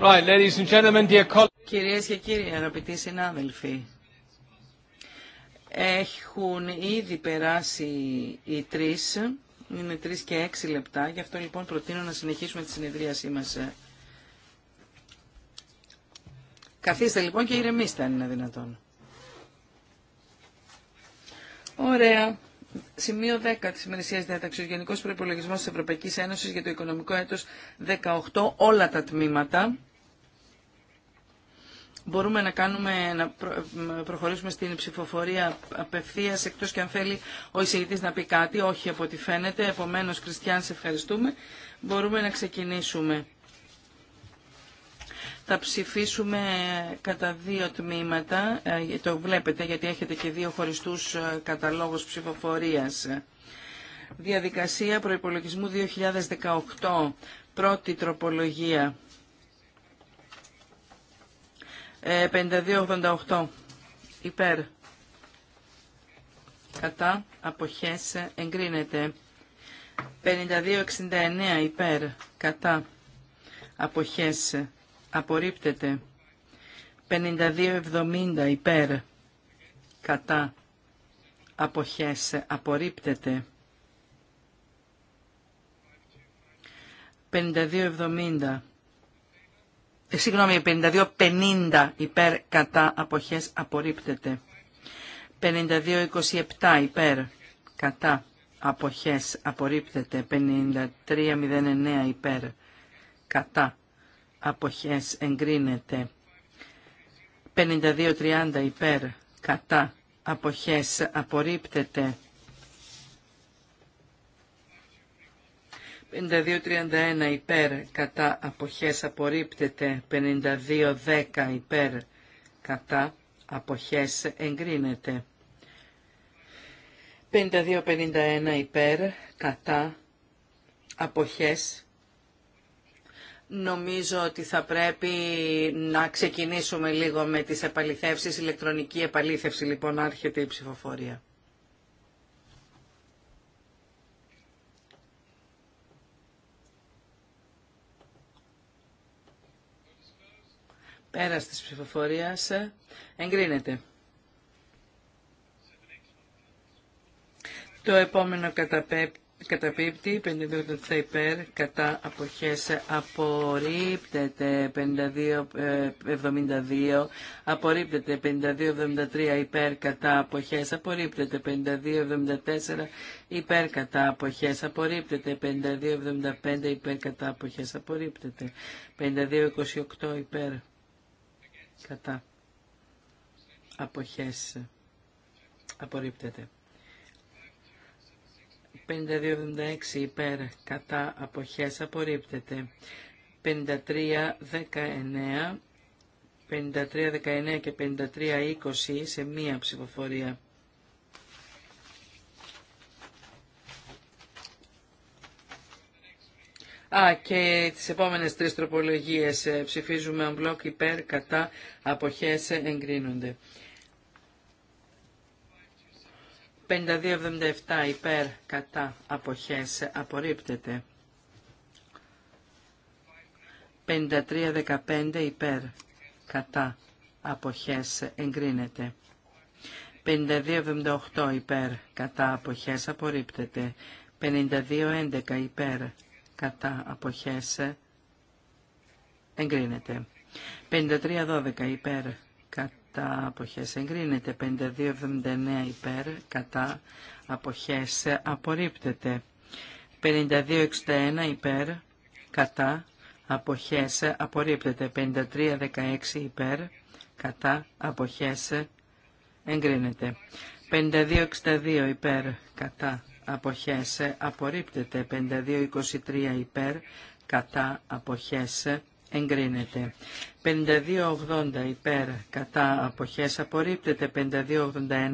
Right, Κυρίες και κύριοι, αγαπητοί συνάδελφοι, έχουν ήδη περάσει οι τρεις, είναι τρεις και έξι λεπτά, γι' αυτό λοιπόν προτείνω να συνεχίσουμε τη συνεδρίασή μας. Καθίστε λοιπόν και ηρεμήστε αν είναι δυνατόν. Ωραία. Σημείο 10 της ημερησία Ο Γενικό Προπολογισμό της Ευρωπαϊκής Ένωσης για το οικονομικό έτος 18, όλα τα τμήματα μπορούμε να, κάνουμε, να προχωρήσουμε στην ψηφοφορία απευθεία, εκτό και αν θέλει ο εισηγητή να πει κάτι. Όχι από ό,τι φαίνεται. Επομένω, Κριστιαν, σε ευχαριστούμε. Μπορούμε να ξεκινήσουμε. Θα ψηφίσουμε κατά δύο τμήματα, ε, το βλέπετε γιατί έχετε και δύο χωριστούς ε, καταλόγους ψηφοφορίας. Διαδικασία προϋπολογισμού 2018, πρώτη τροπολογία. 5288 ε, υπέρ κατά αποχέσε εγκρίνεται 5269 υπέρ κατά αποχέσε απορρίπτεται 5270 υπέρ κατά αποχέσε απορρίπτεται 5270 ε, συγγνώμη, 52-50 υπέρ κατά αποχές απορρίπτεται. 52-27 υπέρ κατά αποχές απορρίπτεται. 53-09 υπέρ κατά αποχές εγκρίνεται. 52-30 υπέρ κατά αποχές απορρίπτεται. 52-31 υπέρ κατά αποχές απορρίπτεται, 52-10 υπέρ κατά αποχές εγκρίνεται. 52-51 υπέρ κατά αποχές Νομίζω ότι θα πρέπει να ξεκινήσουμε λίγο με τις επαληθεύσεις, ηλεκτρονική επαλήθευση, λοιπόν, άρχεται η ψηφοφορία. Πέρας της ψηφοφορίας ε, εγκρίνεται. Το επόμενο καταπίπτει, 52 θα υπέρ, κατά αποχές απορρίπτεται, 52-72, ε, απορρίπτεται, 52-73 υπέρ, κατά αποχές απορρίπτεται, 52-74 υπέρ, κατά αποχές απορρίπτεται, 52-75 υπέρ, κατά αποχές απορρίπτεται, 52-28 υπέρ, κατά αποχές απορρίπτεται. 5276 υπέρ κατά αποχές απορρίπτεται. 5319 19 και 53 20 σε μία ψηφοφορία Α, και τις επόμενες τρεις τροπολογίες ε, ψηφίζουμε on block υπέρ, κατά, αποχές 52'77 ε, 52-77 υπέρ, κατά, αποχές 53'15 ε, 53-15 υπέρ, κατά, αποχές εγκρίνεται. 52-78 υπέρ, κατά, αποχές απορρίπτεται. 52-11 υπέρ, κατα αποχέσε, αποχές εγκρίνεται. 53-12 υπέρ κατα αποχέσε, αποχές εγκρίνεται. 52-79 υπέρ κατα αποχέσε, αποχές απορρίπτεται. 52-61 υπέρ κατα αποχέσε, αποχές απορρίπτεται. 53-16 υπέρ κατα αποχέσε, αποχές εγκρίνεται. 52-62 υπέρ κατά αποχέσε απορριπτεται απορρίπτεται 52-23 υπέρ κατά αποχεσε εγκρινεται εγκρίνεται 52-80 υπέρ κατά αποχές απορρίπτεται 52-81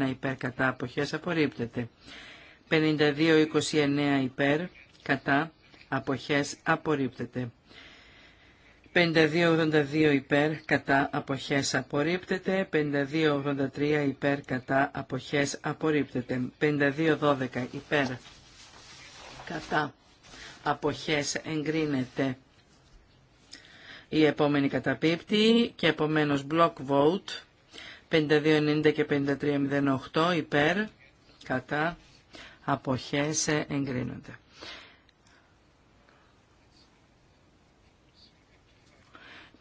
υπέρ κατά αποχές απορρίπτεται 52-29 υπέρ κατά αποχές απορρίπτεται 52-82 υπέρ κατά αποχές απορρίπτεται, 52-83 υπέρ κατά αποχές απορρίπτεται, 52-12 υπέρ κατά αποχές εγκρίνεται. Η επόμενη καταπίπτη και επομένως block vote 5290 και 5308 υπέρ κατά αποχές εγκρίνονται.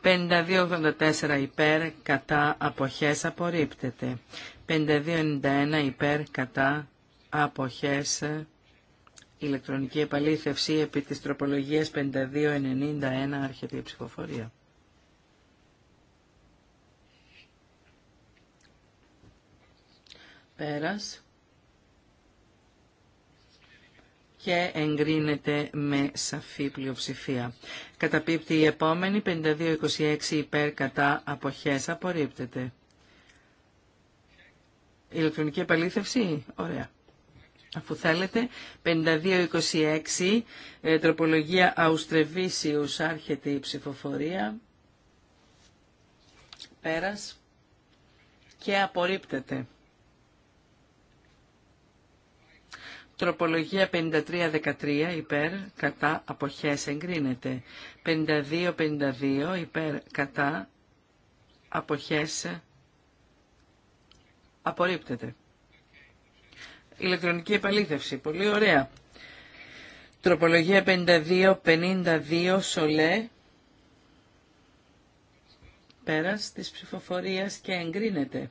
5284 υπέρ κατά αποχές απορρίπτεται. 5291 υπέρ κατά αποχές ηλεκτρονική επαλήθευση επί της τροπολογίας 5291 αρχιετή ψηφοφορία. Πέρας. και εγκρίνεται με σαφή πλειοψηφία. Καταπίπτει η επόμενη 52-26 υπέρ κατά αποχές απορρίπτεται. Ηλεκτρονική επαλήθευση, ωραία. Αφού θέλετε, 52-26, ε, τροπολογία Αουστρεβίσιους, άρχεται η ψηφοφορία. Πέρας και απορρίπτεται. τροπολογια 5313, υπέρ κατά αποχές εγκρίνεται. 52-52 υπέρ κατά αποχές απορρίπτεται. Ηλεκτρονική επαλήθευση. Πολύ ωραία. Τροπολογία 52-52 σολέ πέρας της ψηφοφορίας και εγκρίνεται.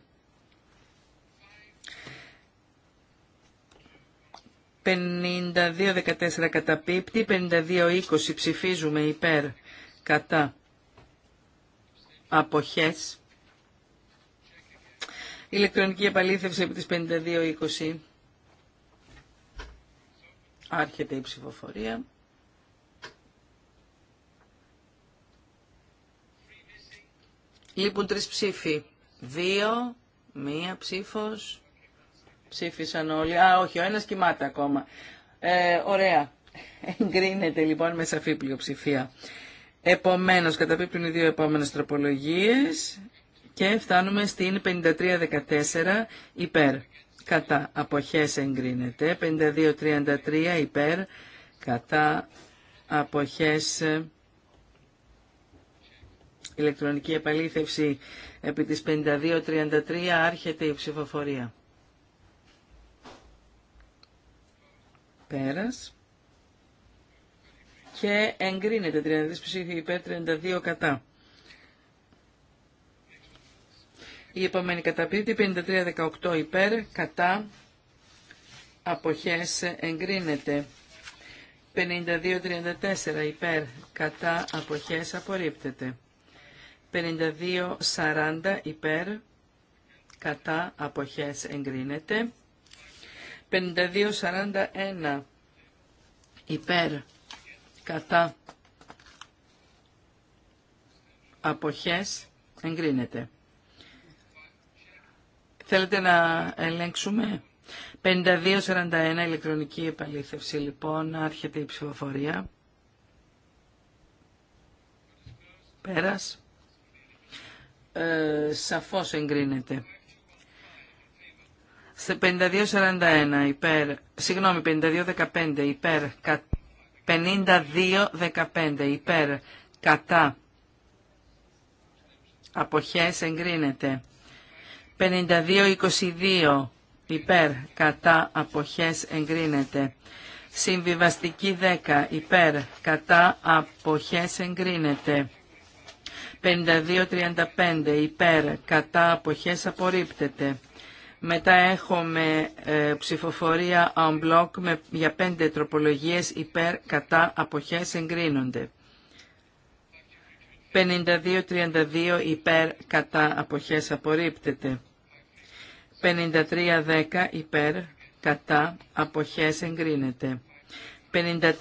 52-14 καταπίπτει, 52-20 ψηφίζουμε υπέρ, κατά, αποχές. Ηλεκτρονική επαλήθευση από τις 52-20. Άρχεται η ψηφοφορία. Λείπουν τρεις ψήφοι. Δύο, μία ψήφος. Ψήφισαν όλοι. Α, όχι, ο ένας κοιμάται ακόμα. Ε, ωραία. Εγκρίνεται λοιπόν με σαφή πλειοψηφία. Επομένως, καταπίπτουν οι δύο επόμενες τροπολογίες και φτάνουμε στην 53-14 υπέρ. Κατά αποχές εγκρίνεται. 52-33 υπέρ. Κατά αποχές ε, ηλεκτρονική επαλήθευση επί της 52-33 άρχεται η ψηφοφορία. Και εγκρίνεται 32 ψήφοι υπέρ 32 κατά. Η επόμενη καταπίπτει 53-18 υπέρ, κατά, αποχές εγκρίνεται. 52-34 υπέρ, κατά, αποχές απορρίπτεται. 52-40 υπέρ, κατά, αποχές εγκρίνεται. 52-41 υπέρ κατά αποχές εγκρίνεται. Θέλετε να ελέγξουμε. 52 52-41 ηλεκτρονική επαλήθευση λοιπόν. Άρχεται η ψηφοφορία. Πέρας. Ε, σαφώς εγκρίνεται. Σε 52-41 υπέρ, συγγνώμη, 52-15 υπέρ, 52-15 υπέρ, κατά, αποχές εγκρίνεται. 52-22 υπέρ, κατά, αποχές εγκρίνεται. Συμβιβαστική 10 υπέρ, κατά, αποχές εγκρίνεται. 52-35 υπέρ, κατά, αποχές απορρίπτεται. Μετά έχουμε ε, ψηφοφορία on block με, για πέντε τροπολογίες υπέρ, κατά, αποχές εγκρίνονται. 52-32 υπέρ, κατά, αποχές απορρίπτεται. 53-10 υπέρ, κατά, αποχές εγκρίνεται. 53-11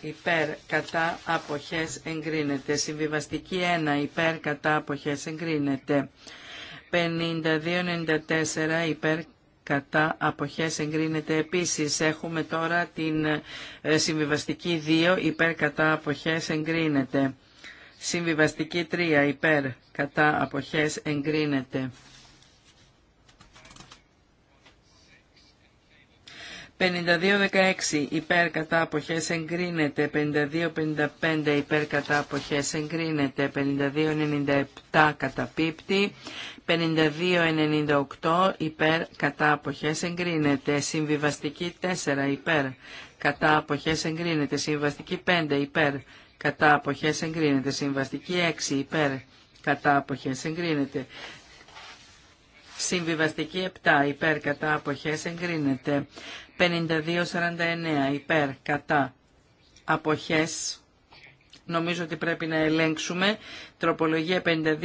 υπέρ, κατά, αποχές εγκρίνεται. Συμβιβαστική 1 υπέρ, κατά, αποχές εγκρίνεται. 52-94 υπέρ κατά αποχές εγκρίνεται επίσης. Έχουμε τώρα την ε, συμβιβαστική 2 υπέρ κατά αποχές εγκρίνεται. Συμβιβαστική 3 υπέρ κατά αποχές εγκρίνεται. 52-16 υπέρ κατά αποχές εγκρίνεται, 52-55 υπέρ κατά αποχές εγκρίνεται, 52-97 καταπίπτει, 52-98 υπέρ κατά αποχές εγκρίνεται. Συμβιβαστική 4 υπέρ κατά αποχές εγκρίνεται. Συμβαστική 5 υπέρ κατά αποχές εγκρίνεται. Συμβαστική 6 υπέρ κατά αποχές εγκρίνεται. Συμβιβαστική 7 υπέρ κατά αποχές εγκρίνεται. 52-49 υπέρ κατά αποχές νομίζω ότι πρέπει να ελέγξουμε. Τροπολογία 5249,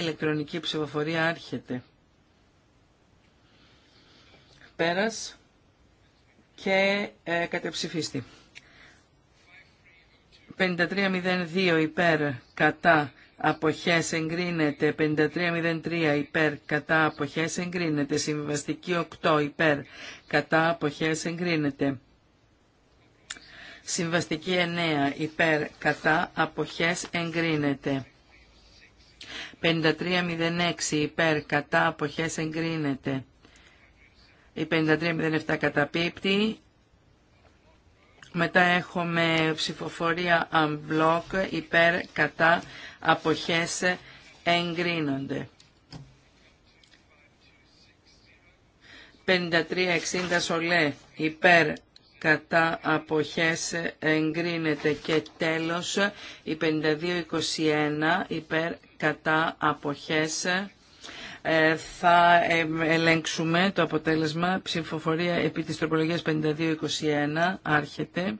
ηλεκτρονική ψηφοφορία άρχεται. Πέρας και ε, κατεψηφίστη. 5302 υπέρ κατά αποχές εγκρίνεται, 5303 υπέρ κατά αποχές εγκρίνεται, Συμβαστική 8 υπέρ κατά αποχές εγκρίνεται. Συμβαστική 9 υπέρ κατά αποχές εγκρίνεται. 5306 υπέρ κατά αποχές εγκρίνεται. Η 5307 καταπίπτει. Μετά έχουμε ψηφοφορία unblock υπέρ κατά αποχές εγκρίνονται. 5360 σολέ υπέρ κατά αποχές εγκρίνεται και τέλος η 5221 υπέρ κατά αποχές ε, θα ελέγξουμε το αποτέλεσμα ψηφοφορία επί της τροπολογίας 5221 άρχεται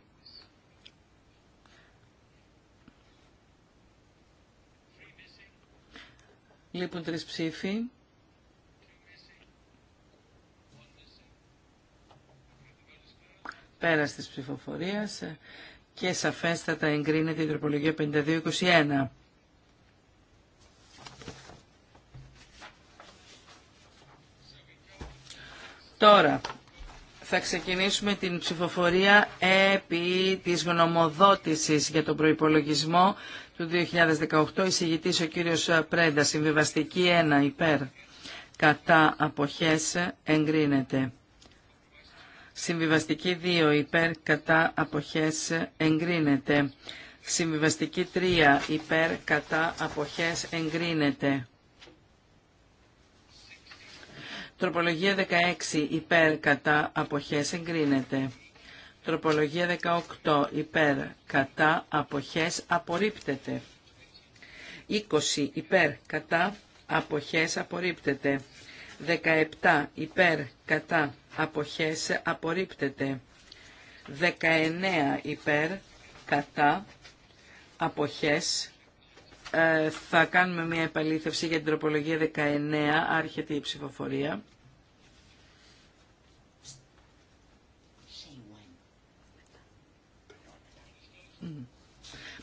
Λείπουν τρεις ψήφοι. Πέρα της ψηφοφορίας και σαφέστατα εγκρίνεται η τροπολογία 5221. Τώρα, θα ξεκινήσουμε την ψηφοφορία επί της γνωμοδότησης για τον προϋπολογισμό του 2018. Εισηγητής ο κύριος Πρέντα, συμβιβαστική 1 υπέρ κατά αποχές εγκρίνεται. Συμβιβαστική 2 υπέρ κατά αποχές εγκρίνεται. Συμβιβαστική 3 υπέρ κατά αποχές εγκρίνεται. Τροπολογία 16 υπέρ κατά αποχές εγκρίνεται. Τροπολογία 18 υπέρ κατά αποχές απορρίπτεται. 20 υπέρ κατά αποχές απορρίπτεται. 17 υπέρ κατά αποχές απορρίπτεται. 19 υπέρ κατά αποχές ε, θα κάνουμε μια επαλήθευση για την τροπολογία 19 άρχεται η ψηφοφορία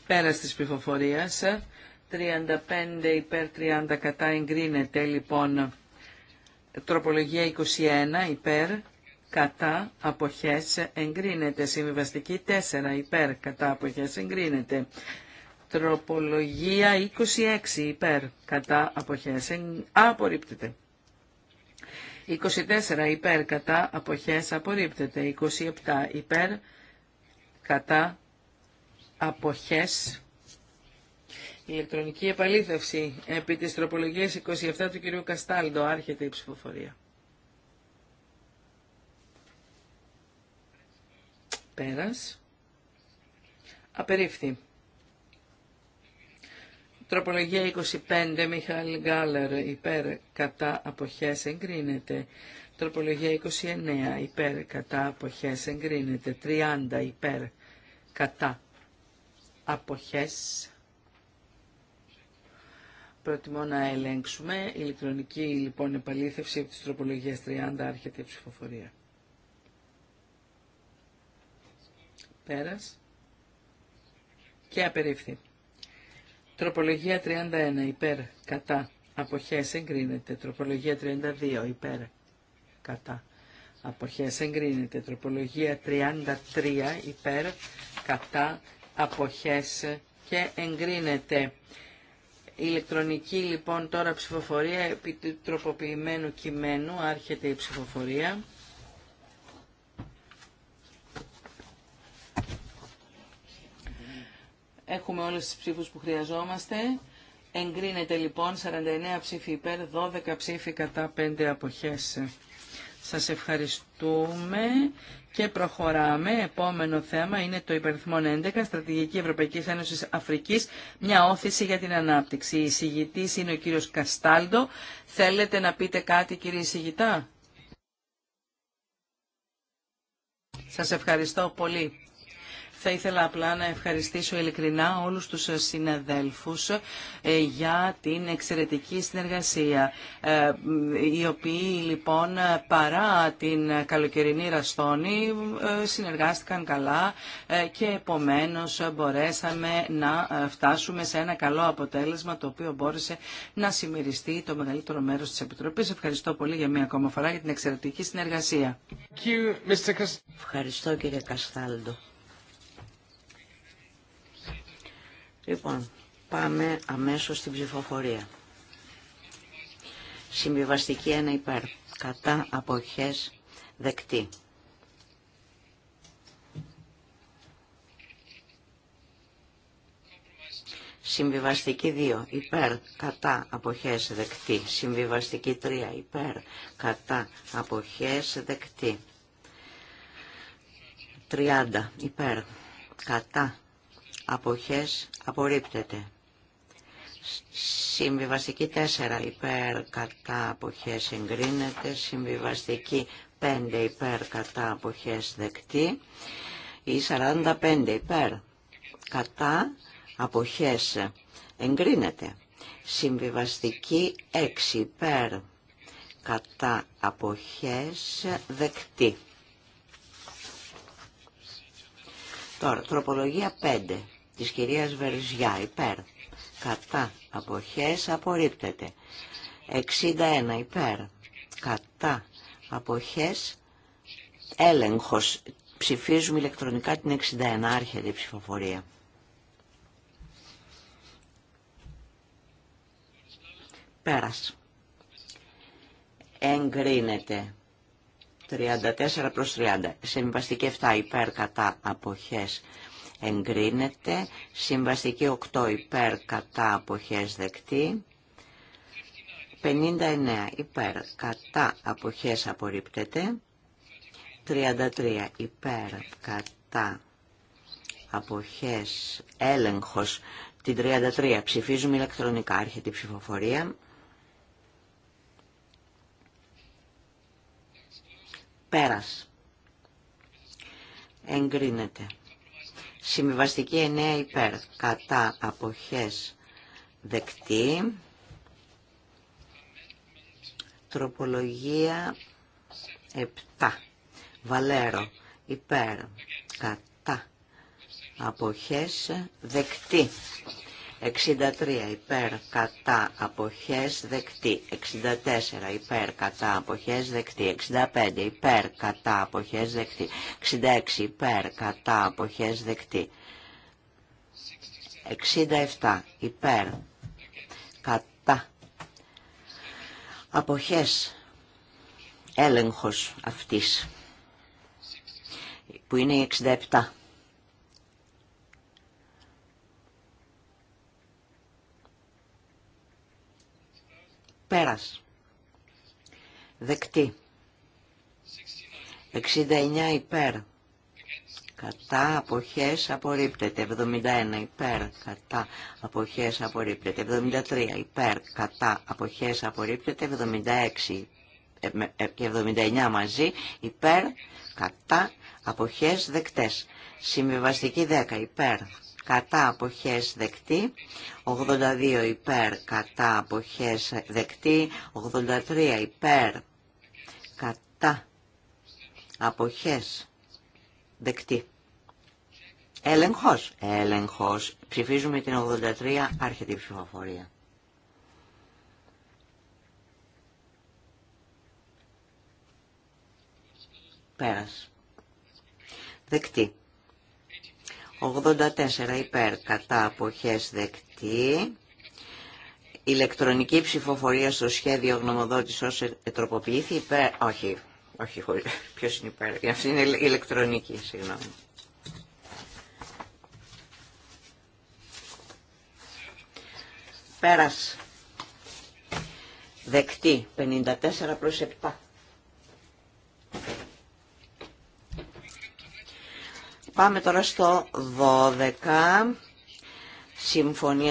πέρας της ψηφοφορίας 35 υπέρ 30 κατά εγκρίνεται λοιπόν Τροπολογία 21 υπέρ κατά αποχές εγκρίνεται. Συμβιβαστική 4 υπέρ κατά αποχές εγκρίνεται. Τροπολογία 26 υπέρ κατά αποχές απορρίπτεται. 24 υπέρ κατά αποχές απορρίπτεται. 27 υπέρ κατά αποχές η Ηλεκτρονική επαλήθευση επί της τροπολογίας 27 του κυρίου Καστάλντο. Άρχεται η ψηφοφορία. Πέρας. Απερίφθη. Τροπολογία 25, Μιχαήλ Γκάλερ, υπέρ, κατά, αποχές, εγκρίνεται. Τροπολογία 29, υπέρ, κατά, αποχές, εγκρίνεται. 30, υπέρ, κατά, αποχές, Προτιμώ να ελέγξουμε. Ηλεκτρονική λοιπόν επαλήθευση από τις τροπολογίες 30 άρχεται η ψηφοφορία. Πέρας. Και απερίφθη. Τροπολογία 31 υπέρ κατά αποχές εγκρίνεται. Τροπολογία 32 υπέρ κατά αποχές εγκρίνεται. Τροπολογία 33 υπέρ κατά αποχές και εγκρίνεται. Ηλεκτρονική λοιπόν τώρα ψηφοφορία επί τροποποιημένου κειμένου. Άρχεται η ψηφοφορία. Έχουμε όλες τις ψήφους που χρειαζόμαστε. Εγκρίνεται λοιπόν 49 ψήφοι υπέρ, 12 ψήφοι κατά 5 αποχές. Σας ευχαριστούμε και προχωράμε. Επόμενο θέμα είναι το υπερθμό 11, Στρατηγική Ευρωπαϊκή Ένωσης Αφρικής, μια όθηση για την ανάπτυξη. Η συγητής είναι ο κύριος Καστάλντο. Θέλετε να πείτε κάτι κύριε συγητά. Σας ευχαριστώ πολύ. Θα ήθελα απλά να ευχαριστήσω ειλικρινά όλους τους συναδέλφους ε, για την εξαιρετική συνεργασία, ε, οι οποίοι λοιπόν παρά την καλοκαιρινή ραστόνη ε, συνεργάστηκαν καλά και επομένως μπορέσαμε να φτάσουμε σε ένα καλό αποτέλεσμα το οποίο μπόρεσε να συμμεριστεί το μεγαλύτερο μέρος της Επιτροπής. Ευχαριστώ πολύ για μία ακόμα φορά για την εξαιρετική συνεργασία. Ευχαριστώ κύριε Καστάλντο. Λοιπόν, πάμε αμέσως στην ψηφοφορία. Συμβιβαστική 1 υπέρ. Κατά αποχές δεκτή. Συμβιβαστική 2. Υπέρ, κατά, αποχές, δεκτή. Συμβιβαστική 3. Υπέρ, κατά, αποχές, δεκτή. 30. Υπέρ, κατά, αποχές απορρίπτεται. Συμβιβαστική 4 υπέρ κατά αποχές εγκρίνεται. Συμβιβαστική 5 υπέρ κατά αποχές δεκτή. Ή 45 υπέρ κατά αποχές εγκρίνεται. Συμβιβαστική 6 υπέρ κατά αποχές δεκτή. Τώρα, τροπολογία 5 της κυρίας Βερζιά, υπέρ. Κατά αποχές απορρίπτεται. 61 υπέρ. Κατά αποχές έλεγχος. Ψηφίζουμε ηλεκτρονικά την 61 άρχεται η ψηφοφορία. Πέρας. Εγκρίνεται. 34 προς 30. Συμβαστική 7 υπέρ κατά αποχές εγκρίνεται. Συμβαστική 8 υπέρ κατά αποχές δεκτή. 59 υπέρ κατά αποχές απορρίπτεται. 33 υπέρ κατά αποχές έλεγχος. Την 33 ψηφίζουμε ηλεκτρονικά. Άρχεται η ψηφοφορία. Πέρας. Εγκρίνεται. Συμβιβαστική εννέα υπέρ. Κατά αποχές δεκτή. Τροπολογία 7. Βαλέρο υπέρ. Κατά αποχές δεκτή. 63 υπέρ κατά αποχές δεκτή, 64 υπέρ κατά αποχές δεκτή, 65 υπέρ κατά αποχές δεκτή, 66 υπέρ κατά αποχές δεκτή, 67 υπέρ κατά αποχές έλεγχος αυτής που είναι η 67. Πέρας. Δεκτή. 69 υπέρ. Κατά αποχές απορρίπτεται. 71 υπέρ. Κατά αποχές απορρίπτεται. 73 υπέρ. Κατά αποχές απορρίπτεται. 76 ε, ε, και 79 μαζί. Υπέρ. Κατά αποχές δεκτές. Συμβιβαστική 10 υπέρ κατά αποχές δεκτή, 82 υπέρ κατά αποχές δεκτή, 83 υπέρ κατά αποχές δεκτή. Έλεγχος, έλεγχος. Ψηφίζουμε την 83, άρχεται η ψηφοφορία. Πέρας. Δεκτή. 84 υπέρ κατά αποχές δεκτή. Ηλεκτρονική ψηφοφορία στο σχέδιο γνωμοδότης όσο τροποποιήθη υπέρ... Όχι, όχι, ποιος είναι υπέρ. Αυτή είναι ηλεκτρονική, συγγνώμη. Πέρας. Δεκτή. 54 προς 7. Πάμε τώρα στο 12.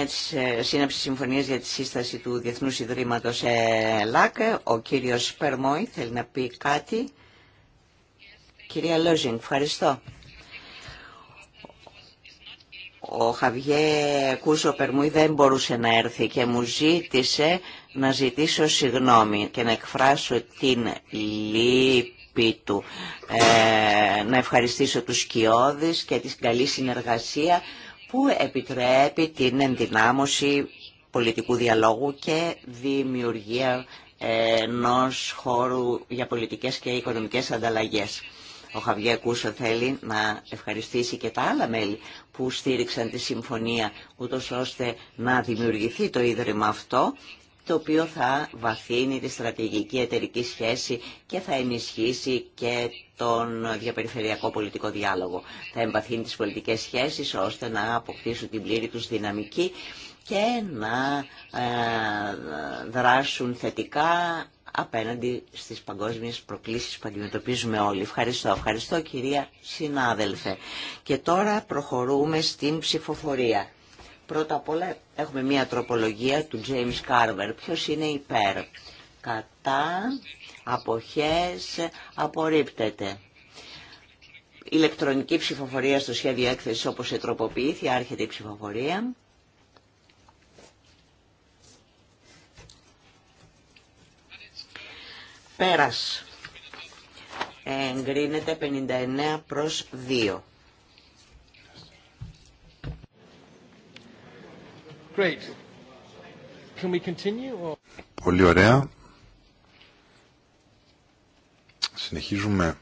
της, ε, σύναψη συμφωνίας για τη σύσταση του Διεθνούς Ιδρύματος ΕΛΑΚ. Ο κύριος Περμόη θέλει να πει κάτι. Κυρία Λόζινγκ, ευχαριστώ. Ο Χαβιέ Κούσο Περμούι δεν μπορούσε να έρθει και μου ζήτησε να ζητήσω συγγνώμη και να εκφράσω την λύπη ε, να ευχαριστήσω τους Σκιώδης και την καλή συνεργασία που επιτρέπει την ενδυνάμωση πολιτικού διαλόγου και δημιουργία ενό χώρου για πολιτικές και οικονομικές ανταλλαγές. Ο Χαβιέ Κούσο θέλει να ευχαριστήσει και τα άλλα μέλη που στήριξαν τη συμφωνία, ούτως ώστε να δημιουργηθεί το Ίδρυμα αυτό το οποίο θα βαθύνει τη στρατηγική εταιρική σχέση και θα ενισχύσει και τον διαπεριφερειακό πολιτικό διάλογο. Θα εμβαθύνει τις πολιτικές σχέσεις ώστε να αποκτήσουν την πλήρη τους δυναμική και να ε, δράσουν θετικά απέναντι στις παγκόσμιες προκλήσεις που αντιμετωπίζουμε όλοι. Ευχαριστώ. Ευχαριστώ κυρία συνάδελφε. Και τώρα προχωρούμε στην ψηφοφορία. Πρώτα απ' όλα έχουμε μία τροπολογία του James Carver. Ποιος είναι υπέρ. Κατά, αποχές, απορρίπτεται. Ηλεκτρονική ψηφοφορία στο σχέδιο έκθεσης όπως τροποποιήθη, άρχεται η ψηφοφορία. Πέρας. Εγκρίνεται 59 προς 2. Πολύ ωραία. Συνεχίζουμε.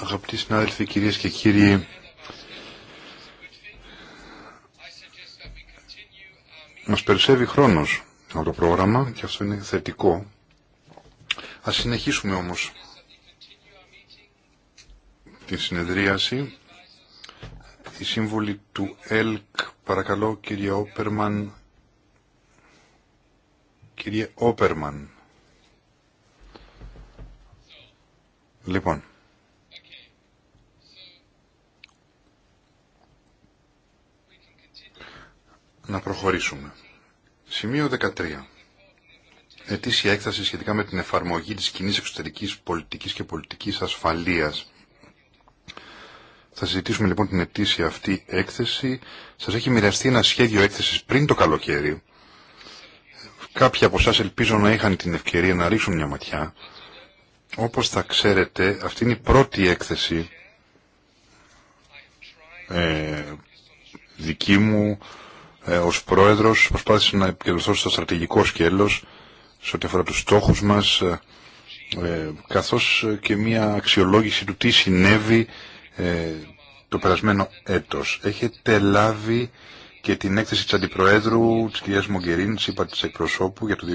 Αγαπητοί συνάδελφοι, κυρίε και κύριοι, μα περισσεύει χρόνο από το πρόγραμμα και αυτό είναι θετικό. Α συνεχίσουμε όμω τη συνεδρίαση. Η σύμβολη του ΕΛΚ, παρακαλώ κυρία Όπερμαν, κύριε Όπερμαν. Λοιπόν. Να προχωρήσουμε. Σημείο 13. Ετήσια έκταση σχετικά με την εφαρμογή της κοινή εξωτερικής πολιτικής και πολιτικής ασφαλείας. Θα συζητήσουμε λοιπόν την ετήσια αυτή έκθεση. Σας έχει μοιραστεί ένα σχέδιο έκθεσης πριν το καλοκαίρι. Κάποιοι από εσά ελπίζω να είχαν την ευκαιρία να ρίξουν μια ματιά. Όπως θα ξέρετε, αυτή είναι η πρώτη έκθεση ε, δική μου ε, ως πρόεδρος. Προσπάθησα να επικεντρωθώ στο στρατηγικό σκέλος σε ό,τι αφορά τους στόχους μας, ε, ε καθώς και μια αξιολόγηση του τι συνέβη ε, το περασμένο έτος. Έχετε λάβει και την έκθεση της Αντιπροέδρου της κυρίας Μογκερίνης, είπα της εκπροσώπου για το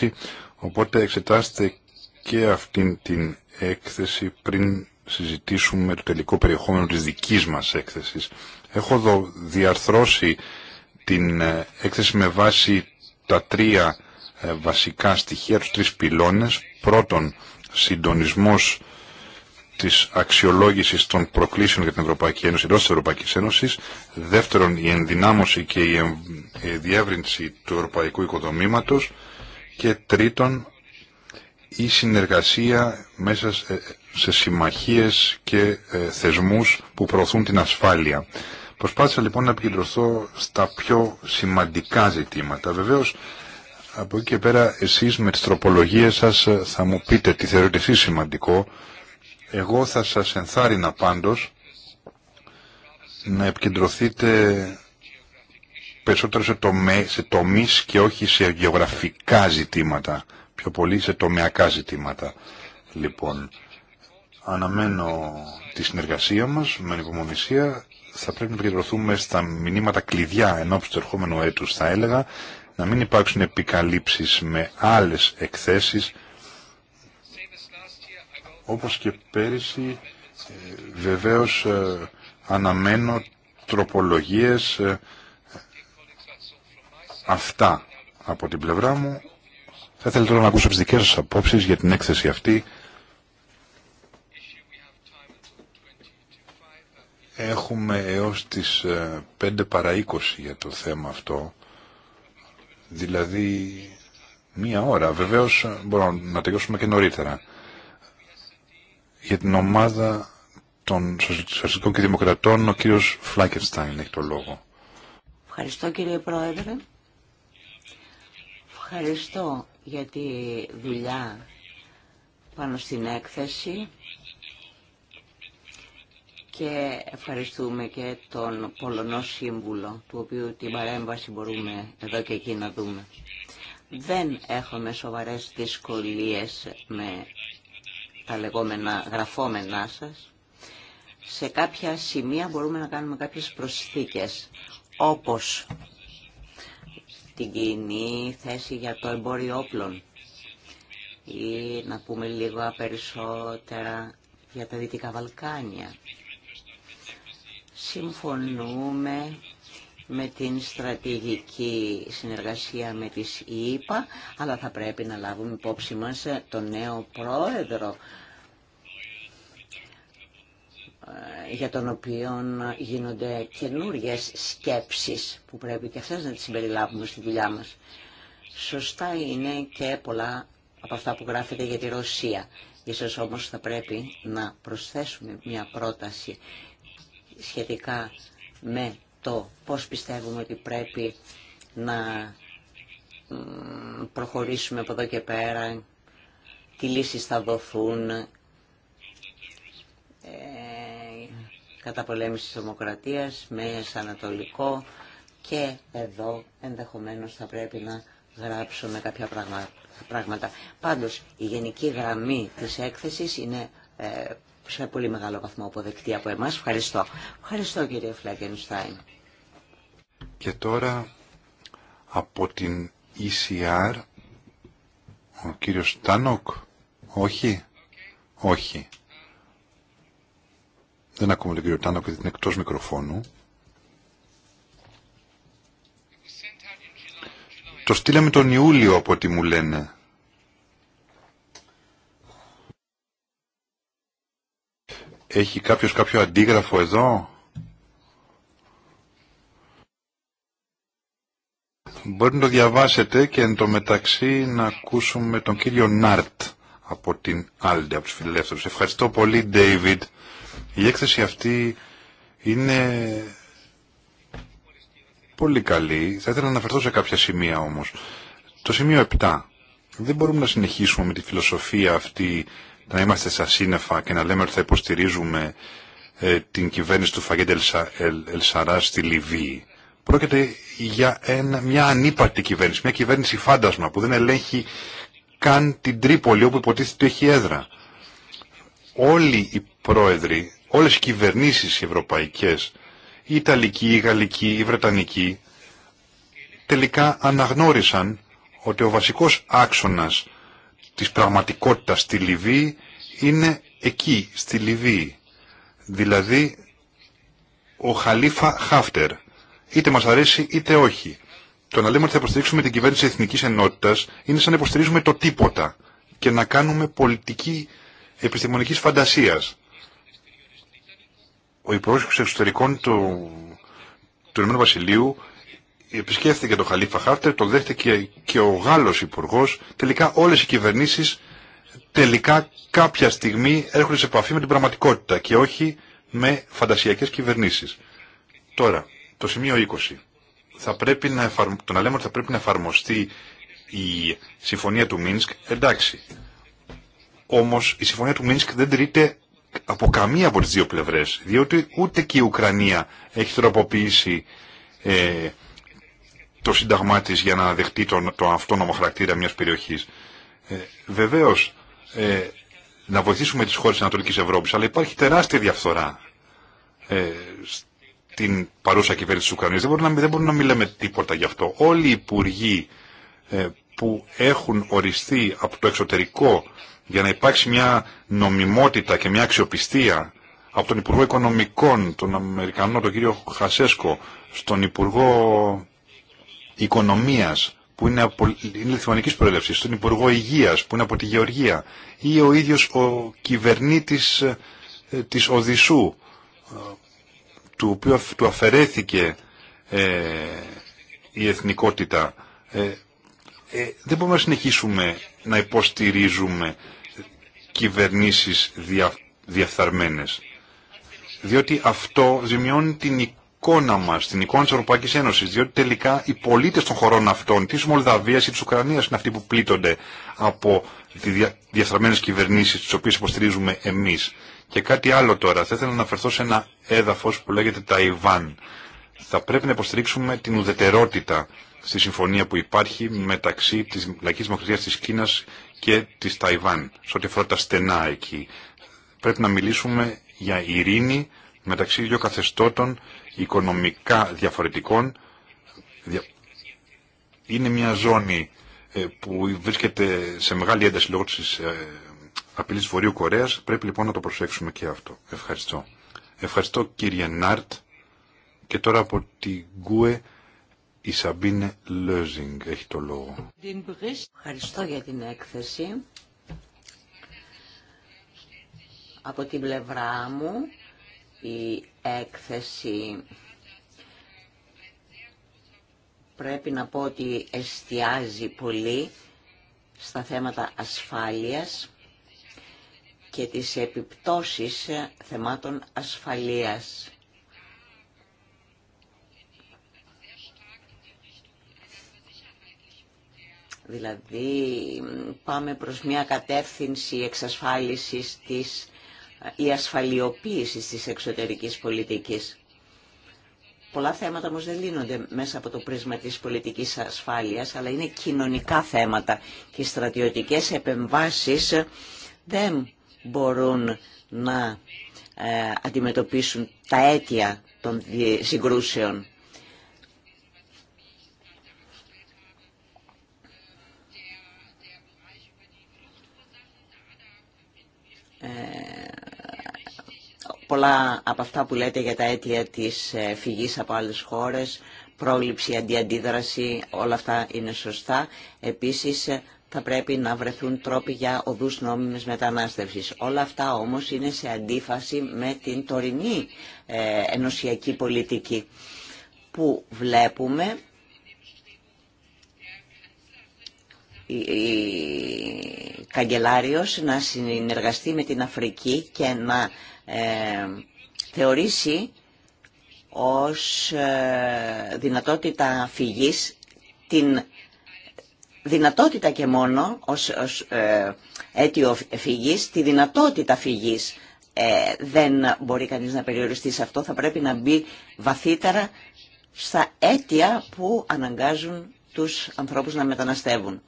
2016, οπότε εξετάστε και αυτήν την έκθεση πριν συζητήσουμε το τελικό περιεχόμενο της δικής μας έκθεσης. Έχω εδώ διαρθρώσει την ε, έκθεση με βάση τα τρία ε, βασικά στοιχεία, τους τρεις πυλώνες. Πρώτον, συντονισμός της αξιολόγησης των προκλήσεων για την Ευρωπαϊκή Ένωση εντός της Ευρωπαϊκής Ένωσης. Δεύτερον, η ενδυνάμωση και η διεύρυνση του ευρωπαϊκού οικοδομήματος. Και τρίτον, η συνεργασία μέσα σε συμμαχίες και ε, θεσμούς που προωθούν την ασφάλεια. Προσπάθησα λοιπόν να επικεντρωθώ στα πιο σημαντικά ζητήματα. Βεβαίως από εκεί και πέρα εσείς με τις τροπολογίες σας ε, θα μου πείτε τι θεωρείτε εσείς σημαντικό. Εγώ θα σας ενθάρρυνα πάντως να επικεντρωθείτε περισσότερο σε, τομείς και όχι σε γεωγραφικά ζητήματα πιο πολύ σε τομεακά ζητήματα. Λοιπόν, αναμένω τη συνεργασία μας με ανυπομονησία. Θα πρέπει να επικεντρωθούμε στα μηνύματα κλειδιά ενώπιση του ερχόμενου έτους, θα έλεγα, να μην υπάρξουν επικαλύψεις με άλλες εκθέσεις. Όπως και πέρυσι, ε, βεβαίως ε, αναμένω τροπολογίες ε, αυτά από την πλευρά μου θα ήθελα τώρα να ακούσω τις δικές σας απόψεις για την έκθεση αυτή. Έχουμε έως τις 5 παρα 20 για το θέμα αυτό, δηλαδή μία ώρα. Βεβαίως μπορούμε να τελειώσουμε και νωρίτερα. Για την ομάδα των Σοσιαλιστικών και Δημοκρατών, ο κύριος Φλάκενστάιν έχει το λόγο. Ευχαριστώ κύριε Πρόεδρε. Ευχαριστώ για τη δουλειά πάνω στην έκθεση και ευχαριστούμε και τον Πολωνό Σύμβουλο, του οποίου την παρέμβαση μπορούμε εδώ και εκεί να δούμε. Δεν έχουμε σοβαρές δυσκολίες με τα λεγόμενα γραφόμενά σας. Σε κάποια σημεία μπορούμε να κάνουμε κάποιες προσθήκες, όπως την κοινή θέση για το εμπόριο όπλων ή να πούμε λίγο περισσότερα για τα Δυτικά Βαλκάνια. Συμφωνούμε με την στρατηγική συνεργασία με τις ΙΠΑ, αλλά θα πρέπει να λάβουμε υπόψη μας τον νέο πρόεδρο για τον οποίο γίνονται καινούριε σκέψεις που πρέπει και αυτέ να τις συμπεριλάβουμε στη δουλειά μας. Σωστά είναι και πολλά από αυτά που γράφεται για τη Ρωσία. Ίσως όμως θα πρέπει να προσθέσουμε μια πρόταση σχετικά με το πώς πιστεύουμε ότι πρέπει να προχωρήσουμε από εδώ και πέρα, τι λύσεις θα δοθούν, ε, καταπολέμηση της δημοκρατίας, με ανατολικό και εδώ ενδεχομένως θα πρέπει να γράψουμε κάποια πράγματα. Πάντως η γενική γραμμή της έκθεσης είναι ε, σε πολύ μεγάλο βαθμό αποδεκτή από εμάς. Ευχαριστώ. Ευχαριστώ κύριε Φλέγκενστάιν. Και τώρα από την ECR ο κύριος Τάνοκ. Όχι. Όχι. Δεν ακούμε τον κύριο Τάνο γιατί είναι εκτό μικροφώνου. Το στείλαμε τον Ιούλιο από ό,τι μου λένε. Έχει κάποιος κάποιο αντίγραφο εδώ. Μπορεί να το διαβάσετε και εν τω μεταξύ να ακούσουμε τον κύριο Νάρτ από την Άλντε, από τους φιλελεύθερους. Ευχαριστώ πολύ, Ντέιβιντ. Η έκθεση αυτή είναι πολύ καλή. Θα ήθελα να αναφερθώ σε κάποια σημεία όμως. Το σημείο 7. Δεν μπορούμε να συνεχίσουμε με τη φιλοσοφία αυτή να είμαστε στα σύννεφα και να λέμε ότι θα υποστηρίζουμε ε, την κυβέρνηση του Φαγέντ Ελσαρά στη Λιβύη. Πρόκειται για ένα, μια ανύπαρτη κυβέρνηση, μια κυβέρνηση φάντασμα που δεν ελέγχει καν την Τρίπολη όπου υποτίθεται ότι έχει έδρα. Όλοι οι πρόεδροι, όλες οι κυβερνήσεις ευρωπαϊκές, η Ιταλική, η Γαλλική, η Βρετανική, τελικά αναγνώρισαν ότι ο βασικός άξονας της πραγματικότητας στη Λιβύη είναι εκεί, στη Λιβύη. Δηλαδή, ο Χαλίφα Χάφτερ. Είτε μας αρέσει είτε όχι. Το να λέμε ότι θα υποστηρίξουμε την κυβέρνηση Εθνικής Ενότητας είναι σαν να υποστηρίζουμε το τίποτα και να κάνουμε πολιτική επιστημονικής φαντασίας ο Υπουργός Εξωτερικών του, του Ηνωμένου Βασιλείου επισκέφθηκε τον Χαλίφα Χάρτερ, τον δέχτηκε και ο Γάλλος υπουργό. Τελικά όλες οι κυβερνήσεις τελικά κάποια στιγμή έρχονται σε επαφή με την πραγματικότητα και όχι με φαντασιακές κυβερνήσεις. Τώρα, το σημείο 20. Θα πρέπει να Το να λέμε ότι θα πρέπει να εφαρμοστεί η συμφωνία του Μίνσκ, εντάξει. Όμως η συμφωνία του Μίνσκ δεν τηρείται από καμία από τις δύο πλευρές, διότι ούτε και η Ουκρανία έχει τροποποιήσει ε, το σύνταγμά τη για να δεχτεί τον, το αυτόνομο χαρακτήρα μιας περιοχής. Ε, βεβαίως, ε, να βοηθήσουμε τις χώρες της Ανατολικής Ευρώπης, αλλά υπάρχει τεράστια διαφθορά ε, στην παρούσα κυβέρνηση της Ουκρανίας. Δεν μπορούμε, να, δεν μπορούμε να μιλάμε τίποτα γι' αυτό. Όλοι οι υπουργοί που έχουν οριστεί από το εξωτερικό για να υπάρξει μια νομιμότητα και μια αξιοπιστία από τον Υπουργό Οικονομικών, τον Αμερικανό, τον κύριο Χασέσκο, στον Υπουργό Οικονομίας, που είναι, από, είναι προέλευσης, στον Υπουργό Υγείας, που είναι από τη Γεωργία, ή ο ίδιος ο κυβερνήτης ε, της Οδυσσού, ε, του οποίου του αφαιρέθηκε ε, η εθνικότητα. δεν μπορούμε να συνεχίσουμε να υποστηρίζουμε κυβερνήσεις δια, διαφθαρμένες. Διότι αυτό ζημιώνει την εικόνα μας, την εικόνα της Ευρωπαϊκής Ένωσης, διότι τελικά οι πολίτες των χωρών αυτών, της Μολδαβίας ή της Ουκρανίας είναι αυτοί που πλήττονται από τις δια, διαφθαρμένες κυβερνήσεις τις οποίες υποστηρίζουμε εμείς. Και κάτι άλλο τώρα, θα ήθελα να αναφερθώ σε ένα έδαφος που λέγεται Ταϊβάν. Θα πρέπει να υποστηρίξουμε την ουδετερότητα στη συμφωνία που υπάρχει μεταξύ της Λαϊκής Δημοκρατίας της Κίνας και της Ταϊβάν, σε ό,τι αφορά τα στενά εκεί. Πρέπει να μιλήσουμε για ειρήνη μεταξύ δύο καθεστώτων οικονομικά διαφορετικών. Είναι μια ζώνη ε, που βρίσκεται σε μεγάλη ένταση λόγω της ε, απειλής Βορείου Κορέας. Πρέπει λοιπόν να το προσέξουμε και αυτό. Ευχαριστώ. Ευχαριστώ κύριε Νάρτ και τώρα από την Γκουε η Σαμπίνε Λεζινγκ έχει το λόγο. Ευχαριστώ για την έκθεση. Από την πλευρά μου η έκθεση πρέπει να πω ότι εστιάζει πολύ στα θέματα ασφάλειας και τις επιπτώσεις θεμάτων ασφαλείας Δηλαδή πάμε προς μια κατεύθυνση εξασφάλισης της ή ε, ασφαλιοποίησης της εξωτερικής πολιτικής. Πολλά θέματα όμως δεν λύνονται μέσα από το πρίσμα της πολιτικής ασφάλειας, αλλά είναι κοινωνικά θέματα και οι στρατιωτικές επεμβάσεις δεν μπορούν να ε, αντιμετωπίσουν τα αίτια των συγκρούσεων. Ε, πολλά από αυτά που λέτε για τα αίτια της ε, φυγής από άλλες χώρες, πρόληψη, αντιαντίδραση, όλα αυτά είναι σωστά. Επίσης ε, θα πρέπει να βρεθούν τρόποι για οδούς νόμιμης μετανάστευσης. Όλα αυτά όμως είναι σε αντίφαση με την τωρινή ενωσιακή πολιτική που βλέπουμε η καγκελάριος να συνεργαστεί με την Αφρική και να ε, θεωρήσει ως ε, δυνατότητα φυγής την δυνατότητα και μόνο ως, ως ε, αίτιο φυγής, τη δυνατότητα φυγής. Ε, δεν μπορεί κανείς να περιοριστεί σε αυτό, θα πρέπει να μπει βαθύτερα στα αίτια που αναγκάζουν τους ανθρώπους να μεταναστεύουν.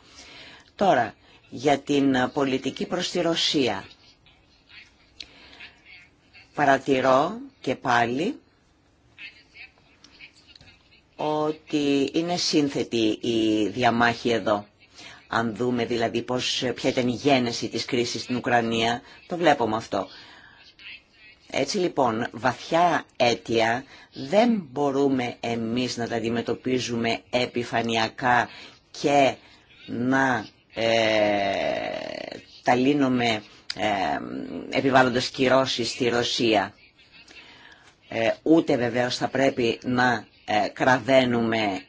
Τώρα, για την ε, πολιτική προς τη Ρωσία. Παρατηρώ και πάλι ότι είναι σύνθετη η διαμάχη εδώ. Αν δούμε δηλαδή πώς, ε, ποια ήταν η γένεση της κρίσης στην Ουκρανία, το βλέπουμε αυτό. Έτσι λοιπόν, βαθιά αίτια δεν μπορούμε εμείς να τα αντιμετωπίζουμε επιφανειακά και να ε, τα λύνουμε ε, επιβάλλοντας κυρώσεις στη Ρωσία. Ε, ούτε βεβαίως θα πρέπει να κραδένουμε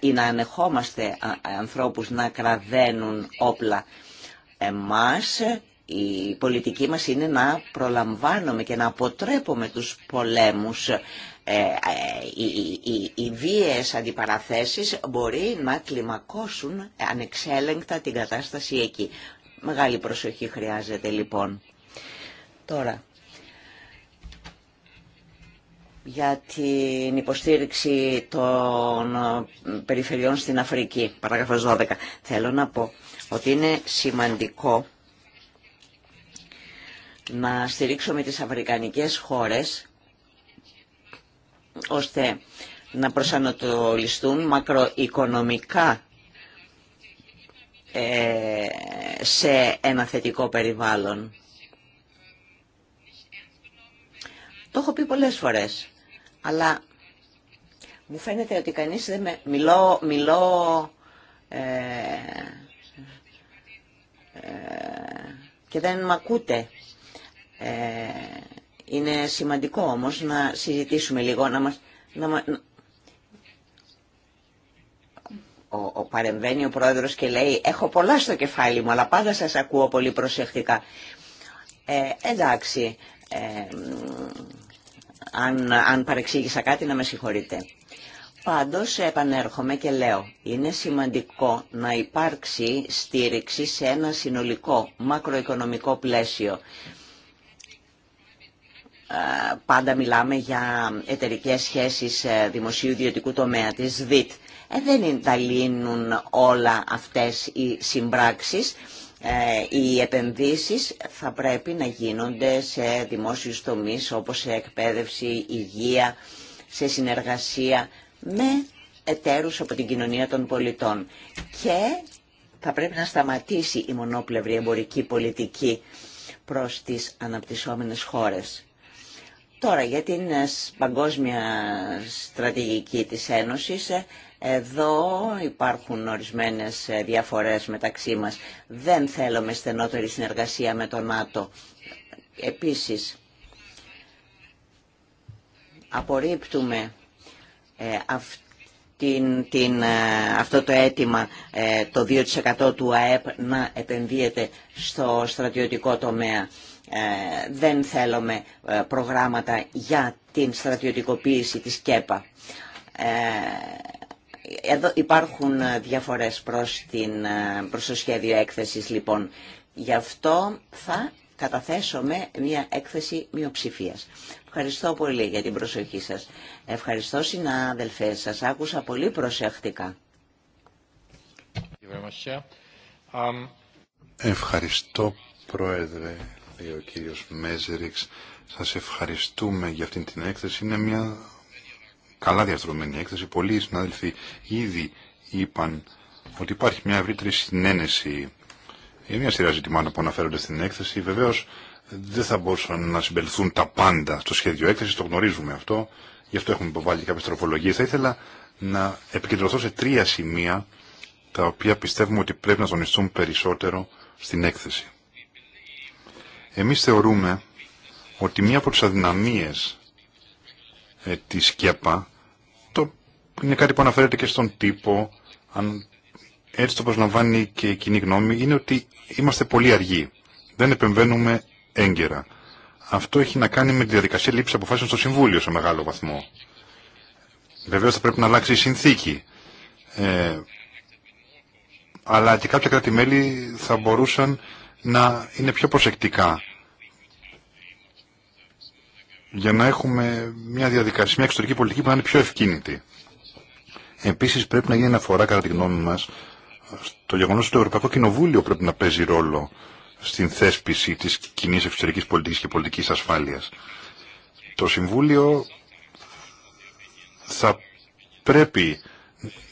ή να ανεχόμαστε ανθρώπους να κραδένουν όπλα. Εμάς η πολιτική μας είναι να προλαμβάνουμε και να αποτρέπουμε τους πολέμους ε, ε, οι βίαιες αντιπαραθέσεις μπορεί να κλιμακώσουν ανεξέλεγκτα την κατάσταση εκεί. Μεγάλη προσοχή χρειάζεται λοιπόν. Τώρα, για την υποστήριξη των ε, περιφερειών στην Αφρική, παράγραφος 12. Θέλω να πω ότι είναι σημαντικό να στηρίξουμε τις αφρικανικές χώρες ώστε να προσανατολιστούν μακροοικονομικά ε, σε ένα θετικό περιβάλλον. Το έχω πει πολλές φορές, αλλά μου φαίνεται ότι κανείς δεν με... Μιλώ, ε, ε, και δεν μακούτε. ακούτε. Ε, είναι σημαντικό όμως να συζητήσουμε λίγο, να μας... ο, ο παρεμβαίνει ο πρόεδρος και λέει «Έχω πολλά στο κεφάλι μου, αλλά πάντα σας ακούω πολύ προσεκτικά». Ε, εντάξει, ε, αν, αν παρεξήγησα κάτι να με συγχωρείτε. Πάντως επανέρχομαι και λέω, είναι σημαντικό να υπάρξει στήριξη σε ένα συνολικό μακροοικονομικό πλαίσιο. Ε, πάντα μιλάμε για εταιρικέ σχέσεις ε, δημοσίου ιδιωτικού τομέα της ΔΙΤ. Ε, δεν τα όλα αυτές οι συμπράξεις. Ε, οι επενδύσεις θα πρέπει να γίνονται σε δημόσιους τομείς όπως σε εκπαίδευση, υγεία, σε συνεργασία με εταίρους από την κοινωνία των πολιτών. Και θα πρέπει να σταματήσει η μονόπλευρη εμπορική πολιτική προς τις αναπτυσσόμενες χώρες. Τώρα για την ε, παγκόσμια στρατηγική της Ένωσης, ε, εδώ υπάρχουν ορισμένες ε, διαφορές μεταξύ μας. Δεν θέλουμε στενότερη συνεργασία με τον ΝΑΤΟ. Επίσης, απορρίπτουμε αυτό το αίτημα το 2% του ΑΕΠ να επενδύεται στο στρατιωτικό τομέα. Ε, δεν θέλουμε ε, προγράμματα για την στρατιωτικοποίηση της ΚΕΠΑ. Ε, εδώ υπάρχουν διαφορές προς, την, προς το σχέδιο έκθεσης λοιπόν. Γι' αυτό θα καταθέσουμε μια έκθεση μειοψηφία. Ευχαριστώ πολύ για την προσοχή σας. Ευχαριστώ συνάδελφες, σας άκουσα πολύ προσεκτικά. Um, Ευχαριστώ Πρόεδρε λέει ο κύριος Μέζεριξ. Σας ευχαριστούμε για αυτή την έκθεση. Είναι μια καλά διαστρωμένη έκθεση. Πολλοί συνάδελφοι ήδη είπαν ότι υπάρχει μια ευρύτερη συνένεση για μια σειρά ζητημάτων που αναφέρονται στην έκθεση. Βεβαίω δεν θα μπορούσαν να συμπεριθούν τα πάντα στο σχέδιο έκθεση, το γνωρίζουμε αυτό. Γι' αυτό έχουμε υποβάλει κάποιε τροπολογίε. Θα ήθελα να επικεντρωθώ σε τρία σημεία τα οποία πιστεύουμε ότι πρέπει να τονιστούν περισσότερο στην έκθεση. Εμείς θεωρούμε ότι μία από τις αδυναμίες ε, της ΚΕΠΑ το είναι κάτι που αναφέρεται και στον τύπο, αν έτσι το προσλαμβάνει και η κοινή γνώμη, είναι ότι είμαστε πολύ αργοί. Δεν επεμβαίνουμε έγκαιρα. Αυτό έχει να κάνει με τη διαδικασία λήψη αποφάσεων στο Συμβούλιο σε μεγάλο βαθμό. Βεβαίως θα πρέπει να αλλάξει η συνθήκη. Ε, αλλά και κάποια κράτη-μέλη θα μπορούσαν να είναι πιο προσεκτικά για να έχουμε μια διαδικασία, μια εξωτερική πολιτική που να είναι πιο ευκίνητη. Επίσης πρέπει να γίνει αναφορά κατά τη γνώμη μας στο γεγονός ότι το Ευρωπαϊκό Κοινοβούλιο πρέπει να παίζει ρόλο στην θέσπιση της κοινή εξωτερικής πολιτικής και πολιτικής ασφάλειας. Το Συμβούλιο θα πρέπει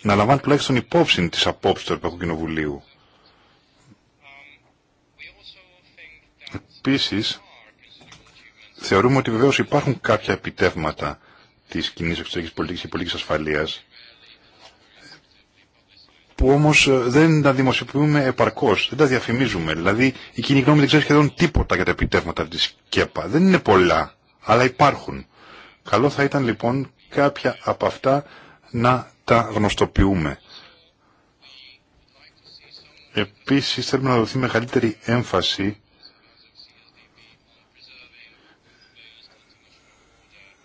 να λαμβάνει τουλάχιστον υπόψη τις απόψεις του Ευρωπαϊκού Κοινοβουλίου. Επίσης, Θεωρούμε ότι βεβαίω υπάρχουν κάποια επιτεύγματα τη κοινή εξωτερική πολιτική και πολιτική ασφαλεία που όμω ε, δεν τα δημοσιοποιούμε επαρκώ, δεν τα διαφημίζουμε. Δηλαδή η κοινή γνώμη δεν ξέρει σχεδόν τίποτα για τα επιτεύγματα τη ΚΕΠΑ. Δεν είναι πολλά, αλλά υπάρχουν. Καλό θα ήταν λοιπόν κάποια από αυτά να τα γνωστοποιούμε. Επίσης θέλουμε να δοθεί μεγαλύτερη έμφαση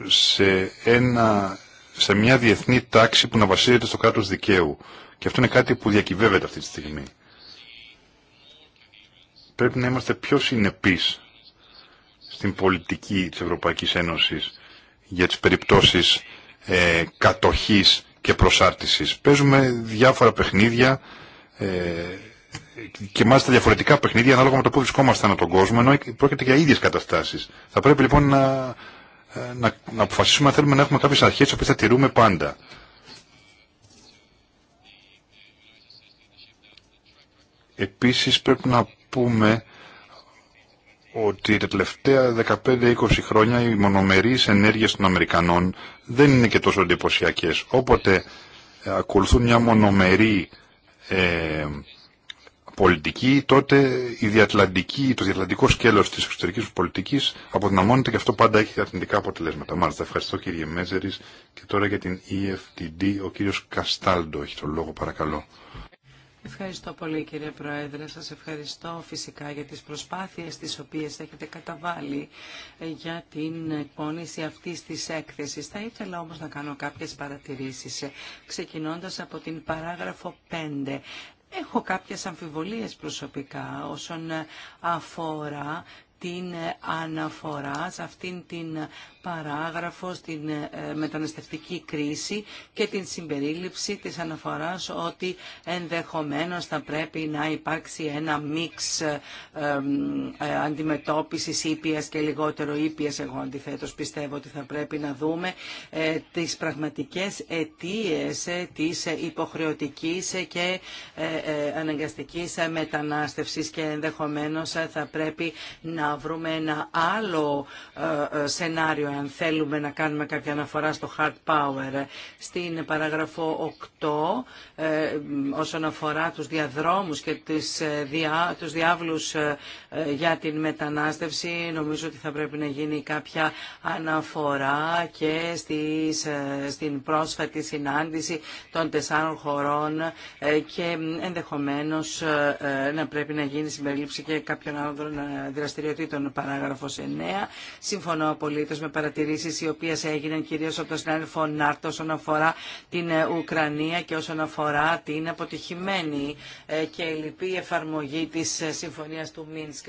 σε, ένα, σε μια διεθνή τάξη που να βασίζεται στο κράτος δικαίου. Και αυτό είναι κάτι που διακυβεύεται αυτή τη στιγμή. Πρέπει να είμαστε πιο συνεπείς στην πολιτική της Ευρωπαϊκής Ένωσης για τις περιπτώσεις ε, κατοχής και προσάρτησης. Παίζουμε διάφορα παιχνίδια ε, και μάλιστα διαφορετικά παιχνίδια ανάλογα με το που βρισκόμαστε ανά τον κόσμο, ενώ πρόκειται για ίδιες καταστάσεις. Θα πρέπει λοιπόν να να, να αποφασίσουμε αν θέλουμε να έχουμε κάποιες αρχές τις θα τηρούμε πάντα. Επίσης πρέπει να πούμε ότι τα τελευταία 15-20 χρόνια οι μονομερείς ενέργειες των Αμερικανών δεν είναι και τόσο εντυπωσιακέ. Όποτε ε, ακολουθούν μια μονομερή ε, πολιτική, τότε η διατλαντική, το διατλαντικό σκέλος της εξωτερικής πολιτικής αποδυναμώνεται και αυτό πάντα έχει αρνητικά αποτελέσματα. Μάλιστα, ευχαριστώ κύριε Μέζερης και τώρα για την EFTD ο κύριος Καστάλντο έχει τον λόγο παρακαλώ. Ευχαριστώ πολύ κύριε Πρόεδρε. Σας ευχαριστώ φυσικά για τις προσπάθειες τις οποίες έχετε καταβάλει για την εκπόνηση αυτή της έκθεσης. Θα ήθελα όμως να κάνω κάποιες παρατηρήσεις, ξεκινώντας από την παράγραφο 5. Έχω κάποιες αμφιβολίες προσωπικά όσον ε, αφορά την ε, αναφορά σε αυτήν την ε, παράγραφο στην ε, μεταναστευτική κρίση και την συμπερίληψη της αναφοράς ότι ενδεχομένως θα πρέπει να υπάρξει ένα μίξ αντιμετώπισης ήπιας και λιγότερο ήπιας. Εγώ αντιθέτως πιστεύω ότι θα πρέπει να δούμε τις πραγματικές αιτίες της υποχρεωτικής και αναγκαστικής μετανάστευσης και ενδεχομένως θα πρέπει να βρούμε ένα άλλο ε, ε, σενάριο αν θέλουμε να κάνουμε κάποια αναφορά στο hard power. Στην παραγραφό 8 ε, όσον αφορά τους διαδρόμους και τις, διά, τους διάβλους για την μετανάστευση νομίζω ότι θα πρέπει να γίνει κάποια αναφορά και στις, στην πρόσφατη συνάντηση των τεσσάρων χωρών και ενδεχομένως να πρέπει να γίνει συμπερίληψη και κάποιων άλλων δραστηριοτήτων τον παράγραφος 9. Συμφωνώ απολύτως με παρατηρήσεις οι οποίες έγιναν κυρίως από τον συνάδελφο Νάρτο όσον αφορά την ε, Ουκρανία και όσον αφορά την αποτυχημένη ε, και λυπή εφαρμογή της ε, συμφωνίας του Μίνσκ.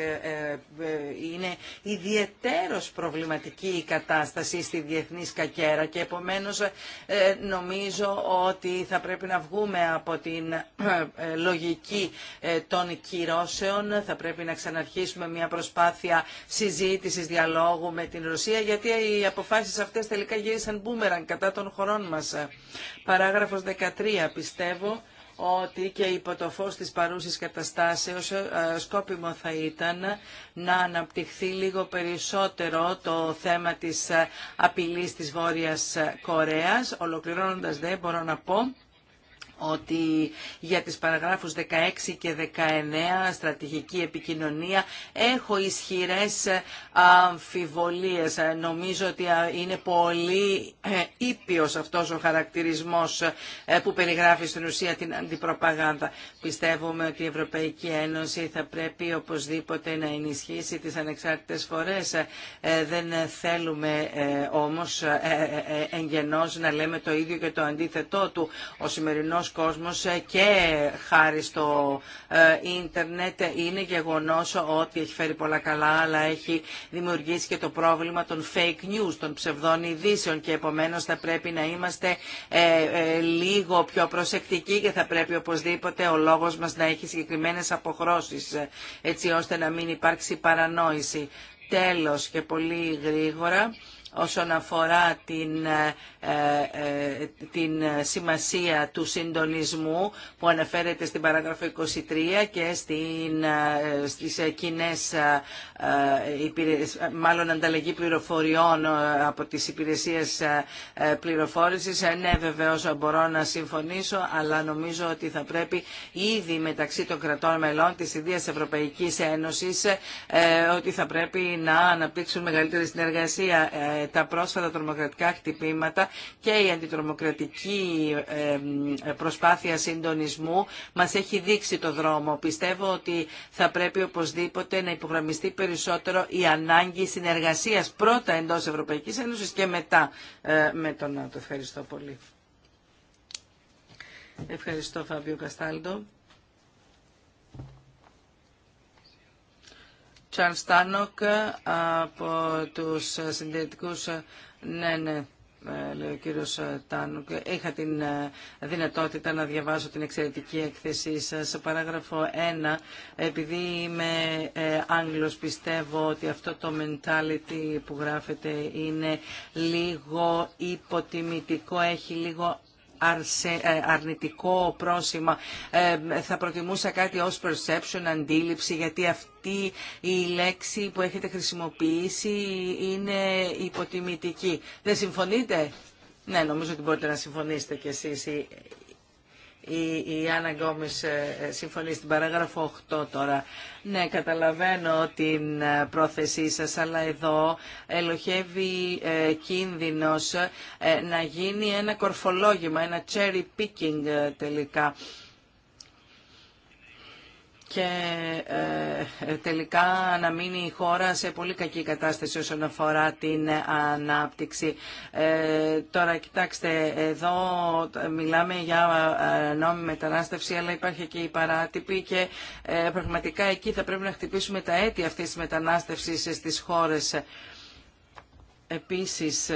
Είναι ιδιαίτερο προβληματική η κατάσταση στη διεθνή σκακέρα και επομένως νομίζω ότι θα πρέπει να βγούμε από την λογική των κυρώσεων. Θα πρέπει να ξαναρχίσουμε μια προσπάθεια προσπάθεια συζήτησης, διαλόγου με την Ρωσία, γιατί οι αποφάσει αυτέ τελικά γύρισαν μπούμεραν κατά των χωρών μα. Παράγραφος 13 πιστεύω ότι και υπό το φως της παρούσης καταστάσεως ε, σκόπιμο θα ήταν να αναπτυχθεί λίγο περισσότερο το θέμα της ε, απειλής της Βόρειας Κορέας. Ολοκληρώνοντας δε μπορώ να πω ότι για τις παραγράφους 16 και 19 στρατηγική επικοινωνία έχω ισχυρές αμφιβολίες. Νομίζω ότι είναι πολύ ήπιος αυτός ο χαρακτηρισμός που περιγράφει στην ουσία την αντιπροπαγάνδα. Πιστεύουμε ότι η Ευρωπαϊκή Ένωση θα πρέπει οπωσδήποτε να ενισχύσει τις ανεξάρτητες φορές. Δεν θέλουμε όμως εγγενώς να λέμε το ίδιο και το αντίθετό του. Ο σημερινός κόσμος ε, και χάρη στο ε, ίντερνετ είναι γεγονός ότι έχει φέρει πολλά καλά αλλά έχει δημιουργήσει και το πρόβλημα των fake news, των ψευδών ειδήσεων και επομένως θα πρέπει να είμαστε ε, λίγο πιο προσεκτικοί και θα πρέπει οπωσδήποτε ο λόγος μας να έχει συγκεκριμένες αποχρώσεις έτσι ώστε να μην υπάρξει παρανόηση. Τέλος και πολύ γρήγορα όσον αφορά την, ε, ε, την σημασία του συντονισμού που αναφέρεται στην παράγραφο 23 και στην, ε, στις κοινέ μάλλον ανταλλαγή πληροφοριών από τις υπηρεσίες πληροφόρησης. Ναι, βεβαίως μπορώ να συμφωνήσω, αλλά νομίζω ότι θα πρέπει ήδη μεταξύ των κρατών μελών της Ιδίας Ευρωπαϊκής Ένωσης ότι θα πρέπει να αναπτύξουν μεγαλύτερη συνεργασία τα πρόσφατα τρομοκρατικά χτυπήματα και η αντιτρομοκρατική προσπάθεια συντονισμού μας έχει δείξει το δρόμο. Πιστεύω ότι θα πρέπει οπωσδήποτε να υπογραμμιστεί περισσότερο η ανάγκη συνεργασίας πρώτα εντός Ευρωπαϊκής Ένωσης και μετά ε, με τον ΝΑΤΟ. Ευχαριστώ πολύ. Ευχαριστώ Φαβίου Καστάλντο. Τσαρλ Στάνοκ ε, από τους ε, συντηρητικού. Ε, ναι, ναι, λέει ο κύριο Τάνοκ. Είχα την δυνατότητα να διαβάσω την εξαιρετική έκθεσή σα Σε παράγραφο 1, επειδή είμαι Άγγλο, πιστεύω ότι αυτό το mentality που γράφεται είναι λίγο υποτιμητικό, έχει λίγο ε, αρνητικό πρόσημα. Ε, θα προτιμούσα κάτι ως perception, αντίληψη, γιατί αυτή η λέξη που έχετε χρησιμοποιήσει είναι υποτιμητική. Δεν συμφωνείτε? Ναι, νομίζω ότι μπορείτε να συμφωνήσετε κι εσείς. Η, η Άννα Γκόμης ε, ε, συμφωνεί στην παράγραφο 8 τώρα. Ναι, καταλαβαίνω την ε, πρόθεσή σας, αλλά εδώ ελοχεύει κίνδυνος να γίνει ένα κορφολόγημα, ένα cherry picking τελικά και ε, τελικά να μείνει η χώρα σε πολύ κακή κατάσταση όσον αφορά την ανάπτυξη. Ε, τώρα κοιτάξτε, εδώ μιλάμε για ε, νόμιμη μετανάστευση αλλά υπάρχει και η παράτυπη και πραγματικά εκεί θα πρέπει να χτυπήσουμε τα αίτια αυτής της μετανάστευσης στις χώρες. Επίσης,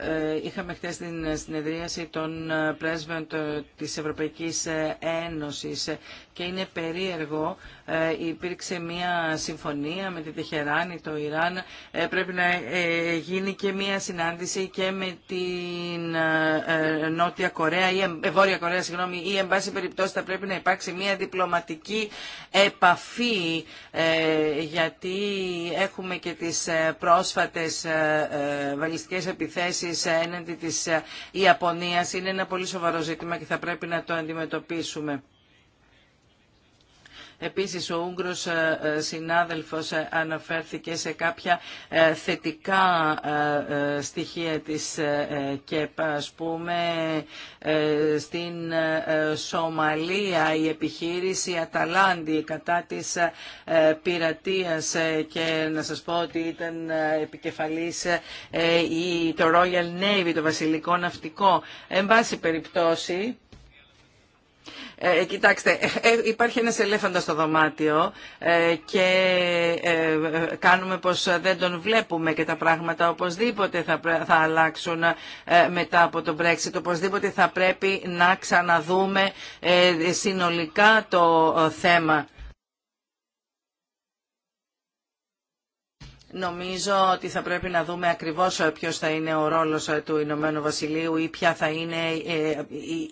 ε, είχαμε χθε την συνεδρίαση των ε, πρέσβεων της Ευρωπαϊκής ε, Ένωσης και είναι περίεργο ε, υπήρξε μια συμφωνία με τη Τεχεράνη, το Ιράν. Ε, πρέπει να ε, γίνει και μια συνάντηση και με την Νότια Κορέα ή Βόρεια Κορέα, συγγνώμη, ή εν πάση περιπτώσει θα πρέπει να υπάρξει μια διπλωματική επαφή γιατί έχουμε και τις πρόσφατες βαλιστικές επιθέσεις έναντι της Ιαπωνίας. Είναι ένα πολύ σοβαρό ζήτημα και θα πρέπει να το αντιμετωπίσουμε. Επίσης ο Ούγγρος ε, ε, συνάδελφος ε, αναφέρθηκε σε κάποια θετικά στοιχεία της ΚΕΠ. Ας πούμε στην Σομαλία η επιχείρηση Αταλάντη κατά της πειρατείας και να σας πω ότι ήταν επικεφαλής το Royal Navy, το βασιλικό ναυτικό. Εν πάση περιπτώσει ε, ε, κοιτάξτε, ε, υπάρχει ένας ελέφαντας στο δωμάτιο και κάνουμε πως δεν τον βλέπουμε και τα πράγματα οπωσδήποτε θα, θα αλλάξουν μετά από το Brexit. Οπωσδήποτε θα πρέπει να ξαναδούμε συνολικά το θέμα. Νομίζω ότι θα πρέπει να δούμε ακριβώς ε, ποιος θα είναι ο ρόλος ε, του Ηνωμένου Βασιλείου ή ποια θα είναι ε,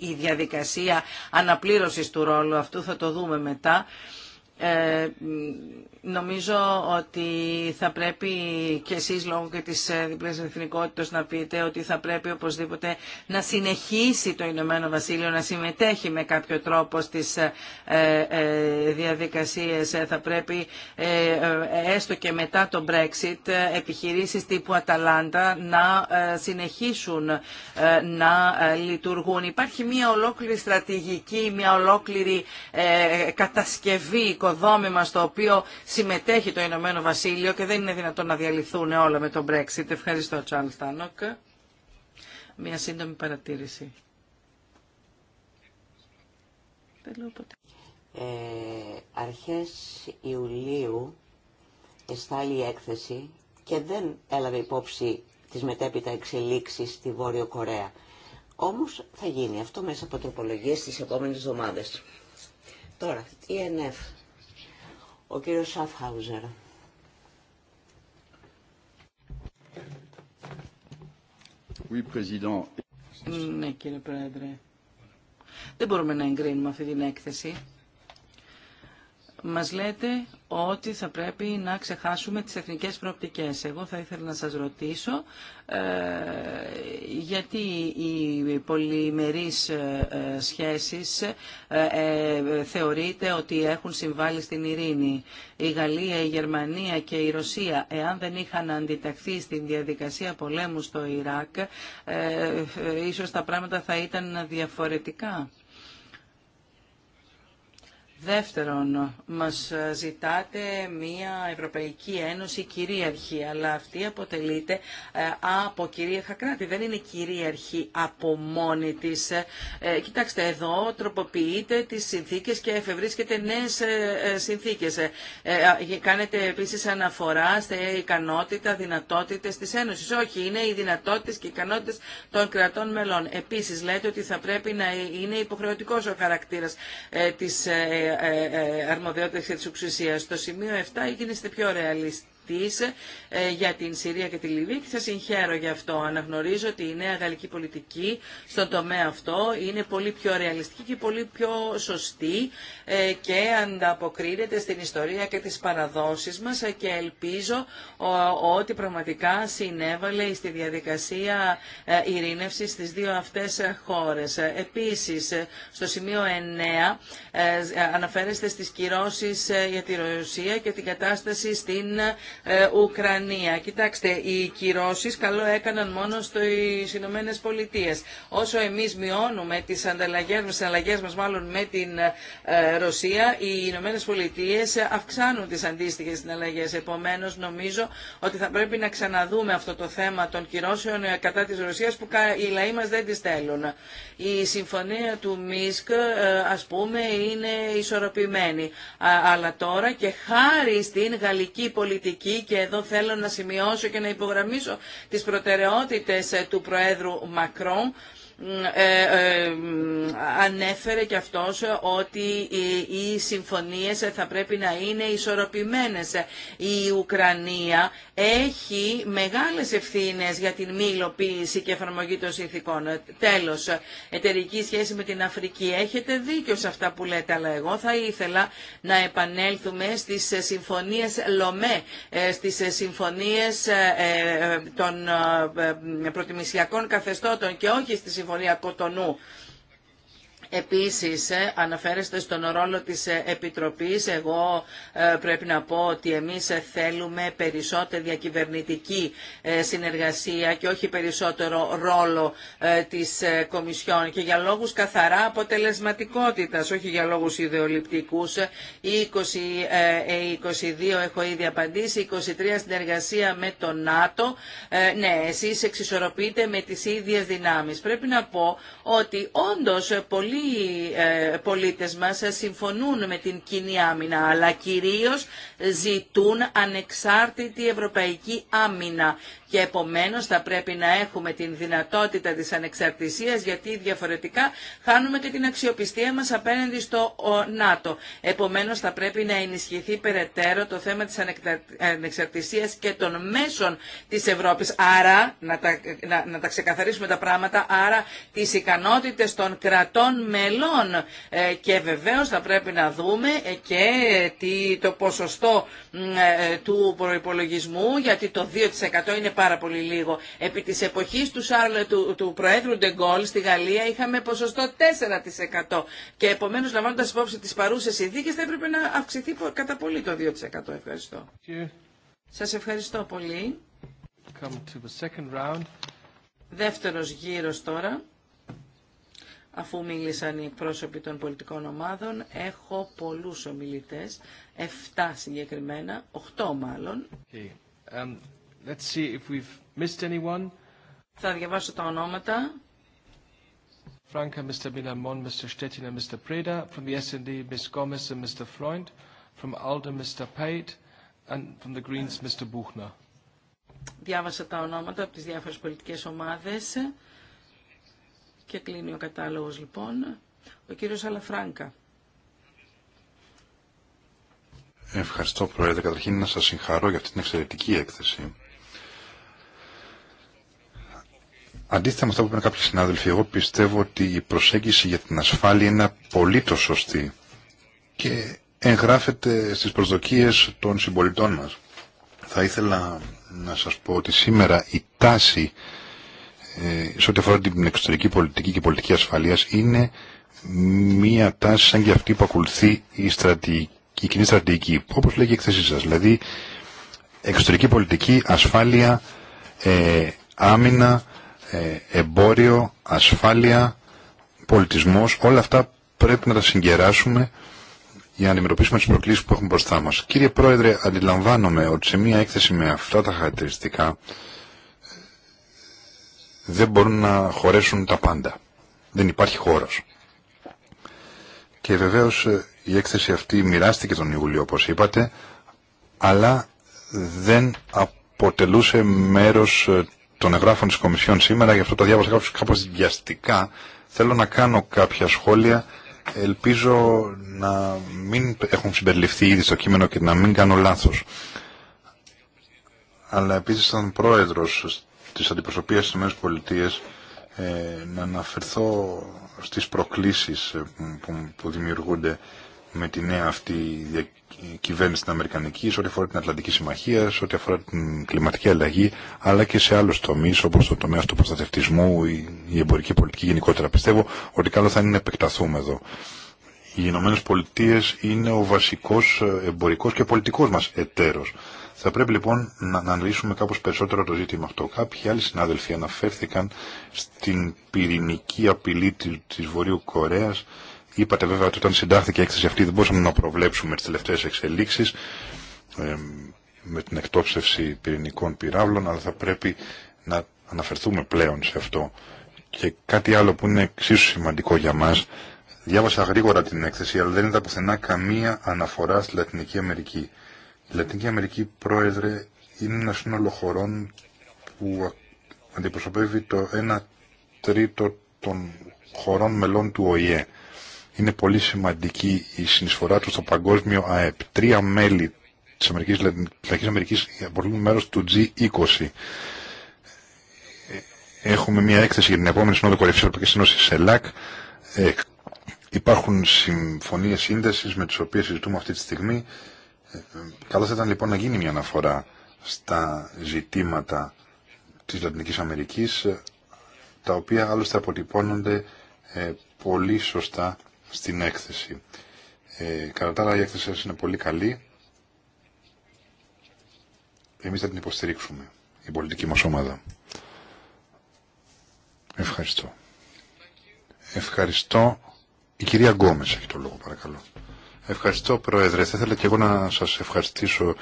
η διαδικασία αναπλήρωσης του ρόλου αυτού. Θα το δούμε μετά. Νομίζω ότι θα πρέπει και εσείς λόγω και της ε, διπλής εθνικότητας να πείτε ότι θα πρέπει οπωσδήποτε να συνεχίσει το Ηνωμένο Βασίλειο να συμμετέχει με κάποιο τρόπο στις ε, ε, διαδικασίες. Θα πρέπει έστω και μετά το Brexit επιχειρήσεις τύπου Αταλάντα να συνεχίσουν να λειτουργούν. Υπάρχει μια ολόκληρη στρατηγική, μια ολόκληρη κατασκευή, οικοδόμημα στο οποίο συμμετέχει το Ηνωμένο Βασίλειο και δεν είναι δυνατόν να διαλυθούν όλα με τον Brexit. Ευχαριστώ, Τσάρλ Στάνοκ. Μια σύντομη παρατήρηση. Ε, αρχές Ιουλίου εστάλει η έκθεση και δεν έλαβε υπόψη τις μετέπειτα εξελίξεις στη Βόρειο Κορέα. Όμως θα γίνει αυτό μέσα από τροπολογίες στις επόμενες εβδομάδες. Τώρα, η ΕΝΕΦ. Ο κύριος Σαφχάουζερ. Ναι, κύριε Πρόεδρε. Δεν μπορούμε να εγκρίνουμε αυτή την έκθεση μας λέτε ότι θα πρέπει να ξεχάσουμε τις εθνικές προοπτικές. Εγώ θα ήθελα να σας ρωτήσω ε, γιατί οι πολυμερείς ε, ε, σχέσεις θεωρείται ότι έχουν συμβάλει στην ειρήνη. Η Γαλλία, η Γερμανία και η Ρωσία, εάν δεν είχαν αντιταχθεί στην διαδικασία πολέμου στο Ιράκ, ίσως τα πράγματα θα ήταν διαφορετικά. Δεύτερον, μας ζητάτε μια Ευρωπαϊκή Ένωση κυρίαρχη, αλλά αυτή αποτελείται ε, από κυρίαρχα κράτη. Δεν είναι κυρίαρχη από μόνη της. Ε, κοιτάξτε, εδώ τροποποιείτε τις συνθήκες και εφευρίσκετε νέες ε, συνθήκες. Κάνετε επίσης αναφορά στα ικανότητα, δυνατότητες της Ένωσης. Όχι, είναι οι δυνατότητες και οι ικανότητες των κρατών μελών. Επίσης, λέτε ότι θα πρέπει να είναι υποχρεωτικός ο χαρακτήρας της ε, ε, ε, αρμοδιότητες και της ουξουσίας. Το σημείο 7 γίνεστε πιο ρεαλίστε. Ε, για την Συρία και τη Λιβύη και σα συγχαίρω γι' αυτό. Αναγνωρίζω ότι η νέα γαλλική πολιτική στον τομέα αυτό είναι πολύ πιο ρεαλιστική και πολύ πιο σωστή ε, και ανταποκρίνεται στην ιστορία και τις παραδόσεις μας ε, και ελπίζω ότι πραγματικά συνέβαλε στη διαδικασία ειρήνευσης στις δύο αυτές χώρες. Επίσης, στο σημείο 9 αναφέρεστε στις κυρώσεις για τη Ρωσία και την κατάσταση στην ε, Ουκρανία. Κοιτάξτε, οι κυρώσει καλό έκαναν μόνο στι Ηνωμένε Πολιτείε. Όσο εμεί μειώνουμε τι ανταλλαγέ μα, μάλλον με την ε, Ρωσία, οι Ηνωμένε Πολιτείε αυξάνουν τι αντίστοιχε συναλλαγέ. Επομένω, νομίζω ότι θα πρέπει να ξαναδούμε αυτό το θέμα των κυρώσεων ε, κατά τη Ρωσία που οι λαοί μα δεν τι θέλουν. Η συμφωνία του Μίσκ, α πούμε, είναι ισορροπημένη. Αλλά τώρα και χάρη στην γαλλική πολιτική και εδώ θέλω να σημειώσω και να υπογραμμίσω τις προτεραιότητες ε, του Προέδρου Μακρόν ε, ε, ανέφερε και αυτός ότι οι, οι συμφωνίες θα πρέπει να είναι ισορροπημένες. Η Ουκρανία έχει μεγάλες ευθύνες για την μη υλοποίηση και εφαρμογή των συνθήκων. Τέλος, εταιρική σχέση με την Αφρική. Έχετε δίκιο σε αυτά που λέτε, αλλά εγώ θα ήθελα να επανέλθουμε στις συμφωνίες ΛΟΜΕ, στις συμφωνίες ε, ε, των ε, προτιμησιακών καθεστώτων και όχι στη συμφωνία Κοτονού. Επίσης, ε, αναφέρεστε στον ρόλο της ε, Επιτροπής. Εγώ ε, πρέπει να πω ότι εμείς θέλουμε περισσότερη διακυβερνητική συνεργασία και όχι περισσότερο ρόλο της Κομισιόν και για λόγους καθαρά αποτελεσματικότητας, όχι για λόγους ιδεολειπτικούς. 20-22 έχω ήδη απαντήσει, 23 συνεργασία με το ΝΑΤΟ. Ναι, εσείς εξισορροπείτε με τις ίδιες δυνάμεις. Πρέπει να πω ότι όντως οι ε, πολίτες μας συμφωνούν με την κοινή άμυνα, αλλά κυρίως ζητούν ανεξάρτητη ευρωπαϊκή άμυνα. Και επομένως θα πρέπει να έχουμε την δυνατότητα της ανεξαρτησίας, γιατί διαφορετικά χάνουμε και την αξιοπιστία μας απέναντι στο ΝΑΤΟ. Επομένως θα πρέπει να ενισχυθεί περαιτέρω το θέμα της ανεξαρτησίας και των μέσων της Ευρώπης. Άρα, να τα, να, να τα ξεκαθαρίσουμε τα πράγματα, άρα τις ικανότητες των κρατών μελών ε, και βεβαίως θα πρέπει να δούμε ε, και το ποσοστό ε, του προϋπολογισμού γιατί το 2% είναι πάρα πολύ λίγο. Επί της εποχής του, Σάρλε, του, του Προέδρου Ντεγκόλ στη Γαλλία είχαμε ποσοστό 4% και επομένως λαμβάνοντας υπόψη τις παρούσες συνθήκες θα έπρεπε να αυξηθεί κατά πολύ το 2%. Ευχαριστώ. Σας ευχαριστώ πολύ. Come to Δεύτερος γύρος τώρα αφού μίλησαν οι εκπρόσωποι των πολιτικών ομάδων, έχω πολλούς ομιλητές, 7 συγκεκριμένα, 8 μάλλον. Okay. Um, let's see if we've missed anyone. Θα διαβάσω τα ονόματα. Franca, Mr. Milamon, Mr. Stettin Mr. Preda. From the S&D, Ms. Gomez and Mr. Freund. From ALDE, Mr. Pate. And from the Greens, Mr. Buchner. Διάβασα τα ονόματα από τις διάφορες πολιτικές ομάδες. Και κλείνει ο κατάλογος λοιπόν. Ο κύριος Αλαφράνκα. Ευχαριστώ Πρόεδρε. Καταρχήν να σας συγχαρώ για αυτή την εξαιρετική έκθεση. Αντίθετα με αυτά που είπαν κάποιοι συνάδελφοι, εγώ πιστεύω ότι η προσέγγιση για την ασφάλεια είναι απολύτως σωστή και εγγράφεται στις προσδοκίες των συμπολιτών μας. Θα ήθελα να σας πω ότι σήμερα η τάση ε, σε ό,τι αφορά την εξωτερική πολιτική και πολιτική ασφαλείας είναι μία τάση σαν και αυτή που ακολουθεί η, στρατηγική, η κοινή στρατηγική, όπως λέγει η εκθεσή σας. Δηλαδή, εξωτερική πολιτική, ασφάλεια, ε, άμυνα, ε, εμπόριο, ασφάλεια, πολιτισμός, όλα αυτά πρέπει να τα συγκεράσουμε για να αντιμετωπίσουμε τις προκλήσει που έχουμε μπροστά μας. Κύριε Πρόεδρε, αντιλαμβάνομαι ότι σε μία έκθεση με αυτά τα χαρακτηριστικά δεν μπορούν να χωρέσουν τα πάντα. Δεν υπάρχει χώρος. Και βεβαίως ε, η έκθεση αυτή μοιράστηκε τον Ιούλιο όπως είπατε, αλλά δεν αποτελούσε μέρος ε, των εγγράφων της Κομισιόν σήμερα, γι' αυτό το διάβασα κάπως, κάπως διαστικά. Θέλω να κάνω κάποια σχόλια. Ελπίζω να μην έχουν συμπεριληφθεί ήδη στο κείμενο και να μην κάνω λάθος. Αλλά επίσης ήταν πρόεδρος της αντιπροσωπείας στις ΗΠΑ ε, να αναφερθώ στις προκλήσεις ε, που, δημιουργούνται με τη νέα αυτή κυβέρνηση την Αμερικανική, σε ό,τι αφορά την Ατλαντική Συμμαχία, σε ό,τι αφορά την κλιματική αλλαγή, αλλά και σε άλλου τομεί, όπω το τομέα του προστατευτισμού, η εμπορική πολιτική γενικότερα. Πιστεύω ότι καλό θα είναι να επεκταθούμε εδώ. Οι Ηνωμένε Πολιτείε είναι ο βασικό ε, εμπορικό και πολιτικό μα εταίρο. Θα πρέπει λοιπόν να αναλύσουμε κάπως περισσότερο το ζήτημα αυτό. Κάποιοι άλλοι συνάδελφοι αναφέρθηκαν στην πυρηνική απειλή της Βορείου Κορέας. Είπατε βέβαια ότι όταν συντάχθηκε η έκθεση αυτή δεν μπορούσαμε να προβλέψουμε τις τελευταίες εξελίξεις ε, με την εκτόψευση πυρηνικών πυράβλων, αλλά θα πρέπει να αναφερθούμε πλέον σε αυτό. Και κάτι άλλο που είναι εξίσου σημαντικό για μας, διάβασα γρήγορα την έκθεση, αλλά δεν είδα πουθενά καμία αναφορά στη Λατινική Αμερική. Η Λατινική Αμερική, πρόεδρε, είναι ένα σύνολο χωρών που αντιπροσωπεύει το 1 τρίτο των χωρών μελών του ΟΗΕ. Είναι πολύ σημαντική η συνεισφορά του στο παγκόσμιο ΑΕΠ. Τρία μέλη της Αμερικής, Λατινικής Αμερικής αποτελούν μέρος του G20. Έχουμε μια έκθεση για την επόμενη συνόδο κορυφής Ευρωπαϊκής Ένωσης ΕΛΑΚ. Ε, υπάρχουν συμφωνίες σύνδεσης με τις οποίες συζητούμε αυτή τη στιγμή ε, Καλό ήταν λοιπόν να γίνει μια αναφορά στα ζητήματα της Λατινικής Αμερικής ε, τα οποία άλλωστε αποτυπώνονται ε, πολύ σωστά στην έκθεση. Ε, κατά τα άλλα η έκθεση σας είναι πολύ καλή. Εμείς θα την υποστηρίξουμε, η πολιτική μας ομάδα. Ευχαριστώ. Ευχαριστώ. Η κυρία Γκόμες έχει το λόγο παρακαλώ. Ευχαριστώ Πρόεδρε. Θα ήθελα και εγώ να σας ευχαριστήσω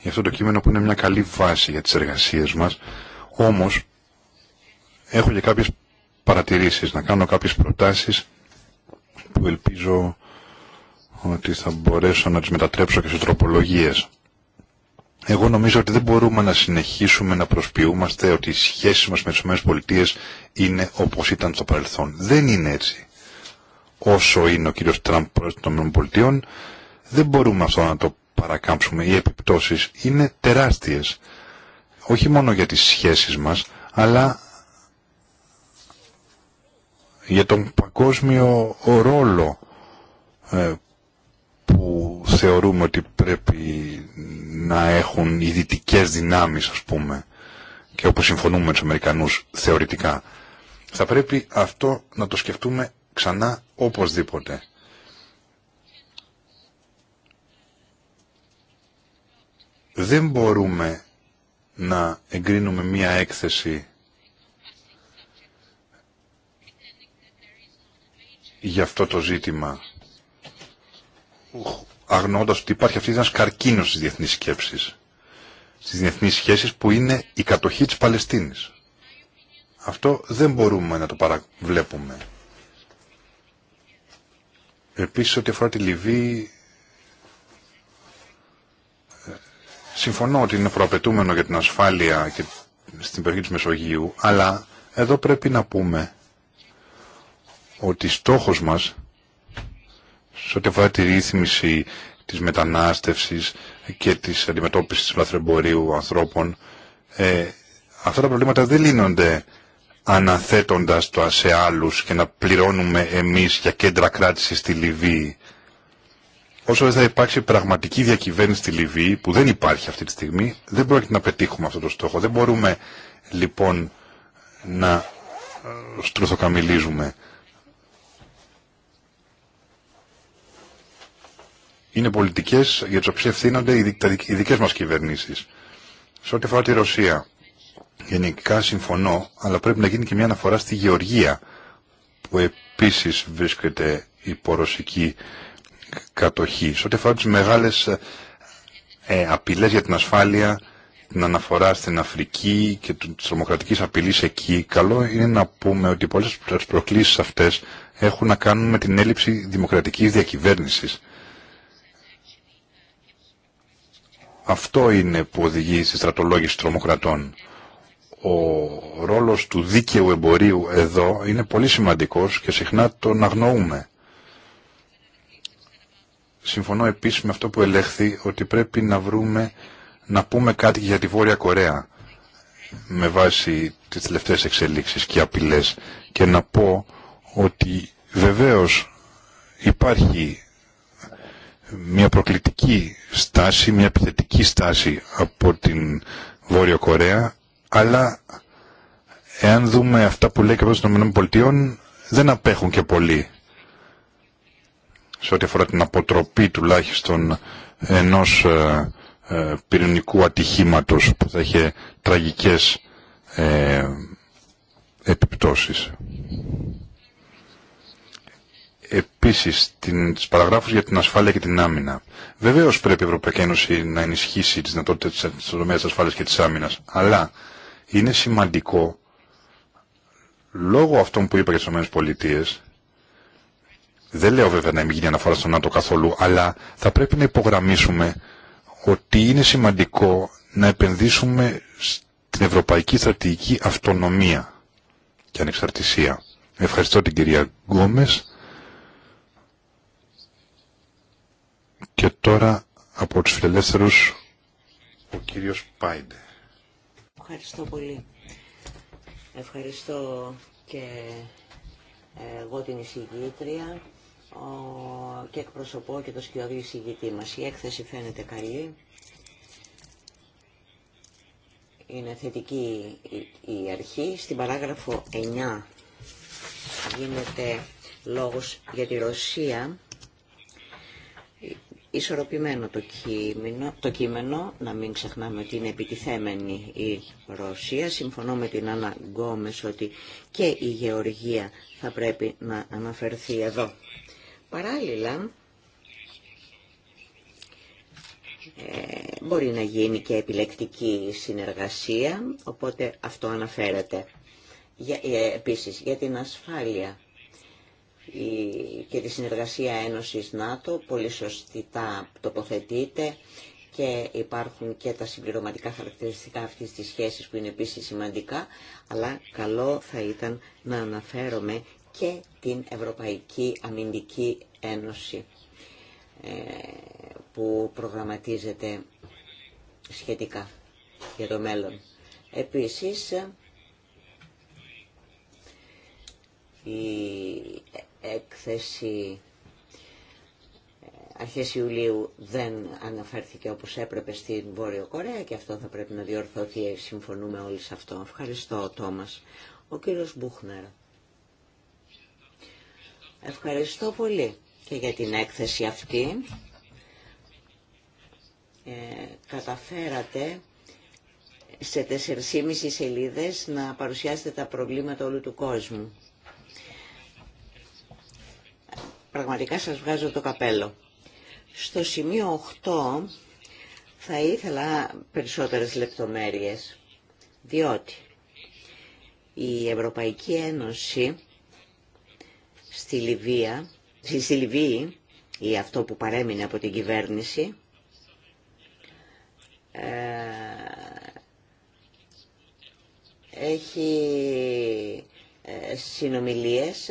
για αυτό το κείμενο που είναι μια καλή βάση για τις εργασίε μας. Όμως έχω και κάποιε παρατηρήσεις, να κάνω κάποιε προτάσεις που ελπίζω ότι θα μπορέσω να τις μετατρέψω και σε τροπολογίες. Εγώ νομίζω ότι δεν μπορούμε να συνεχίσουμε να προσποιούμαστε ότι οι σχέσεις μας με τις ΗΠΑ είναι όπως ήταν στο παρελθόν. Δεν είναι έτσι όσο είναι ο κύριος Τραμπ πρόεδρος των ΗΠΑ, δεν μπορούμε αυτό να το παρακάμψουμε. Οι επιπτώσεις είναι τεράστιες. Όχι μόνο για τις σχέσεις μας, αλλά για τον παγκόσμιο ρόλο ε, που θεωρούμε ότι πρέπει να έχουν οι δυτικέ δυνάμεις ας πούμε και όπως συμφωνούμε με τους Αμερικανούς θεωρητικά θα πρέπει αυτό να το σκεφτούμε ξανά οπωσδήποτε. Δεν μπορούμε να εγκρίνουμε μία έκθεση για αυτό το ζήτημα αγνοώντας ότι υπάρχει αυτή ένας καρκίνος στις διεθνείς σκέψεις στις διεθνείς σχέσεις που είναι η κατοχή της Παλαιστίνης αυτό δεν μπορούμε να το παραβλέπουμε Επίσης ό,τι αφορά τη Λιβύη, συμφωνώ ότι είναι προαπαιτούμενο για την ασφάλεια και στην περιοχή της Μεσογείου, αλλά εδώ πρέπει να πούμε ότι στόχος μας, σε ό,τι αφορά τη ρύθμιση της μετανάστευσης και της αντιμετώπισης τη λαθρεμπορίου ανθρώπων, ε, αυτά τα προβλήματα δεν λύνονται αναθέτοντας το σε άλλους και να πληρώνουμε εμείς για κέντρα κράτηση στη Λιβύη. Όσο δεν θα υπάρξει πραγματική διακυβέρνηση στη Λιβύη, που δεν υπάρχει αυτή τη στιγμή, δεν πρόκειται να πετύχουμε αυτό το στόχο. Δεν μπορούμε λοιπόν να ε, στρουθοκαμιλίζουμε. Είναι πολιτικές για τις οποίες ευθύνονται οι δικές μας κυβερνήσεις. Σε ό,τι αφορά τη Ρωσία, Γενικά συμφωνώ, αλλά πρέπει να γίνει και μια αναφορά στη Γεωργία, που επίσης βρίσκεται υπό ρωσική κατοχή. Σε ό,τι αφορά τις μεγάλες ε, ε, απειλές για την ασφάλεια, την αναφορά στην Αφρική και τη τρομοκρατική απειλή εκεί, καλό είναι να πούμε ότι πολλές από τι προκλήσει έχουν να κάνουν με την έλλειψη δημοκρατικής διακυβέρνησης. Αυτό είναι που οδηγεί στη στρατολόγηση τρομοκρατών ο ρόλος του δίκαιου εμπορίου εδώ είναι πολύ σημαντικός και συχνά τον αγνοούμε. Συμφωνώ επίσης με αυτό που ελέγχθη ότι πρέπει να βρούμε, να πούμε κάτι για τη Βόρεια Κορέα με βάση τις τελευταίες εξελίξεις και απειλές και να πω ότι βεβαίως υπάρχει μια προκλητική στάση, μια επιθετική στάση από την Βόρεια Κορέα αλλά εάν δούμε αυτά που λέει και των ΗΠΑ δεν απέχουν και πολύ σε ό,τι αφορά την αποτροπή τουλάχιστον ενός ε, ε, πυρηνικού ατυχήματος που θα είχε τραγικές ε, επιπτώσεις. Επίσης, την, τις παραγράφους για την ασφάλεια και την άμυνα. Βεβαίως πρέπει η Ευρωπαϊκή Ένωση να ενισχύσει τις δυνατότητες της της ασφάλειας και της άμυνας, αλλά είναι σημαντικό λόγω αυτών που είπα για τι ΗΠΑ δεν λέω βέβαια να μην γίνει αναφορά στον ΝΑΤΟ καθόλου αλλά θα πρέπει να υπογραμμίσουμε ότι είναι σημαντικό να επενδύσουμε στην ευρωπαϊκή στρατηγική αυτονομία και ανεξαρτησία. Ευχαριστώ την κυρία Γκόμες και τώρα από τους φιλελεύθερους ο κύριος Πάιντε. Ευχαριστώ πολύ. Ευχαριστώ και ε, εγώ την εισηγήτρια και εκπροσωπώ και το σκιώδη εισηγητή μας. Η έκθεση φαίνεται καλή. Είναι θετική η αρχή. Στην παράγραφο 9 γίνεται λόγος για τη Ρωσία ισορροπημένο το κείμενο, το κείμενο, να μην ξεχνάμε ότι είναι επιτιθέμενη η Ρωσία. Συμφωνώ με την Άννα Γκόμες ότι και η Γεωργία θα πρέπει να αναφερθεί εδώ. Παράλληλα, ε, μπορεί να γίνει και επιλεκτική συνεργασία, οπότε αυτό αναφέρεται. Για, ε, επίσης, για την ασφάλεια και τη συνεργασία Ένωσης ΝΑΤΟ, πολύ σωστικά τοποθετείται και υπάρχουν και τα συμπληρωματικά χαρακτηριστικά αυτής της σχέσης που είναι επίσης σημαντικά, αλλά καλό θα ήταν να αναφέρομαι και την Ευρωπαϊκή Αμυντική Ένωση ε, που προγραμματίζεται σχετικά για το μέλλον. Επίσης, η έκθεση ε, αρχές Ιουλίου δεν αναφέρθηκε όπως έπρεπε στην Βόρειο Κορέα και αυτό θα πρέπει να διορθωθεί, ε, συμφωνούμε όλοι σε αυτό. Ευχαριστώ, Τόμας. Ο κύριος Μπούχνερ. Ευχαριστώ πολύ και για την έκθεση αυτή. Ε, καταφέρατε σε 4,5 σελίδες να παρουσιάσετε τα προβλήματα όλου του κόσμου. πραγματικά σας βγάζω το καπέλο. Στο σημείο 8 θα ήθελα περισσότερες λεπτομέρειες, διότι η Ευρωπαϊκή Ένωση στη Λιβύα, στη Λιβύη, ή αυτό που παρέμεινε από την κυβέρνηση, ε, έχει ε, συνομιλίες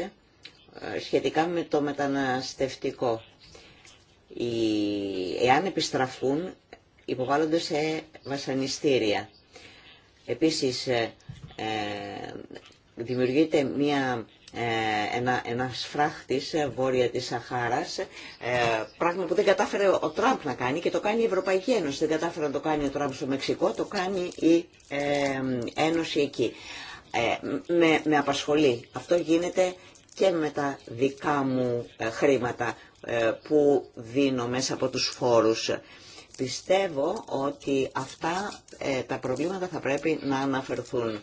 σχετικά με το μεταναστευτικό. Οι, εάν επιστραφούν, υποβάλλονται σε βασανιστήρια. Επίσης, ε, ε δημιουργείται μια, ε, ένα, ένας φράχτης ε, βόρεια της Σαχάρας, ε, πράγμα που δεν κατάφερε ο Τραμπ να κάνει και το κάνει η Ευρωπαϊκή Ένωση. Δεν κατάφερε να το κάνει ο Τραμπ στο Μεξικό, το κάνει η Ένωση εκεί. Με, με απασχολεί. Αυτό γίνεται και με τα δικά μου ε, χρήματα ε, που δίνω μέσα από τους φόρους. Πιστεύω ότι αυτά ε, τα προβλήματα θα πρέπει να αναφερθούν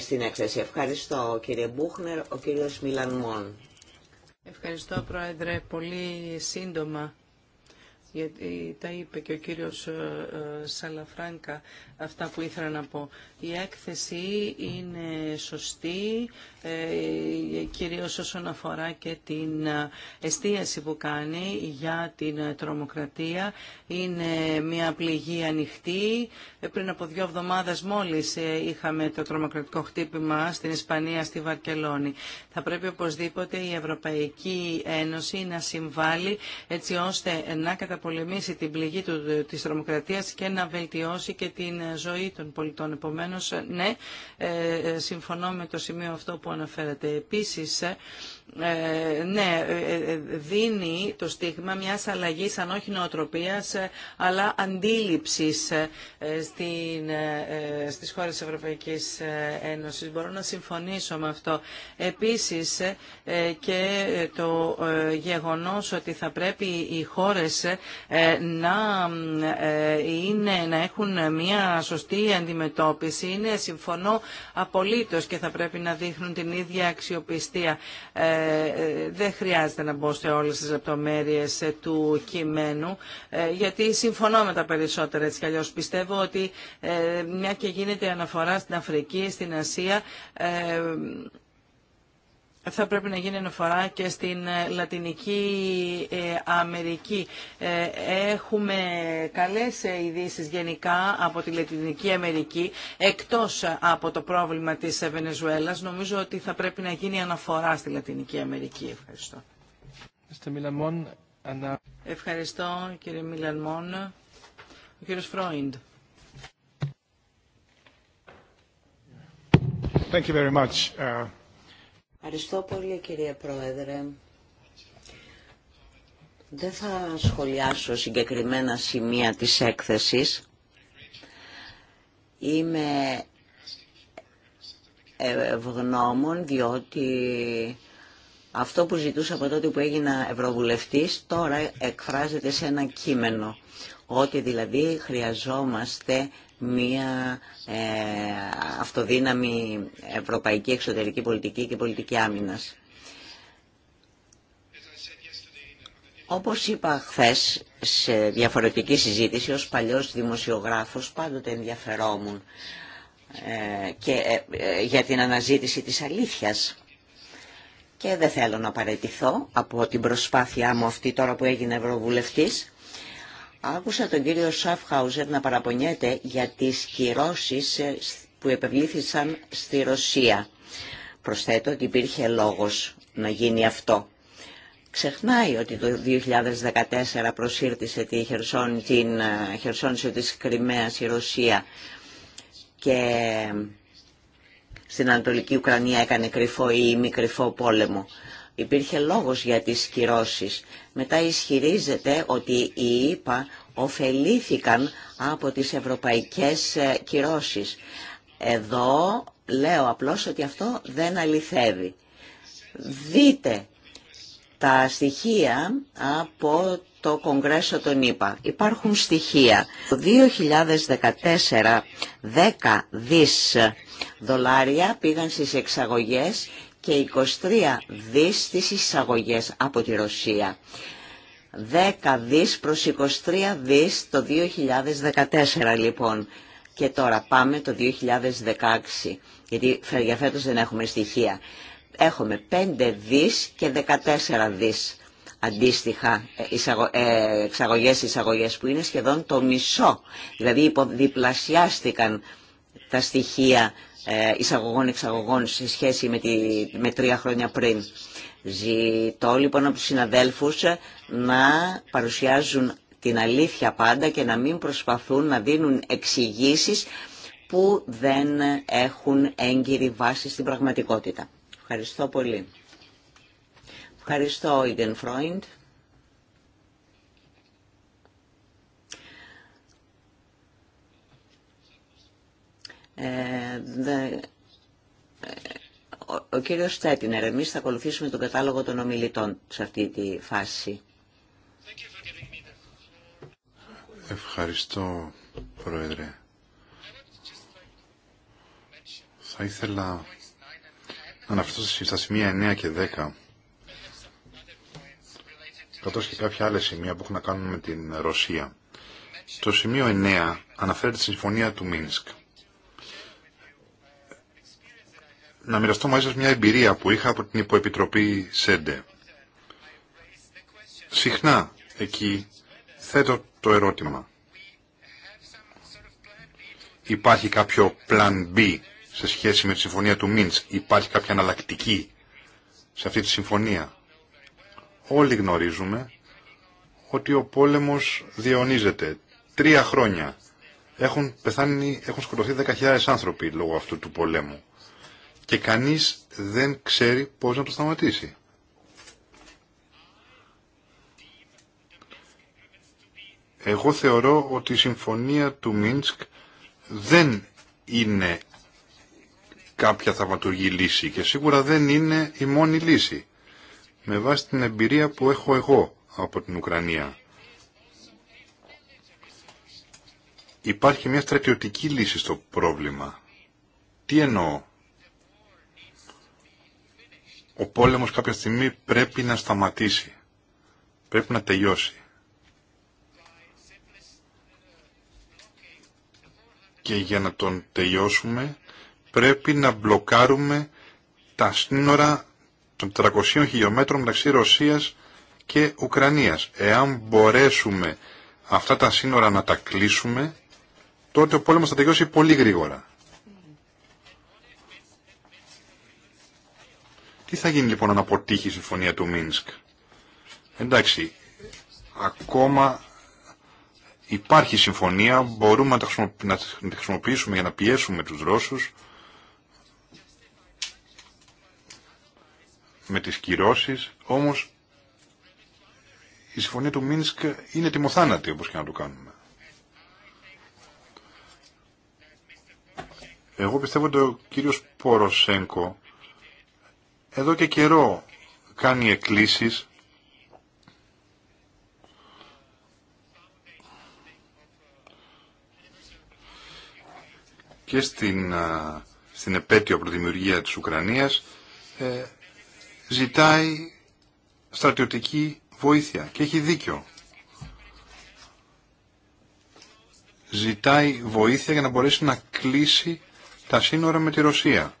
στην έκθεση. Ευχαριστώ κύριε Μπούχνερ, ο κύριος Μιλανμόν. Ευχαριστώ Πρόεδρε. Πολύ σύντομα γιατί τα είπε και ο κύριος ε, ε, Σαλαφράνκα αυτά που ήθελα να πω. Η έκθεση είναι σωστή, ε, κυρίως όσον αφορά και την εστίαση που κάνει για την τρομοκρατία. Είναι μια πληγή ανοιχτή. Πριν από δύο εβδομάδες μόλις είχαμε το τρομοκρατικό χτύπημα στην Ισπανία, στη Βαρκελόνη. Θα πρέπει οπωσδήποτε η Ευρωπαϊκή Ένωση να συμβάλλει έτσι ώστε να καταπληκτήσει πολεμήσει την πληγή του, της τρομοκρατίας και να βελτιώσει και την ζωή των πολιτών. Επομένως, ναι, ε, ε, συμφωνώ με το σημείο αυτό που αναφέρατε. Επίσης, ε, ε, ναι, ε, ε, δίνει το στίγμα μιας αλλαγής, αν όχι νοοτροπίας, αλλά αντίληψης στην, στις χώρες της Ευρωπαϊκής Ένωσης. Μπορώ να συμφωνήσω με αυτό. Επίσης και το γεγονός ότι θα πρέπει οι χώρες να, είναι, να έχουν μια σωστή αντιμετώπιση είναι, συμφωνώ απολύτως και θα πρέπει να δείχνουν την ίδια αξιοπιστία ε, δεν χρειάζεται να μπω σε όλες τις λεπτομέρειες ε, του κειμένου, ε, γιατί συμφωνώ με τα περισσότερα έτσι αλλιώς. Πιστεύω ότι μια και γίνεται αναφορά στην Αφρική, στην Ασία, θα πρέπει να γίνει αναφορά και στην ε, Λατινική ε, Αμερική. Ε, έχουμε καλές ειδήσει γενικά από τη Λατινική Αμερική, εκτός από το πρόβλημα της Βενεζουέλας. Νομίζω ότι θα πρέπει να γίνει αναφορά στη Λατινική Αμερική. Ευχαριστώ. Ευχαριστώ κύριε Μιλανμόν. Ο κύριος Φρόιντ. Thank you very much. Uh, Ευχαριστώ πολύ κυρία Πρόεδρε. Δεν θα σχολιάσω συγκεκριμένα σημεία της έκθεσης. Είμαι ευγνώμων διότι αυτό που ζητούσα από τότε που έγινα ευρωβουλευτής τώρα εκφράζεται σε ένα κείμενο. Ότι δηλαδή χρειαζόμαστε μία ε, αυτοδύναμη ευρωπαϊκή εξωτερική πολιτική και πολιτική άμυνας. Όπως είπα χθες σε διαφορετική συζήτηση, ως παλιός δημοσιογράφος πάντοτε ενδιαφερόμουν ε, και, ε, ε, για την αναζήτηση της αλήθειας. Και δεν θέλω να παραιτηθώ από την προσπάθειά μου αυτή τώρα που έγινε Ευρωβουλευτής. Άκουσα τον κύριο Σαφχάουζερ να παραπονιέται για τις κυρώσεις ε, που επευλήθησαν στη Ρωσία. Προσθέτω ότι υπήρχε λόγος να γίνει αυτό. Ξεχνάει ότι το 2014 προσήρτησε τη Χερσόν, την ε, Χερσόνησο της Κρυμαίας η Ρωσία και ε, στην Ανατολική Ουκρανία έκανε κρυφό ή μη πόλεμο υπήρχε λόγος για τις κυρώσεις. Μετά ισχυρίζεται ότι οι ΙΠΑ ωφελήθηκαν από τις ευρωπαϊκές ε, κυρώσεις. Εδώ λέω απλώς ότι αυτό δεν αληθεύει. Δείτε τα στοιχεία από το Κογκρέσο των ΗΠΑ. Υπάρχουν στοιχεία. Το 2014 10 δις δολάρια πήγαν στις εξαγωγές και 23 δις στις εισαγωγές από τη Ρωσία. 10 δις προς 23 δις το 2014 λοιπόν. Και τώρα πάμε το 2016, γιατί για φέτος δεν έχουμε στοιχεία. Έχουμε 5 δις και 14 δις αντίστοιχα ε, ε, εξαγωγές εισαγωγές που είναι σχεδόν το μισό. Δηλαδή υποδιπλασιάστηκαν τα στοιχεία ε, εισαγωγών-εξαγωγών σε σχέση με, τη, με τρία χρόνια πριν. Ζητώ λοιπόν από τους συναδέλφους ε, να παρουσιάζουν την αλήθεια πάντα και να μην προσπαθούν να δίνουν εξηγήσεις που δεν έχουν έγκυρη βάση στην πραγματικότητα. Ευχαριστώ πολύ. Ευχαριστώ, Ιγκεν Φρόιντ. Ε, ο κύριος Στέτινερ, εμείς θα ακολουθήσουμε τον κατάλογο των ομιλητών σε αυτή τη φάση. Ευχαριστώ, Πρόεδρε. Θα ήθελα να αναφερθώ στα σημεία 9 και 10, καθώ και κάποια άλλα σημεία που έχουν να κάνουν με την Ρωσία. Το σημείο 9 αναφέρεται στη συμφωνία του Μίνσκ. να μοιραστώ μαζί σας μια εμπειρία που είχα από την υποεπιτροπή ΣΕΝΤΕ. Συχνά εκεί θέτω το ερώτημα. Υπάρχει κάποιο plan B σε σχέση με τη συμφωνία του Μίντς. Υπάρχει κάποια αναλλακτική σε αυτή τη συμφωνία. Όλοι γνωρίζουμε ότι ο πόλεμος διαιωνίζεται. Τρία χρόνια έχουν πεθάνει, έχουν σκοτωθεί 10.000 άνθρωποι λόγω αυτού του πολέμου και κανείς δεν ξέρει πώς να το σταματήσει. Εγώ θεωρώ ότι η συμφωνία του Μίνσκ δεν είναι κάποια θαυματουργή λύση και σίγουρα δεν είναι η μόνη λύση. Με βάση την εμπειρία που έχω εγώ από την Ουκρανία. Υπάρχει μια στρατιωτική λύση στο πρόβλημα. Τι εννοώ ο πόλεμος κάποια στιγμή πρέπει να σταματήσει. Πρέπει να τελειώσει. Και για να τον τελειώσουμε πρέπει να μπλοκάρουμε τα σύνορα των 400 χιλιόμετρων μεταξύ Ρωσίας και Ουκρανίας. Εάν μπορέσουμε αυτά τα σύνορα να τα κλείσουμε, τότε ο πόλεμος θα τελειώσει πολύ γρήγορα. Τι θα γίνει λοιπόν αν αποτύχει η συμφωνία του Μίνσκ. Εντάξει, ακόμα υπάρχει συμφωνία, μπορούμε να τη χρησιμοποιήσουμε για να πιέσουμε τους Ρώσους με τις κυρώσεις, όμως η συμφωνία του Μίνσκ είναι τιμοθάνατη όπως και να το κάνουμε. Εγώ πιστεύω ότι ο κύριος Ποροσέγκο εδώ και καιρό κάνει εκκλήσεις και στην, στην επέτειο προδημιουργία της Ουκρανίας ε, ζητάει στρατιωτική βοήθεια και έχει δίκιο. Ζητάει βοήθεια για να μπορέσει να κλείσει τα σύνορα με τη Ρωσία.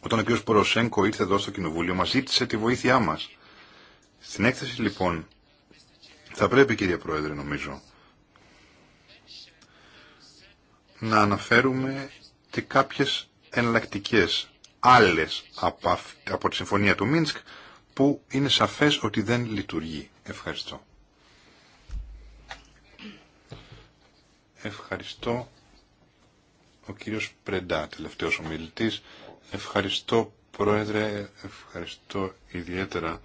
Όταν ο κ. Ποροσέγκο ήρθε εδώ στο Κοινοβούλιο, μα ζήτησε τη βοήθειά μας. Στην έκθεση λοιπόν, θα πρέπει κύριε Πρόεδρε νομίζω, να αναφέρουμε και κάποιες εναλλακτικέ άλλες από, τη Συμφωνία του Μίνσκ που είναι σαφές ότι δεν λειτουργεί. Ευχαριστώ. Ευχαριστώ ο κύριος Πρεντά, τελευταίος ομιλητής. Ευχαριστώ Πρόεδρε, ευχαριστώ ιδιαίτερα.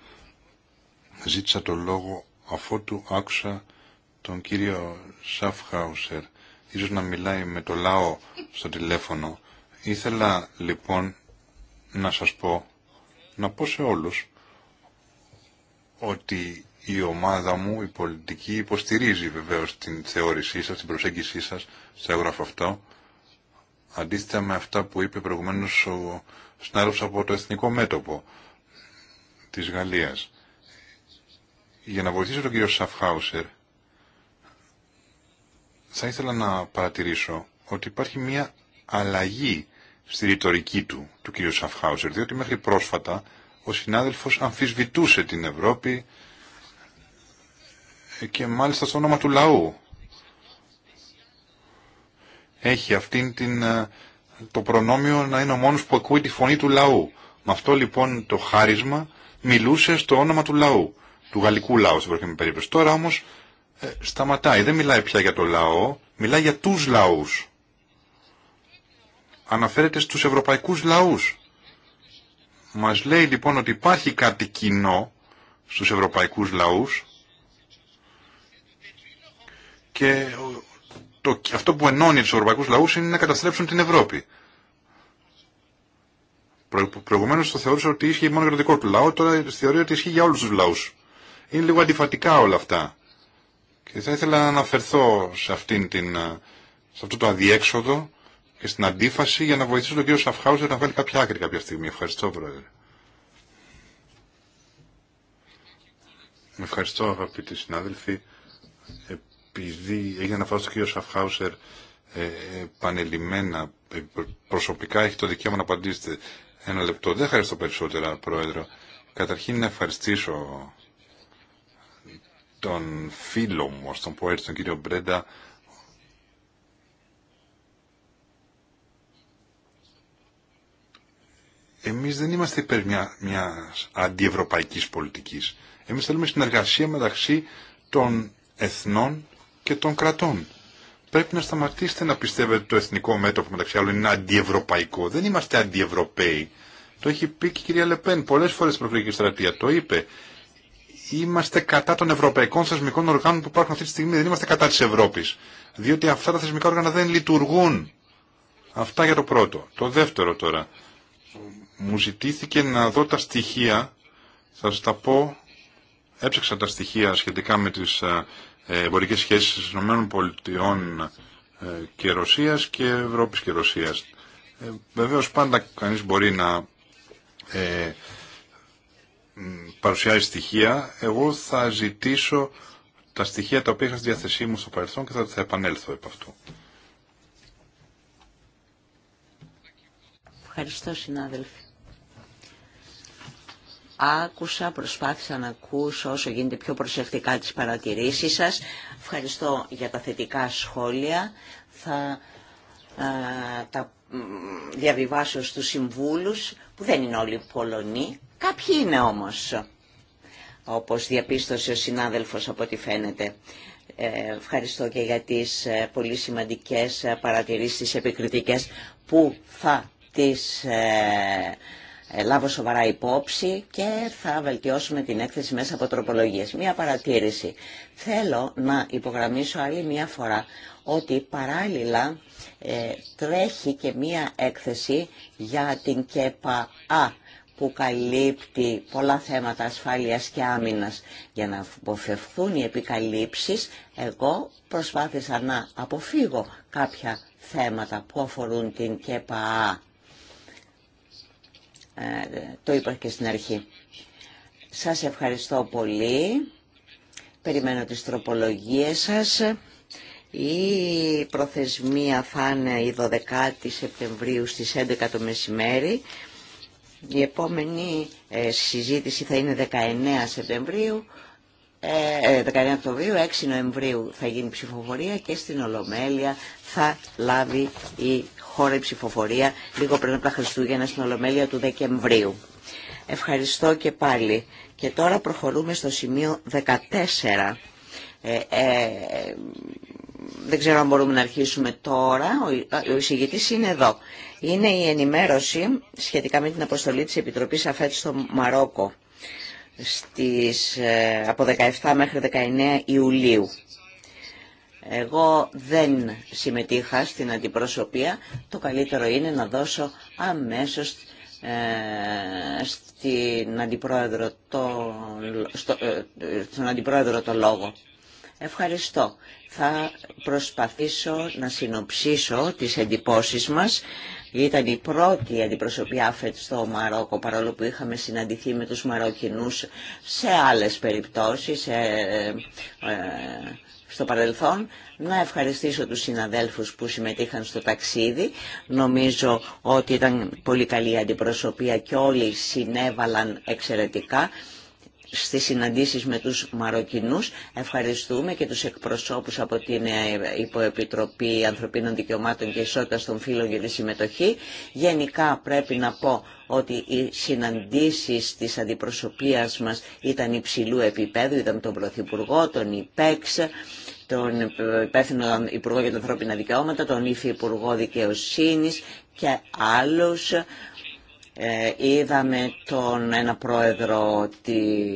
Ζήτησα το λόγο αφού του άκουσα τον κύριο Σαφχάουσερ, ίσως να μιλάει με το λαό στο τηλέφωνο. Ήθελα λοιπόν να σας πω, να πω σε όλους, ότι η ομάδα μου, η πολιτική, υποστηρίζει βεβαίως την θεώρησή σας, την προσέγγισή σας στο έγγραφο αυτό αντίθετα με αυτά που είπε προηγουμένως ο συνάδελφος από το Εθνικό Μέτωπο της Γαλλίας. Για να βοηθήσω τον κύριο Σαφχάουσερ, θα ήθελα να παρατηρήσω ότι υπάρχει μια αλλαγή στη ρητορική του, του κύριου Σαφχάουσερ, διότι μέχρι πρόσφατα ο συνάδελφος αμφισβητούσε την Ευρώπη και μάλιστα στο όνομα του λαού έχει αυτήν την, ε, το προνόμιο να είναι ο μόνος που ακούει τη φωνή του λαού. Με αυτό λοιπόν το χάρισμα μιλούσε στο όνομα του λαού, του γαλλικού λαού στην προηγούμενη περίπτωση. Τώρα όμως ε, σταματάει, δεν μιλάει πια για το λαό, μιλάει για τους λαούς. Αναφέρεται στους ευρωπαϊκούς λαούς. Μας λέει λοιπόν ότι υπάρχει κάτι κοινό στους ευρωπαϊκούς λαούς και το, αυτό που ενώνει τους ευρωπαϊκούς λαούς είναι να καταστρέψουν την Ευρώπη. Προ, προηγουμένως το θεωρούσα ότι ίσχυε μόνο για το δικό του λαό, τώρα θεωρεί ότι ισχύει για όλους τους λαούς. Είναι λίγο αντιφατικά όλα αυτά. Και θα ήθελα να αναφερθώ σε, αυτήν την, σε αυτό το αδιέξοδο και στην αντίφαση για να βοηθήσω τον κύριο Σαφχάουζερ να βάλει κάποια άκρη κάποια στιγμή. Ευχαριστώ, Πρόεδρε. Ευχαριστώ, αγαπητοί συνάδελφοι. Ε, επειδή έγινε φάω ο κύριο Σαφχάουσερ ε, ε, πανελειμμένα ε, προσωπικά έχει το δικαίωμα να απαντήσετε. Ένα λεπτό. Δεν ευχαριστώ περισσότερα, Πρόεδρο. Καταρχήν να ευχαριστήσω τον φίλο μου, στον τον πω έτσι, τον κύριο Μπρέντα, εμείς δεν είμαστε υπέρ μια, μιας αντιευρωπαϊκής πολιτικής. Εμείς θέλουμε συνεργασία μεταξύ των εθνών και των κρατών. Πρέπει να σταματήσετε να πιστεύετε ότι το εθνικό μέτωπο μεταξύ άλλων είναι αντιευρωπαϊκό. Δεν είμαστε αντιευρωπαίοι. Το έχει πει και η κυρία Λεπέν πολλέ φορέ στην Προεδρική στρατεία. Το είπε. Είμαστε κατά των ευρωπαϊκών θεσμικών οργάνων που υπάρχουν αυτή τη στιγμή. Δεν είμαστε κατά τη Ευρώπη. Διότι αυτά τα θεσμικά όργανα δεν λειτουργούν. Αυτά για το πρώτο. Το δεύτερο τώρα. Μου ζητήθηκε να δω τα στοιχεία. Θα σα τα πω. Έψαξα τα στοιχεία σχετικά με τις ε, ε, εμπορικές σχέσεις των ΗΠΑ ε, και Ρωσίας και Ευρώπης και Ρωσίας. Ε, βεβαίως πάντα κανείς μπορεί να ε, παρουσιάζει στοιχεία. Εγώ θα ζητήσω τα στοιχεία τα οποία είχα στη διάθεσή μου στο παρελθόν και θα, θα επανέλθω επ' αυτού. Ευχαριστώ συνάδελφοι. Άκουσα, προσπάθησα να ακούσω όσο γίνεται πιο προσεκτικά τις παρατηρήσεις σας. Ευχαριστώ για τα θετικά σχόλια. Θα τα διαβιβάσω στους συμβούλους, που δεν είναι όλοι Πολωνοί, κάποιοι είναι όμως, όπως διαπίστωσε ο συνάδελφος από ό,τι φαίνεται. Ε, ευχαριστώ και για τις ε, πολύ σημαντικές ε, παρατηρήσεις επικριτικές που θα τις ε, λάβω σοβαρά υπόψη και θα βελτιώσουμε την έκθεση μέσα από τροπολογίες. Μία παρατήρηση. Θέλω να υπογραμμίσω άλλη μία φορά ότι παράλληλα ε, τρέχει και μία έκθεση για την ΚΕΠΑΑ που καλύπτει πολλά θέματα ασφάλειας και άμυνας. Για να αποφευθούν οι επικαλύψεις, εγώ προσπάθησα να αποφύγω κάποια θέματα που αφορούν την ΚΕΠΑΑ. Ε, το είπα και στην αρχή. Σας ευχαριστώ πολύ. Περιμένω τις τροπολογίες σας. Η προθεσμία θα είναι η 12η Σεπτεμβρίου στις 11 το μεσημέρι. Η επόμενη ε, συζήτηση θα είναι 19 Σεπτεμβρίου. 19 ε, Οκτωβρίου, 6 Νοεμβρίου θα γίνει ψηφοφορία και στην Ολομέλεια θα λάβει η χώρα η ψηφοφορία λίγο πριν από τα Χριστούγεννα στην Ολομέλεια του Δεκεμβρίου. Ευχαριστώ και πάλι. Και τώρα προχωρούμε στο σημείο 14. Ε, ε, δεν ξέρω αν μπορούμε να αρχίσουμε τώρα. Ο, ο εισηγητής είναι εδώ. Είναι η ενημέρωση σχετικά με την αποστολή της Επιτροπής ΑΦΕΤ στο Μαρόκο στις, ε, από 17 μέχρι 19 Ιουλίου. Εγώ δεν συμμετείχα στην αντιπροσωπεία. Το καλύτερο είναι να δώσω αμέσως ε, στην αντιπρόεδρο το, στο, ε, στον αντιπρόεδρο το λόγο. Ευχαριστώ. Θα προσπαθήσω να συνοψίσω τις εντυπώσεις μας. Ήταν η πρώτη αντιπροσωπεία στο Μαρόκο, παρόλο που είχαμε συναντηθεί με τους Μαροκινούς σε άλλες περιπτώσεις, σε, ε, στο παρελθόν. Να ευχαριστήσω τους συναδέλφους που συμμετείχαν στο ταξίδι. Νομίζω ότι ήταν πολύ καλή η αντιπροσωπεία και όλοι συνέβαλαν εξαιρετικά στις συναντήσεις με τους Μαροκινούς. Ευχαριστούμε και τους εκπροσώπους από την ε, Υποεπιτροπή Ανθρωπίνων Δικαιωμάτων και Ισότητας των Φύλων για τη συμμετοχή. Γενικά πρέπει να πω ότι οι συναντήσεις της αντιπροσωπείας μας ήταν υψηλού επίπεδου, ήταν τον Πρωθυπουργό, τον ΙΠΕΞ, τον υπεύθυνο Υπουργό για τα Ανθρώπινα Δικαιώματα, τον Ήφη Υπουργό Δικαιοσύνη και άλλου ε, είδαμε τον ένα πρόεδρο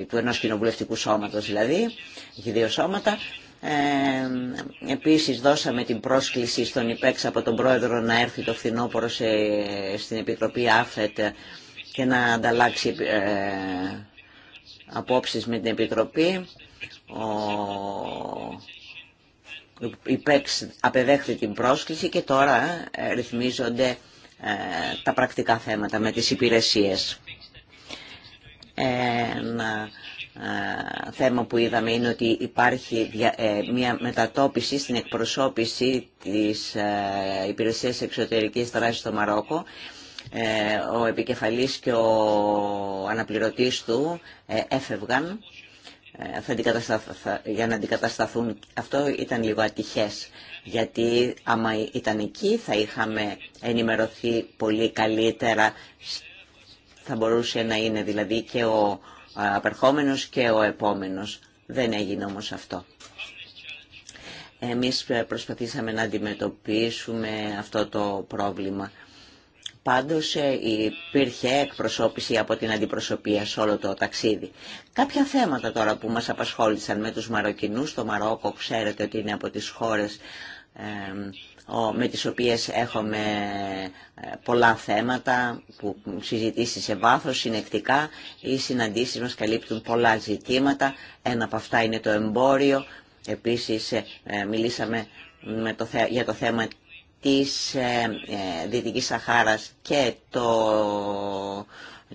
του ενός κοινοβουλευτικού σώματος δηλαδή, έχει δύο σώματα. Ε, επίσης δώσαμε την πρόσκληση στον ΙΠΕΞ από τον πρόεδρο να έρθει το φθινόπωρο σε, στην Επιτροπή ΑΦΕΤ και να ανταλλάξει ε, απόψεις με την Επιτροπή. Ο απεδέχθη την πρόσκληση και τώρα ε, ρυθμίζονται ε, τα πρακτικά θέματα με τις υπηρεσίες. Ένα ε, θέμα που είδαμε είναι ότι υπάρχει μια μετατόπιση στην εκπροσώπηση της υπηρεσίας εξωτερικής δράσης στο Μαρόκο. Ο επικεφαλής και ο αναπληρωτής του έφευγαν ε, θα για να αντικατασταθούν. Αυτό ήταν λίγο ατυχές, γιατί άμα ήταν εκεί θα είχαμε ενημερωθεί πολύ καλύτερα, θα μπορούσε να είναι δηλαδή και ο ε, απερχόμενος και ο επόμενος. Δεν έγινε όμως αυτό. Εμείς ε, προσπαθήσαμε να αντιμετωπίσουμε αυτό το πρόβλημα. Πάντως ε, υπήρχε εκπροσώπηση από την αντιπροσωπεία σε όλο το ταξίδι. Κάποια θέματα τώρα που μας απασχόλησαν με τους Μαροκινούς. Το Μαρόκο ξέρετε ότι είναι από τις χώρες με τις οποίες έχουμε ε, πολλά θέματα που συζητήσει σε βάθος, συνεκτικά. Οι συναντήσεις μας καλύπτουν πολλά ζητήματα. Ένα από αυτά είναι το εμπόριο. Επίσης ε, μιλήσαμε με το, για το θέμα της ε, ε, Δυτικής Σαχάρας και το,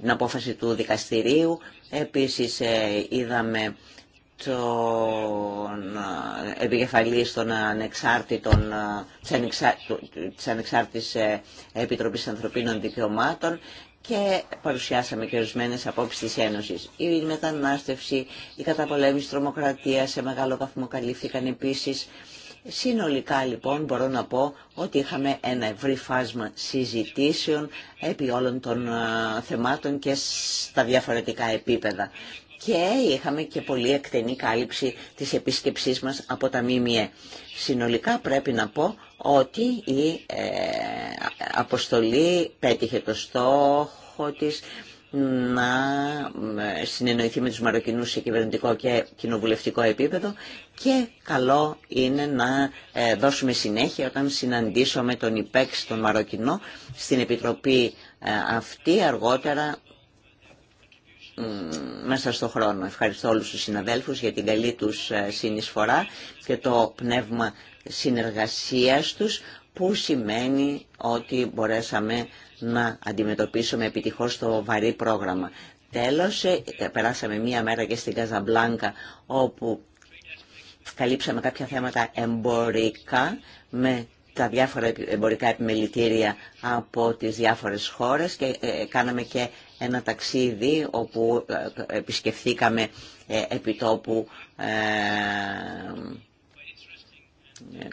την απόφαση του δικαστηρίου. Επίσης ε, είδαμε τον επικεφαλής των ανεξάρτητων, της, της Ανεξάρτητης Επιτροπής Ανθρωπίνων Δικαιωμάτων και παρουσιάσαμε και ορισμένε απόψεις της Ένωσης. Η μετανάστευση, η καταπολέμηση τρομοκρατίας σε μεγάλο βαθμό καλύφθηκαν επίσης Συνολικά λοιπόν μπορώ να πω ότι είχαμε ένα ευρύ φάσμα συζητήσεων επί όλων των ε, θεμάτων και στα διαφορετικά επίπεδα. Και είχαμε και πολύ εκτενή κάλυψη της επίσκεψής μας από τα ΜΜΕ. Συνολικά πρέπει να πω ότι η ε, αποστολή πέτυχε το στόχο της να ε, συνεννοηθεί με τους Μαροκινούς σε κυβερνητικό και κοινοβουλευτικό επίπεδο και καλό είναι να ε, δώσουμε συνέχεια όταν συναντήσουμε τον υπέξ τον Μαροκινό στην Επιτροπή ε, αυτή αργότερα μέσα στο χρόνο. Ευχαριστώ όλους τους συναδέλφους για την καλή τους συνεισφορά και το πνεύμα συνεργασίας τους που σημαίνει ότι μπορέσαμε να αντιμετωπίσουμε επιτυχώς το βαρύ πρόγραμμα. Τέλος, ε, περάσαμε μία μέρα και στην Καζαμπλάνκα, όπου καλύψαμε κάποια θέματα εμπορικά με τα διάφορα εμπορικά επιμελητήρια από τις διάφορες χώρες και ε, ε, κάναμε και ένα ταξίδι όπου επισκεφθήκαμε επιτόπου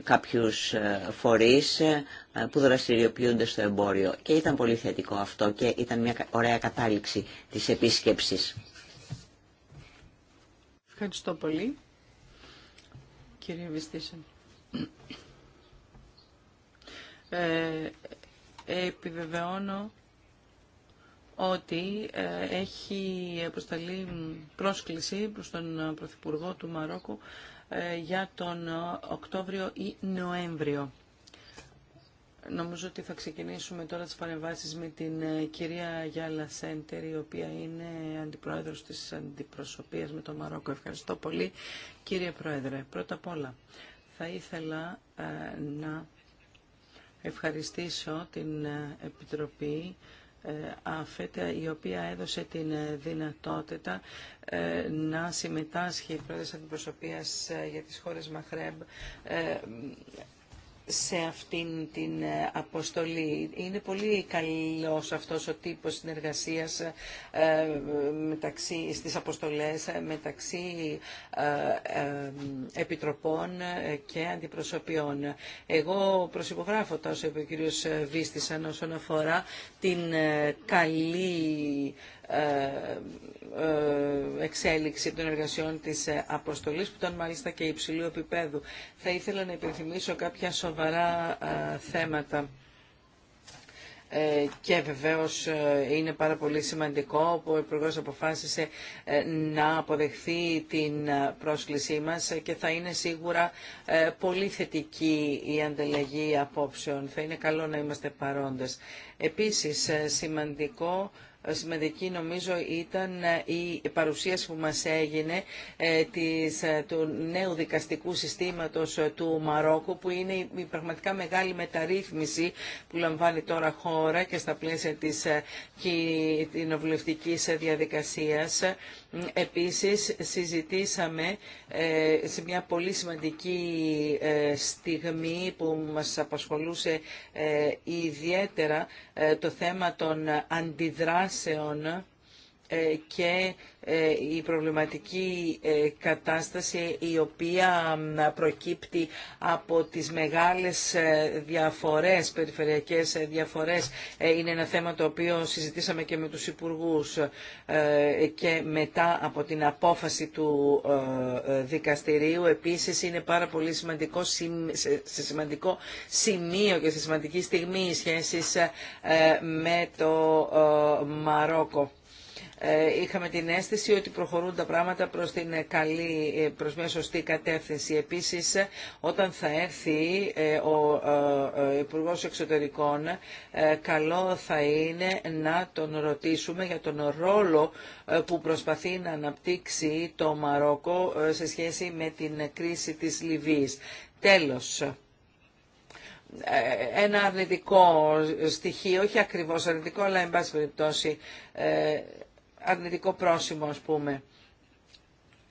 κάποιους ε, φορείς ε, που δραστηριοποιούνται στο εμπόριο. Και ήταν πολύ θετικό αυτό και ήταν μια ωραία κατάληξη της επίσκεψης. Ευχαριστώ πολύ, κύριε Βιστήσεν. Ε, επιβεβαιώνω ότι έχει αποσταλεί πρόσκληση προς τον Πρωθυπουργό του Μαρόκου ε, για τον ε, Οκτώβριο ή Νοέμβριο. Νομίζω ότι θα ξεκινήσουμε τώρα τις παρεμβάσεις με την ε, κυρία Γιάλα Σέντερ, η οποία είναι αντιπρόεδρος της αντιπροσωπείας με το Μαρόκο. Ευχαριστώ πολύ. Κύριε Πρόεδρε, πρώτα απ' όλα θα ήθελα να ευχαριστήσω την Επιτροπή ε, η οποία έδωσε την ε, δυνατότητα ε, να συμμετάσχει η πρόεδρος αντιπροσωπείας για τις χώρες Μαχρέμπ σε αυτήν την ε, αποστολή. Είναι πολύ καλός αυτός ο τύπος συνεργασίας ε, μεταξύ, στις αποστολές ε, μεταξύ επιτροπών και αντιπροσωπιών. Εγώ προσυπογράφω τόσο είπε ο κ. Βίστησαν όσον αφορά την καλή ε, ε, εξέλιξη των εργασιών της ε, αποστολής που ήταν μάλιστα και υψηλού επίπεδου. Θα ήθελα να υπενθυμίσω κάποια σοβαρά θέματα και βεβαίως είναι πάρα πολύ σημαντικό που ο Υπουργό αποφάσισε να αποδεχθεί την πρόσκλησή μας και θα είναι σίγουρα πολύ θετική η ανταλλαγή απόψεων. Θα είναι καλό να είμαστε παρόντες. Επίσης σημαντικό σημαντική νομίζω ήταν ε, η παρουσίαση που μας έγινε ε, της, ε, του νέου δικαστικού συστήματος του Μαρόκου που είναι η πραγματικά μεγάλη μεταρρύθμιση που λαμβάνει τώρα χώρα και στα πλαίσια της κοινοβουλευτικής διαδικασίας Επίσης συζητήσαμε ε, σε μια πολύ σημαντική ε, στιγμή που μας απασχολούσε ε, ιδιαίτερα το θέμα των αντιδράσεων ε, και ε, η προβληματική ε, κατάσταση η οποία προκύπτει από τις μεγάλες διαφορές, περιφερειακές διαφορές. Είναι ένα θέμα το οποίο συζητήσαμε και με τους υπουργούς και μετά από την απόφαση του δικαστηρίου. Επίσης είναι πάρα πολύ σημαντικό, σε σημείο και σε σημαντική στιγμή οι σχέσεις με το Μαρόκο. Ε, είχαμε την αίσθηση ότι προχωρούν τα πράγματα προς την καλή, ε, προς μια σωστή κατεύθυνση. Επίσης, όταν θα έρθει ε, ο υπουργό Εξωτερικών, καλό θα είναι να τον ρωτήσουμε για τον ρόλο που προσπαθεί να αναπτύξει το Μαρόκο σε σχέση με την κρίση της Λιβύης. Τέλος ένα αρνητικό στοιχείο, όχι ακριβώς αρνητικό, αλλά εν πάση περιπτώσει αρνητικό πρόσημο ας πούμε.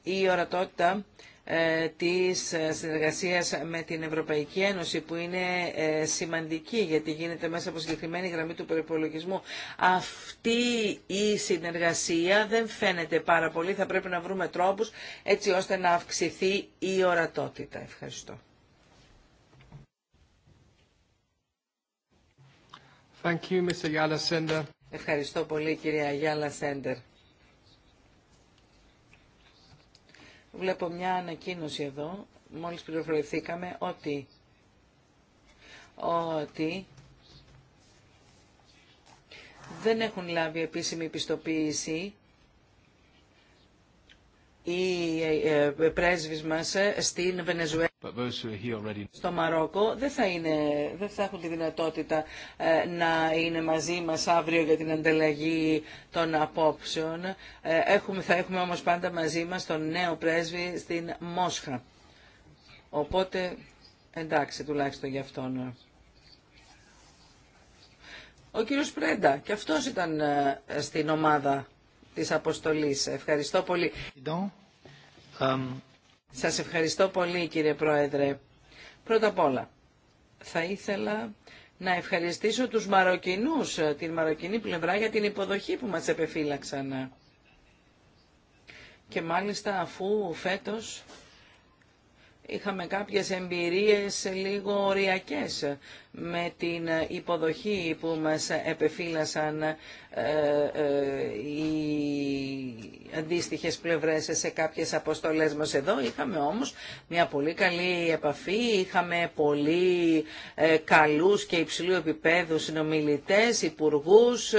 Η ορατότητα ε, της ε, συνεργασίας με την Ευρωπαϊκή Ένωση που είναι ε, σημαντική γιατί γίνεται μέσα από συγκεκριμένη γραμμή του περιπολογισμού. Αυτή η συνεργασία δεν φαίνεται πάρα πολύ. Θα πρέπει να βρούμε τρόπους έτσι ώστε να αυξηθεί η ορατότητα. Ευχαριστώ. Thank you, Mr. Ευχαριστώ πολύ κυρία Αγιάλα Σέντερ. Βλέπω μια ανακοίνωση εδώ, μόλις πληροφορηθήκαμε ότι, ότι δεν έχουν λάβει επίσημη πιστοποίηση οι ε, ε, πρέσβεις μας ε, στην Βενεζουέλα στο Μαρόκο δεν θα, έχουν τη δυνατότητα να είναι μαζί μας αύριο για την ανταλλαγή των απόψεων. έχουμε, θα έχουμε όμως πάντα μαζί μας τον νέο πρέσβη στην Μόσχα. Οπότε εντάξει τουλάχιστον για αυτόν. Ο κύριος Πρέντα και αυτός ήταν στην ομάδα της αποστολής. Ευχαριστώ πολύ. Um, Σας ευχαριστώ πολύ κύριε Πρόεδρε. Πρώτα απ' όλα, θα ήθελα να ευχαριστήσω τους Μαροκινούς, ε, την Μαροκινή πλευρά για την υποδοχή που μας επεφύλαξαν. Και μάλιστα αφού φέτος είχαμε κάποιες εμπειρίες λίγο οριακές με την υποδοχή που μας επεφύλασαν ε, ε, οι αντίστοιχες πλευρές σε κάποιες αποστολές μας εδώ. Είχαμε όμως μια πολύ καλή επαφή, είχαμε πολύ ε, καλούς και υψηλού επίπεδου συνομιλητές, υπουργούς,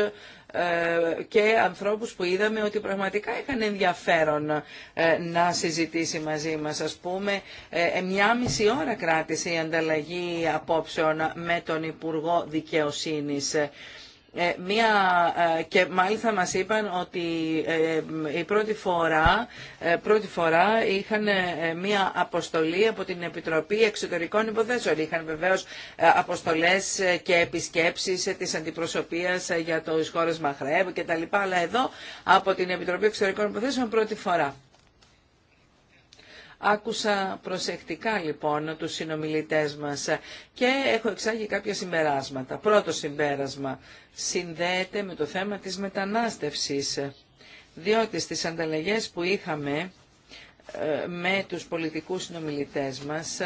ε, και ανθρώπους που είδαμε ότι πραγματικά είχαν ενδιαφέρον ε, να συζητήσει μαζί μας. Ας πούμε, ε, μια μισή ώρα κράτησε η ανταλλαγή απόψεων με τον Υπουργό Δικαιοσύνης ε, μία, ε, και μάλιστα μας είπαν ότι ε, η πρώτη φορά, πρώτη φορά είχαν μία αποστολή από την Επιτροπή Εξωτερικών Υποθέσεων. Είχαν βεβαίως αποστολές και επισκέψεις της αντιπροσωπείας για το χώρες Μαχρέμ και τα λοιπά, αλλά εδώ από την Επιτροπή Εξωτερικών Υποθέσεων πρώτη φορά. Άκουσα προσεκτικά λοιπόν του συνομιλητές μας και έχω εξάγει κάποια συμπεράσματα. Πρώτο συμπέρασμα συνδέεται με το θέμα της μετανάστευσης, διότι στις ανταλλαγές που είχαμε ε, με τους πολιτικούς συνομιλητές μας,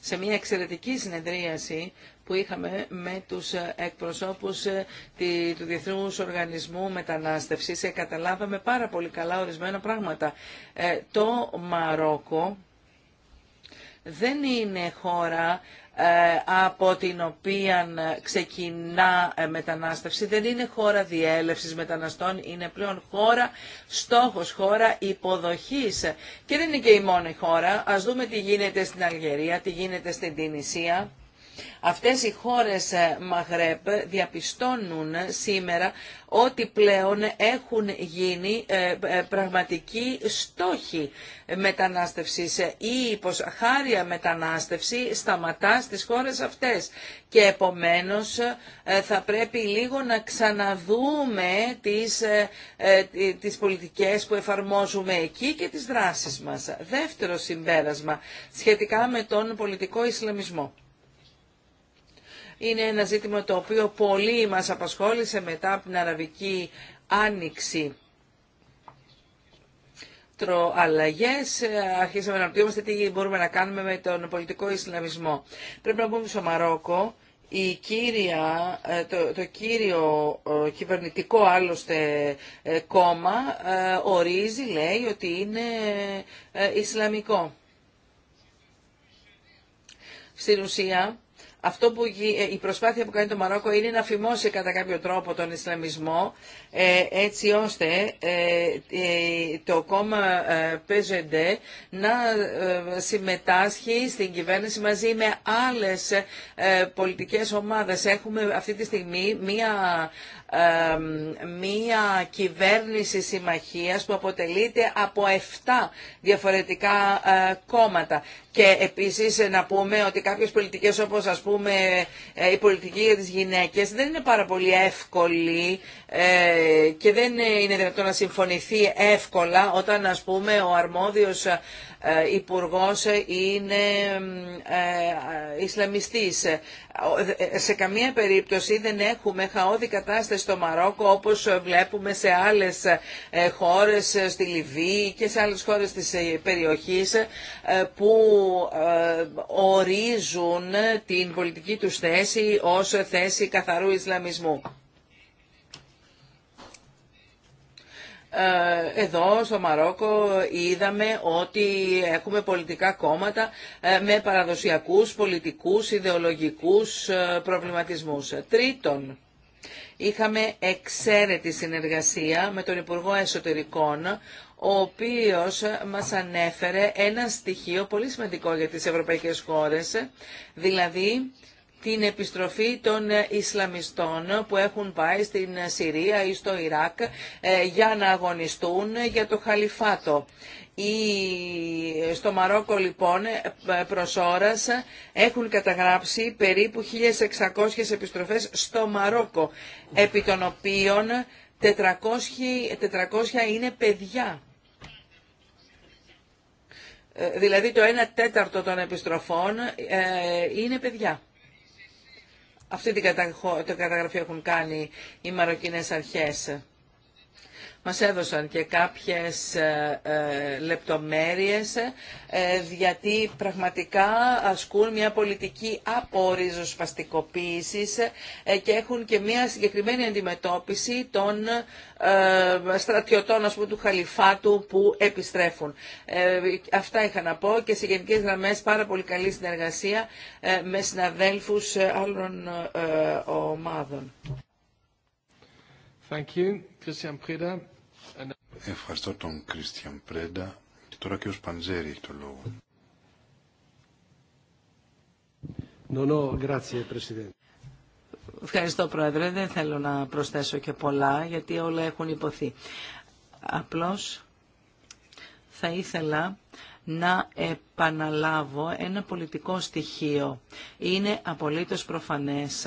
σε μια εξαιρετική συνεδρίαση που είχαμε με τους εκπροσώπους ε, του Διεθνούς Οργανισμού Μετανάστευσης. Ε, καταλάβαμε πάρα πολύ καλά ορισμένα πράγματα. Ε, το Μαρόκο δεν είναι χώρα από την οποία ξεκινά μετανάστευση. Δεν είναι χώρα διέλευσης μεταναστών, είναι πλέον χώρα στόχος, χώρα υποδοχής. Και δεν είναι και η μόνη χώρα. Ας δούμε τι γίνεται στην Αλγερία, τι γίνεται στην Τινησία. Αυτές οι χώρες ε, Μαγρέπ διαπιστώνουν σήμερα ότι πλέον έχουν γίνει ε, ε, πραγματικοί στόχοι μετανάστευσης. Η χάρια μετανάστευση σταματά στις χώρες αυτές και επομένως θα πρέπει λίγο να ξαναδούμε τις, τις πολιτικές που εφαρμόζουμε εκεί και τις δράσεις μας. Δεύτερο συμπέρασμα σχετικά με τον πολιτικό Ισλαμισμό είναι ένα ζήτημα το οποίο πολύ μας απασχόλησε μετά από την Αραβική Άνοιξη. Αλλαγέ, ε, αρχίσαμε να ρωτιόμαστε τι μπορούμε να κάνουμε με τον πολιτικό Ισλαμισμό. Πρέπει να πούμε στο Μαρόκο, η κύρια, ε, το, το κύριο ε, κυβερνητικό άλλωστε κόμμα ορίζει, λέει ότι είναι Ισλαμικό. Στην ουσία, αυτό που, ε, η προσπάθεια που κάνει το Μαρόκο είναι να φημώσει κατά κάποιο τρόπο τον Ισλαμισμό ε, έτσι ώστε ε, το κόμμα PZD να συμμετάσχει στην κυβέρνηση μαζί με άλλες πολιτικές ομάδες. Έχουμε αυτή τη στιγμή μία μία κυβέρνηση συμμαχίας που αποτελείται από 7 διαφορετικά ε, κόμματα. Και επίσης να πούμε ότι κάποιες πολιτικές όπως ας πούμε ε, η πολιτική για τις γυναίκες δεν είναι πάρα πολύ εύκολη ε, και δεν είναι δυνατό να συμφωνηθεί εύκολα όταν ας πούμε ο αρμόδιος υπουργός είναι Ισλαμιστής. Σε καμία περίπτωση δεν έχουμε χαόδη κατάσταση στο Μαρόκο όπως βλέπουμε σε άλλες ε, χώρες ε, στη Λιβύη και σε άλλες χώρες της ε, περιοχής που ορίζουν την πολιτική τους θέση ως θέση καθαρού Ισλαμισμού. Εδώ στο Μαρόκο είδαμε ότι έχουμε πολιτικά κόμματα με παραδοσιακούς πολιτικούς ιδεολογικούς προβληματισμούς. Τρίτον, είχαμε εξαίρετη συνεργασία με τον Υπουργό Εσωτερικών, ο οποίος μας ανέφερε ένα στοιχείο πολύ σημαντικό για τις ευρωπαϊκές χώρες, δηλαδή την επιστροφή των Ισλαμιστών που έχουν πάει στην Συρία ή στο Ιράκ ε, για να αγωνιστούν για το Χαλιφάτο στο Μαρόκο λοιπόν προς ώρας έχουν καταγράψει περίπου 1.600 επιστροφές στο Μαρόκο, επί των οποίων 400, 400 είναι παιδιά. Ε, δηλαδή το 1 τέταρτο των επιστροφών ε, είναι παιδιά. Αυτή την καταγραφή έχουν κάνει οι μαροκινές αρχές. Μας έδωσαν και κάποιες ε, ε, λεπτομέρειες ε, γιατί πραγματικά ασκούν μια πολιτική απορριζοσπαστικοποίησης και έχουν και μια συγκεκριμένη αντιμετώπιση των στρατιωτών ας πούμε, του Χαλιφάτου που επιστρέφουν. Αυτά είχα να πω και σε γενικές γραμμές πάρα πολύ καλή συνεργασία με συναδέλφους άλλων ομάδων. Thank you. Christian Ευχαριστώ τον Κρίστιαν Πρέντα και τώρα και ο Σπαντζέρη έχει το λόγο. Ευχαριστώ Πρόεδρε, δεν θέλω να προσθέσω και πολλά γιατί όλα έχουν υποθεί. Απλώς θα ήθελα να επαναλάβω ένα πολιτικό στοιχείο. Είναι απολύτως προφανές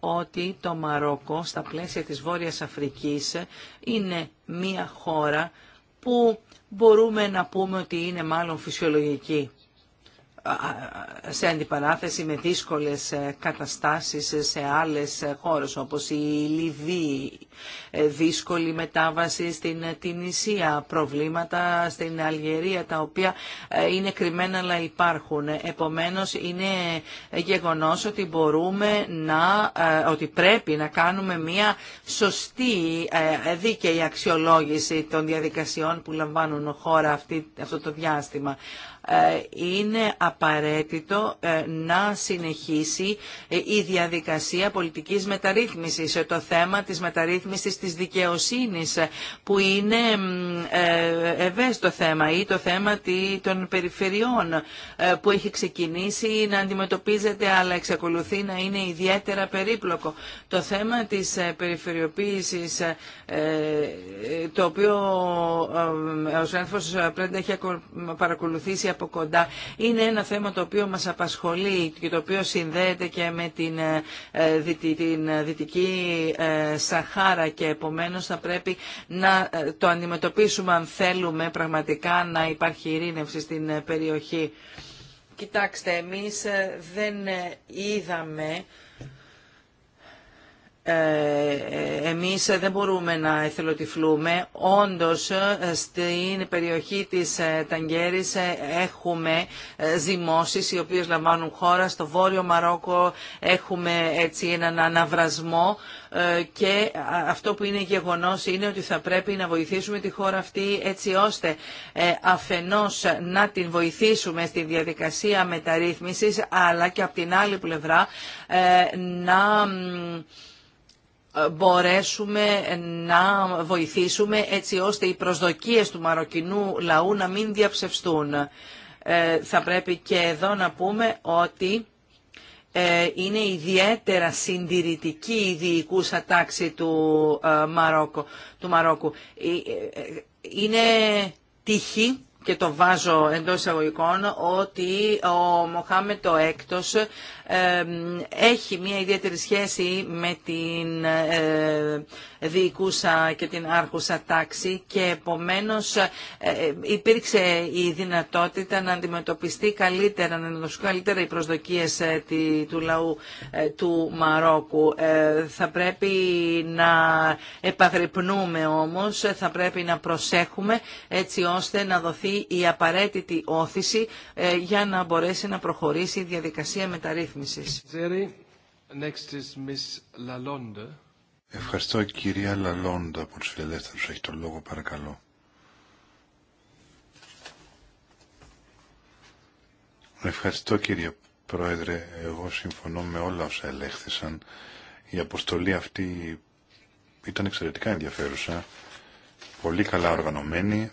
ότι το Μαρόκο στα πλαίσια της Βόρειας Αφρικής είναι μία χώρα που μπορούμε να πούμε ότι είναι μάλλον φυσιολογική σε αντιπαράθεση με δύσκολες ε, καταστάσεις σε άλλες χώρες όπως η Λιβύη, ε, δύσκολη μετάβαση στην Τινησία, προβλήματα στην Αλγερία τα οποία ε, είναι κρυμμένα αλλά υπάρχουν. Επομένως είναι γεγονός ότι μπορούμε να, ότι πρέπει να κάνουμε μια σωστή δίκαιη αξιολόγηση των διαδικασιών που λαμβάνουν χώρα αυτή, αυτό το διάστημα. Ε, είναι απαραίτητο ε, να συνεχίσει ε, η διαδικασία πολιτικής μεταρρύθμισης. Το θέμα της μεταρρύθμισης της δικαιοσύνης που είναι ευαίσθητο θέμα ή το θέμα των περιφερειών που έχει ξεκινήσει να αντιμετωπίζεται αλλά εξακολουθεί να είναι ιδιαίτερα περίπλοκο. Το θέμα της περιφερειοποίησης το οποίο ο Σένφος πρέπει να έχει παρακολουθήσει είναι ένα θέμα το οποίο μας απασχολεί και το οποίο συνδέεται και με την, ε, ε, την ε, Δυτική Σαχάρα και επομένως θα πρέπει να το αντιμετωπίσουμε αν θέλουμε πραγματικά να υπάρχει ειρήνευση στην περιοχή. Κοιτάξτε, εμείς δεν είδαμε ε, ε, εμείς δεν μπορούμε να εθελοτυφλούμε. Όντως, ε, στην περιοχή της Ταγκέρης έχουμε ζυμώσεις οι οποίες λαμβάνουν χώρα. Στο Βόρειο Μαρόκο έχουμε έτσι έναν αναβρασμό και αυτό που είναι γεγονός είναι ότι θα πρέπει να βοηθήσουμε τη χώρα αυτή έτσι ώστε αφενός να την βοηθήσουμε στη διαδικασία μεταρρύθμισης αλλά και από την άλλη πλευρά να ε, μπορέσουμε να βοηθήσουμε έτσι ώστε οι προσδοκίες του μαροκινού λαού να μην διαψευστούν. Ε, θα πρέπει και εδώ να πούμε ότι ε, είναι ιδιαίτερα συντηρητική η διοικούσα τάξη του Μαρόκου. Του Μαρόκου. Είναι τύχη και το βάζω εντό εισαγωγικών ότι ο Μοχάμετο έκτος έχει μια ιδιαίτερη σχέση με την ε, διοικούσα και την άρχουσα τάξη και επομένως ε, ε, υπήρξε η δυνατότητα να αντιμετωπιστεί καλύτερα, να αντιμετωπιστούν καλύτερα οι προσδοκίες του λαού του Μαρόκου. Θα πρέπει να επαγρυπνούμε όμως, θα πρέπει να προσέχουμε έτσι ώστε να δοθεί η απαραίτητη όθηση για να μπορέσει να προχωρήσει η διαδικασία μεταρρύθμισης. Ευχαριστώ κυρία Λαλόντα από τους φιλελεύθερους. Έχει το λόγο παρακαλώ. Ευχαριστώ κύριε Πρόεδρε. Εγώ συμφωνώ με όλα όσα ελέγχθησαν. Η αποστολή αυτή ήταν εξαιρετικά ενδιαφέρουσα. Πολύ καλά οργανωμένη.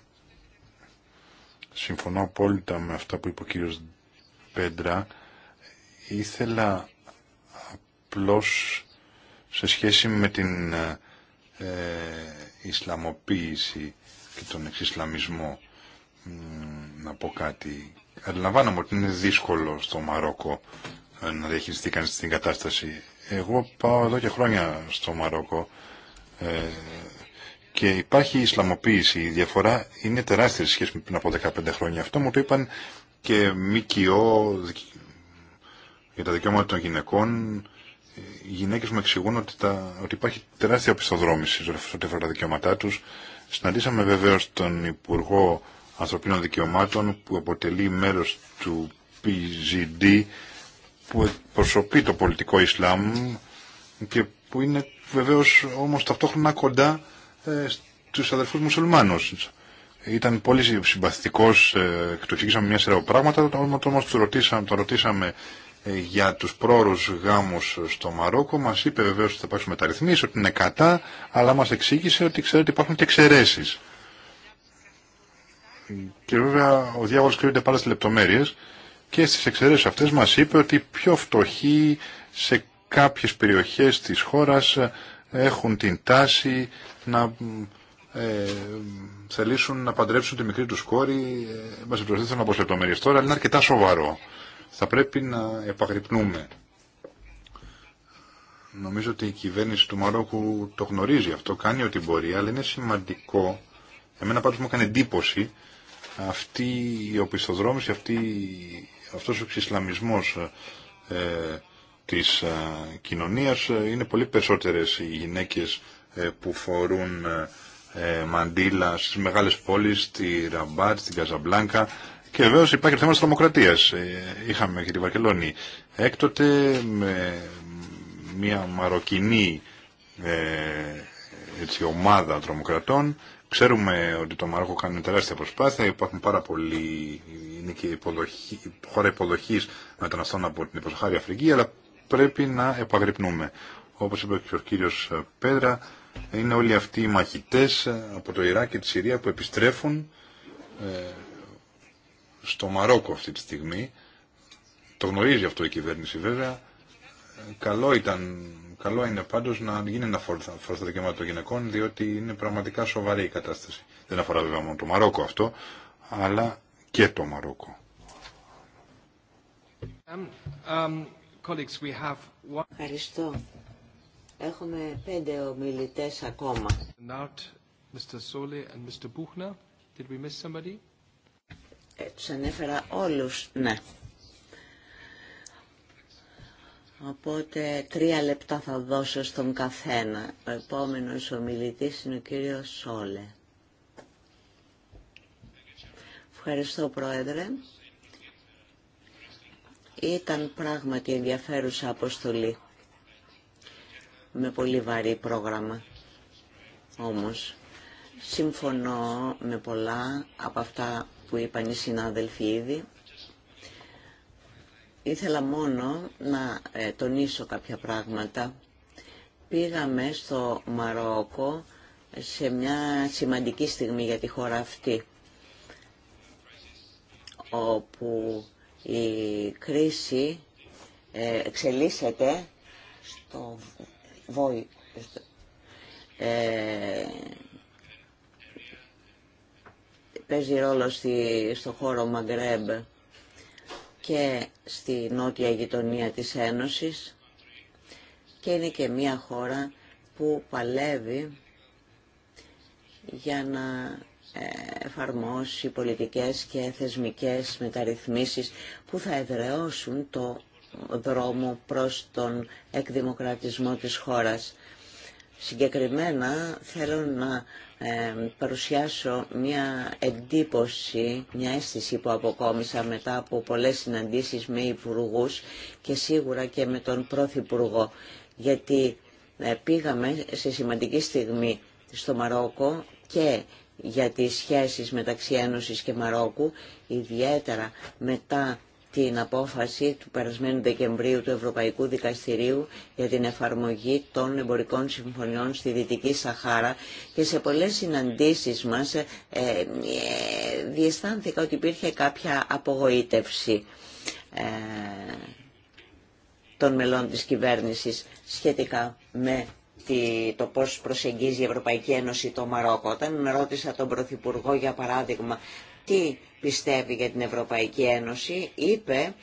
Συμφωνώ απόλυτα με αυτά που είπε ο κύριος Πέντρα Ήθελα απλώς σε σχέση με την ε, ε Ισλαμοποίηση και τον εξισλαμισμό να πω κάτι. Αντιλαμβάνομαι ότι είναι δύσκολο στο Μαρόκο ε, να διαχειριστεί κανείς την κατάσταση. Εγώ πάω εδώ και χρόνια στο Μαρόκο ε, και υπάρχει Ισλαμοποίηση. Η διαφορά είναι τεράστια σχέση με πριν από 15 χρόνια. Αυτό μου το είπαν και ΜΚΟ, για τα δικαιώματα των γυναικών, οι γυναίκες μου εξηγούν ότι, τα, ότι υπάρχει τεράστια πιστοδρόμηση σε ό,τι αφορά τα δικαιώματά τους. Συναντήσαμε βεβαίως τον Υπουργό Ανθρωπίνων Δικαιωμάτων που αποτελεί μέρος του PGD που προσωπεί το πολιτικό Ισλάμ και που είναι βεβαίως όμως ταυτόχρονα κοντά ε, στους αδερφούς μουσουλμάνους. Ήταν πολύ συμπαθητικός, ε, του εξηγήσαμε μια σειρά πράγματα, όμω του ρωτήσαμε για τους πρόρους γάμους στο Μαρόκο μας είπε βεβαίως ότι θα υπάρξουν μεταρρυθμίσεις, ότι είναι κατά, αλλά μας εξήγησε ότι ξέρετε υπάρχουν και εξαιρέσεις. Και βέβαια ο διάβολος κρύβεται πάρα στις λεπτομέρειες και στις εξαιρέσεις αυτές μας είπε ότι πιο φτωχοί σε κάποιες περιοχές της χώρας έχουν την τάση να ε, θελήσουν να παντρέψουν τη μικρή τους κόρη, ε, μας από από λεπτομέρειες τώρα, αλλά είναι αρκετά σοβαρό θα πρέπει να επαγρυπνούμε. Νομίζω ότι η κυβέρνηση του Μαρόκου το γνωρίζει αυτό, κάνει ό,τι μπορεί, αλλά είναι σημαντικό, εμένα πάντως μου έκανε εντύπωση, αυτή η οπισθοδρόμηση, αυτή, αυτός ο εξισλαμισμός ε, της ε, κοινωνίας είναι πολύ περισσότερες οι γυναίκες ε, που φορούν ε, μαντήλα στις μεγάλες πόλεις, στη Ραμπάτ, στην Καζαμπλάνκα και βεβαίω υπάρχει το θέμα τη τρομοκρατία. Ε, είχαμε και τη Βαρκελόνη. Έκτοτε με μια μαροκινή ε, έτσι, ομάδα τρομοκρατών. Ξέρουμε ότι το Μαρόκο κάνει τεράστια προσπάθεια. Υπάρχουν πάρα πολλοί, είναι και υποδοχή, χώρα υποδοχή μεταναστών από την υποσχάρια Αφρική, αλλά πρέπει να επαγρυπνούμε. Όπω είπε και ο κύριο Πέδρα, είναι όλοι αυτοί οι μαχητέ από το Ιράκ και τη Συρία που επιστρέφουν. Ε, στο Μαρόκο αυτή τη στιγμή. Το γνωρίζει αυτό η κυβέρνηση βέβαια. Καλό, ήταν, καλό είναι πάντως να γίνει ένα φόρο στα δικαιώματα των γυναικών διότι είναι πραγματικά σοβαρή η κατάσταση. Δεν αφορά βέβαια μόνο το Μαρόκο αυτό, αλλά και το Μαρόκο. Um, um, Ευχαριστώ. Έχουμε πέντε ομιλητές ακόμα. Mr. Sole and Mr. Buchner. Did we miss somebody? Ε, τους ανέφερα όλους, ναι. Οπότε τρία λεπτά θα δώσω στον καθένα. Ο επόμενος ομιλητής είναι ο κύριος Σόλε. Ευχαριστώ Πρόεδρε. Ήταν πράγματι ενδιαφέρουσα αποστολή. Με πολύ βαρύ πρόγραμμα. Όμως, συμφωνώ με πολλά από αυτά που είπαν οι συνάδελφοι ήδη. Ήθελα μόνο να ε, τονίσω κάποια πράγματα. Πήγαμε στο Μαρόκο σε μια σημαντική στιγμή για τη χώρα αυτή, όπου η κρίση ε, εξελίσσεται στο βόη. Ε, παίζει ρόλο στη, στο χώρο Μαγκρέμπ και στη νότια γειτονία της Ένωσης και είναι και μια χώρα που παλεύει για να ε, εφαρμόσει πολιτικές και θεσμικές μεταρρυθμίσεις που θα εδραιώσουν το δρόμο προς τον εκδημοκρατισμό της χώρας. Συγκεκριμένα θέλω να παρουσιάσω μια εντύπωση, μια αίσθηση που αποκόμισα μετά από πολλές συναντήσεις με υπουργού και σίγουρα και με τον Πρωθυπουργό, γιατί ε, πήγαμε σε σημαντική στιγμή στο Μαρόκο και για τις σχέσεις μεταξύ Ένωσης και Μαρόκου, ιδιαίτερα μετά την απόφαση του περασμένου Δεκεμβρίου του Ευρωπαϊκού Δικαστηρίου για την εφαρμογή των εμπορικών συμφωνιών στη Δυτική Σαχάρα και σε πολλές συναντήσεις μας ε, ε διαισθάνθηκα ότι υπήρχε κάποια απογοήτευση ε, των μελών της κυβέρνησης σχετικά με το πώς προσεγγίζει η Ευρωπαϊκή Ένωση το Μαρόκο. Όταν ρώτησα τον Πρωθυπουργό, για παράδειγμα, τι πιστεύει για την Ευρωπαϊκή Ένωση, είπε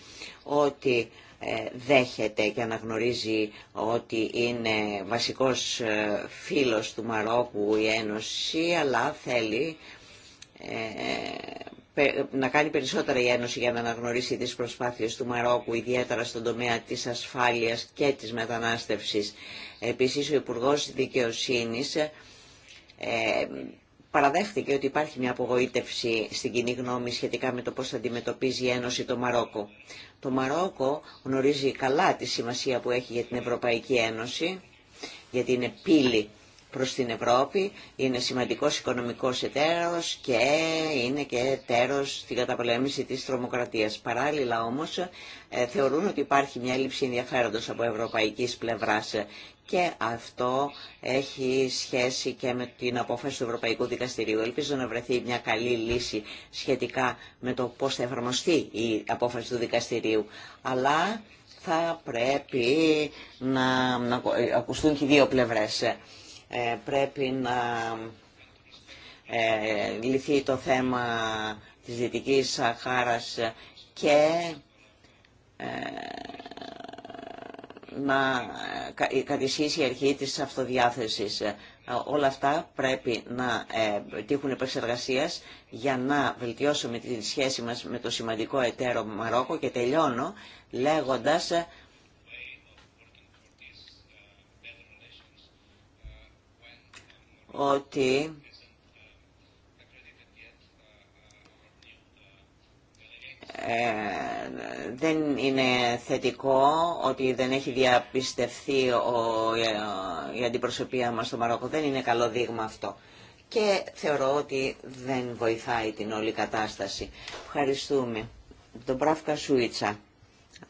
ότι ε, δέχεται και αναγνωρίζει ότι είναι βασικός ε, φίλος του Μαρόκου η Ένωση, αλλά θέλει ε, να κάνει περισσότερα η Ένωση για να αναγνωρίσει τις προσπάθειες του Μαρόκου, ιδιαίτερα στον τομέα της ασφάλειας και της μετανάστευσης. Επίσης, ο Υπουργός Δικαιοσύνης παραδέχτηκε ότι υπάρχει μια απογοήτευση στην κοινή γνώμη σχετικά με το πώς αντιμετωπίζει η Ένωση το Μαρόκο. Το Μαρόκο γνωρίζει καλά τη σημασία που έχει για την Ευρωπαϊκή Ένωση, γιατί είναι πύλη προς την Ευρώπη, είναι σημαντικός οικονομικός εταίρος και είναι και εταίρος στην καταπολέμηση της τρομοκρατίας. Παράλληλα όμως ε, θεωρούν ότι υπάρχει μια έλλειψη ενδιαφέροντος από ευρωπαϊκής πλευράς και αυτό έχει σχέση και με την απόφαση του Ευρωπαϊκού Δικαστηρίου. Ελπίζω να βρεθεί μια καλή λύση σχετικά με το πώς θα εφαρμοστεί η απόφαση του Δικαστηρίου. Αλλά θα πρέπει να, να ακουστούν και οι δύο πλευρές. Ε, πρέπει να ε, λυθεί το θέμα της Δυτικής Σαχάρας και ε, να κατησχύσει η αρχή της αυτοδιάθεσης. Όλα αυτά πρέπει να τύχουν επεξεργασίας για να βελτιώσουμε τη σχέση μας με το σημαντικό εταίρο Μαρόκο και τελειώνω λέγοντας ότι ε, δεν είναι θετικό ότι δεν έχει διαπιστευθεί ο, ε, η αντιπροσωπεία μας στο Μαρόκο. Δεν είναι καλό δείγμα αυτό. Και θεωρώ ότι δεν βοηθάει την όλη κατάσταση. Ευχαριστούμε. Τον Πράφκα Σουίτσα.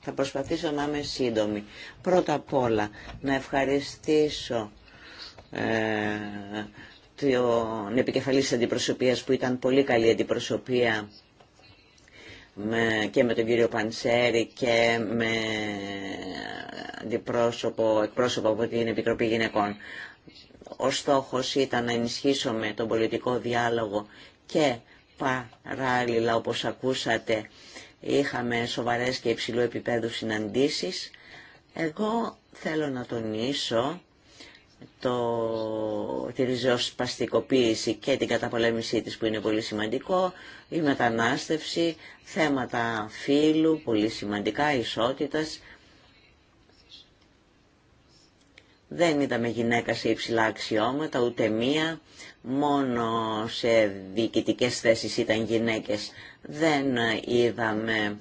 Θα προσπαθήσω να είμαι σύντομη. Πρώτα απ' όλα να ευχαριστήσω ε, των επικεφαλής αντιπροσωπείας που ήταν πολύ καλή αντιπροσωπεία και με τον κύριο Παντσέρη και με αντιπρόσωπο, εκπρόσωπο από την Επιτροπή Γυναικών. Ο στόχος ήταν να ενισχύσουμε τον πολιτικό διάλογο και παράλληλα όπως ακούσατε είχαμε σοβαρές και υψηλού επίπεδου συναντήσεις. Εγώ θέλω να τονίσω το, τη ριζοσπαστικοποίηση και την καταπολέμησή της που είναι πολύ σημαντικό, η μετανάστευση, θέματα φύλου, πολύ σημαντικά, ισότητας. Δεν είδαμε γυναίκα σε υψηλά αξιώματα, ούτε μία, μόνο σε διοικητικές θέσεις ήταν γυναίκες. Δεν ε, είδαμε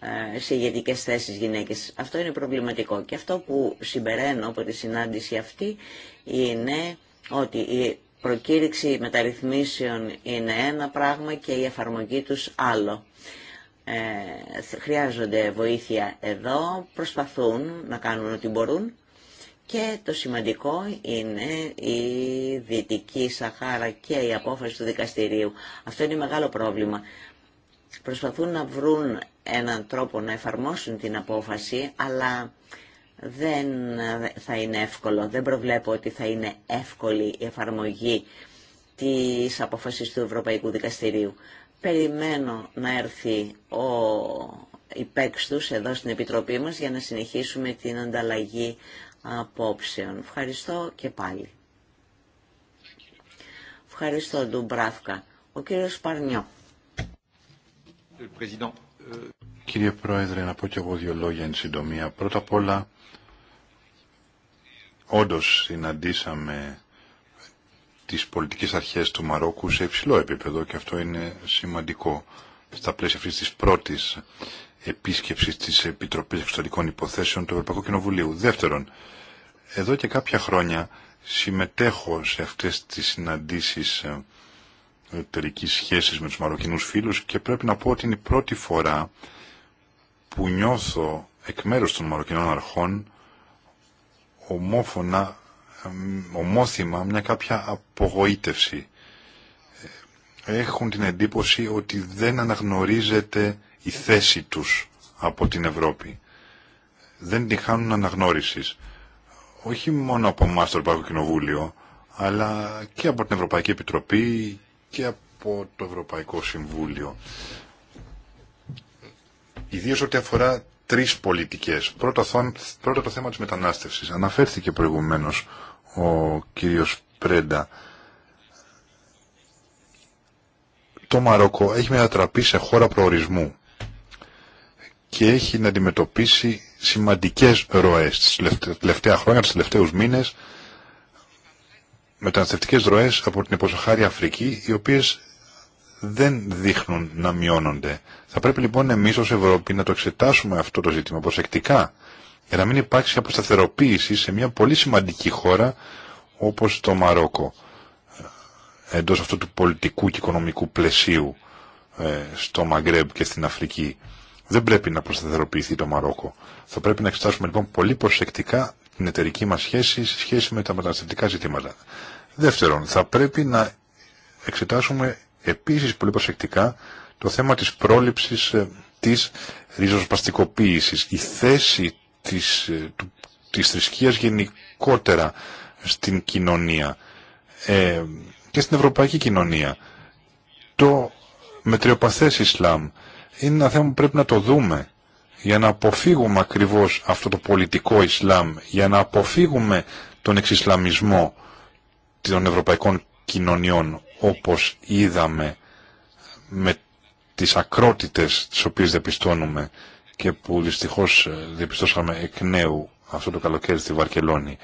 ε, σε ηγετικέ θέσει γυναίκες. Αυτό είναι προβληματικό. Και αυτό που συμπεραίνω από τη συνάντηση αυτή είναι ότι η προκήρυξη μεταρρυθμίσεων είναι ένα πράγμα και η εφαρμογή τους άλλο. Ε, χρειάζονται βοήθεια εδώ, προσπαθούν να κάνουν ό,τι μπορούν και το σημαντικό είναι η Δυτική Σαχάρα και η απόφαση του δικαστηρίου. Αυτό είναι μεγάλο πρόβλημα. Προσπαθούν να βρουν έναν τρόπο να εφαρμόσουν την απόφαση, αλλά δεν θα είναι εύκολο. Δεν προβλέπω ότι θα είναι εύκολη η εφαρμογή της απόφασης του Ευρωπαϊκού Δικαστηρίου. Περιμένω να έρθει ο υπέξ εδώ στην Επιτροπή μας για να συνεχίσουμε την ανταλλαγή απόψεων. Ευχαριστώ και πάλι. Ευχαριστώ, Ντουμπράφκα. Ο κύριος Παρνιό. Κύριε Πρόεδρε, να πω και εγώ δύο λόγια εν συντομία. Πρώτα απ' όλα, όντως συναντήσαμε τις πολιτικές αρχές του Μαρόκου σε υψηλό επίπεδο και αυτό είναι σημαντικό στα πλαίσια αυτής της πρώτης επίσκεψης της Επιτροπής Εξωτερικών Υποθέσεων του Ευρωπαϊκού Κοινοβουλίου. Δεύτερον, εδώ και κάποια χρόνια συμμετέχω σε αυτές τις συναντήσεις ε, εταιρική σχέση με τους μαροκινούς φίλους και πρέπει να πω ότι είναι η πρώτη φορά που νιώθω εκ μέρους των μαροκινών αρχών ομόφωνα, ε, ομόθυμα μια κάποια απογοήτευση. Έχουν την εντύπωση ότι δεν αναγνωρίζεται η θέση τους από την Ευρώπη. Δεν την χάνουν αναγνώρισης. Όχι μόνο από εμάς το Ευρωπαϊκό Κοινοβούλιο, αλλά και από την Ευρωπαϊκή Επιτροπή και από το Ευρωπαϊκό Συμβούλιο. Ιδίως ό,τι αφορά τρεις πολιτικές. Πρώτα, το θέμα της μετανάστευσης. Αναφέρθηκε προηγουμένως ο κύριος Πρέντα. Το Μαρόκο έχει μετατραπεί σε χώρα προορισμού και έχει να αντιμετωπίσει σημαντικές ροές τις τελευταία χρόνια, τις τελευταίους μήνες μεταναστευτικές ροές από την υποσοχάρη Αφρική, οι οποίες δεν δείχνουν να μειώνονται. Θα πρέπει λοιπόν εμείς ως Ευρώπη να το εξετάσουμε αυτό το ζήτημα προσεκτικά, για να μην υπάρξει αποσταθεροποίηση σε μια πολύ σημαντική χώρα όπως το Μαρόκο, ε, εντός αυτού του πολιτικού και οικονομικού πλαισίου ε, στο Μαγκρέμπ και στην Αφρική. Δεν πρέπει να προσταθεροποιηθεί το Μαρόκο. Θα πρέπει να εξετάσουμε λοιπόν πολύ προσεκτικά την εταιρική μας σχέση σε σχέση με τα μεταναστευτικά ζητήματα. Δεύτερον, θα πρέπει να εξετάσουμε επίσης πολύ προσεκτικά το θέμα της πρόληψης ε, της ριζοσπαστικοποίησης. Η θέση της, ε, του, της θρησκείας γενικότερα στην κοινωνία ε, και στην ευρωπαϊκή κοινωνία. Το μετριοπαθές Ισλάμ είναι ένα θέμα που πρέπει να το δούμε για να αποφύγουμε ακριβώς αυτό το πολιτικό Ισλάμ, για να αποφύγουμε τον εξισλαμισμό των ευρωπαϊκών κοινωνιών, όπως είδαμε με τις ακρότητες τις οποίες διαπιστώνουμε και που δυστυχώς ε, διαπιστώσαμε εκ νέου αυτό το καλοκαίρι στη Βαρκελόνη.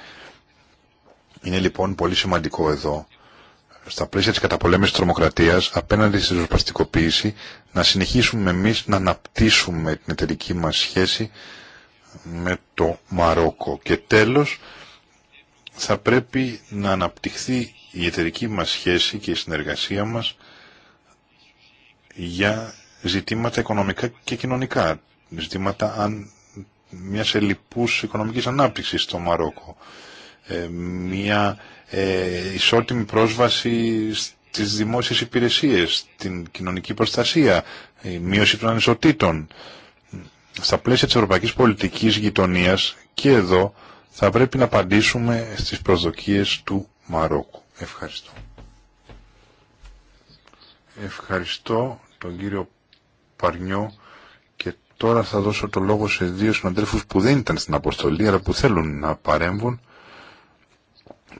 Είναι λοιπόν πολύ σημαντικό εδώ, στα πλαίσια της καταπολέμησης τρομοκρατίας, απέναντι στη ζωσπαστικοποίηση, να συνεχίσουμε εμείς να αναπτύσσουμε την εταιρική μας σχέση με το Μαρόκο. Και τέλος, θα πρέπει να αναπτυχθεί η εταιρική μας σχέση και η συνεργασία μας για ζητήματα οικονομικά και κοινωνικά, ζητήματα αν μια ελλειπούς οικονομικής ανάπτυξης στο Μαρόκο, ε, μια ε, ισότιμη πρόσβαση στις δημόσιες υπηρεσίες, την κοινωνική προστασία, η μείωση των ανισοτήτων. Στα πλαίσια της ευρωπαϊκής πολιτικής γειτονίας και εδώ θα πρέπει να απαντήσουμε στις προσδοκίες του Μαρόκου. Ευχαριστώ. Ευχαριστώ τον κύριο Παρνιό και τώρα θα δώσω το λόγο σε δύο συναντρέφους που δεν ήταν στην αποστολή αλλά που θέλουν να παρέμβουν.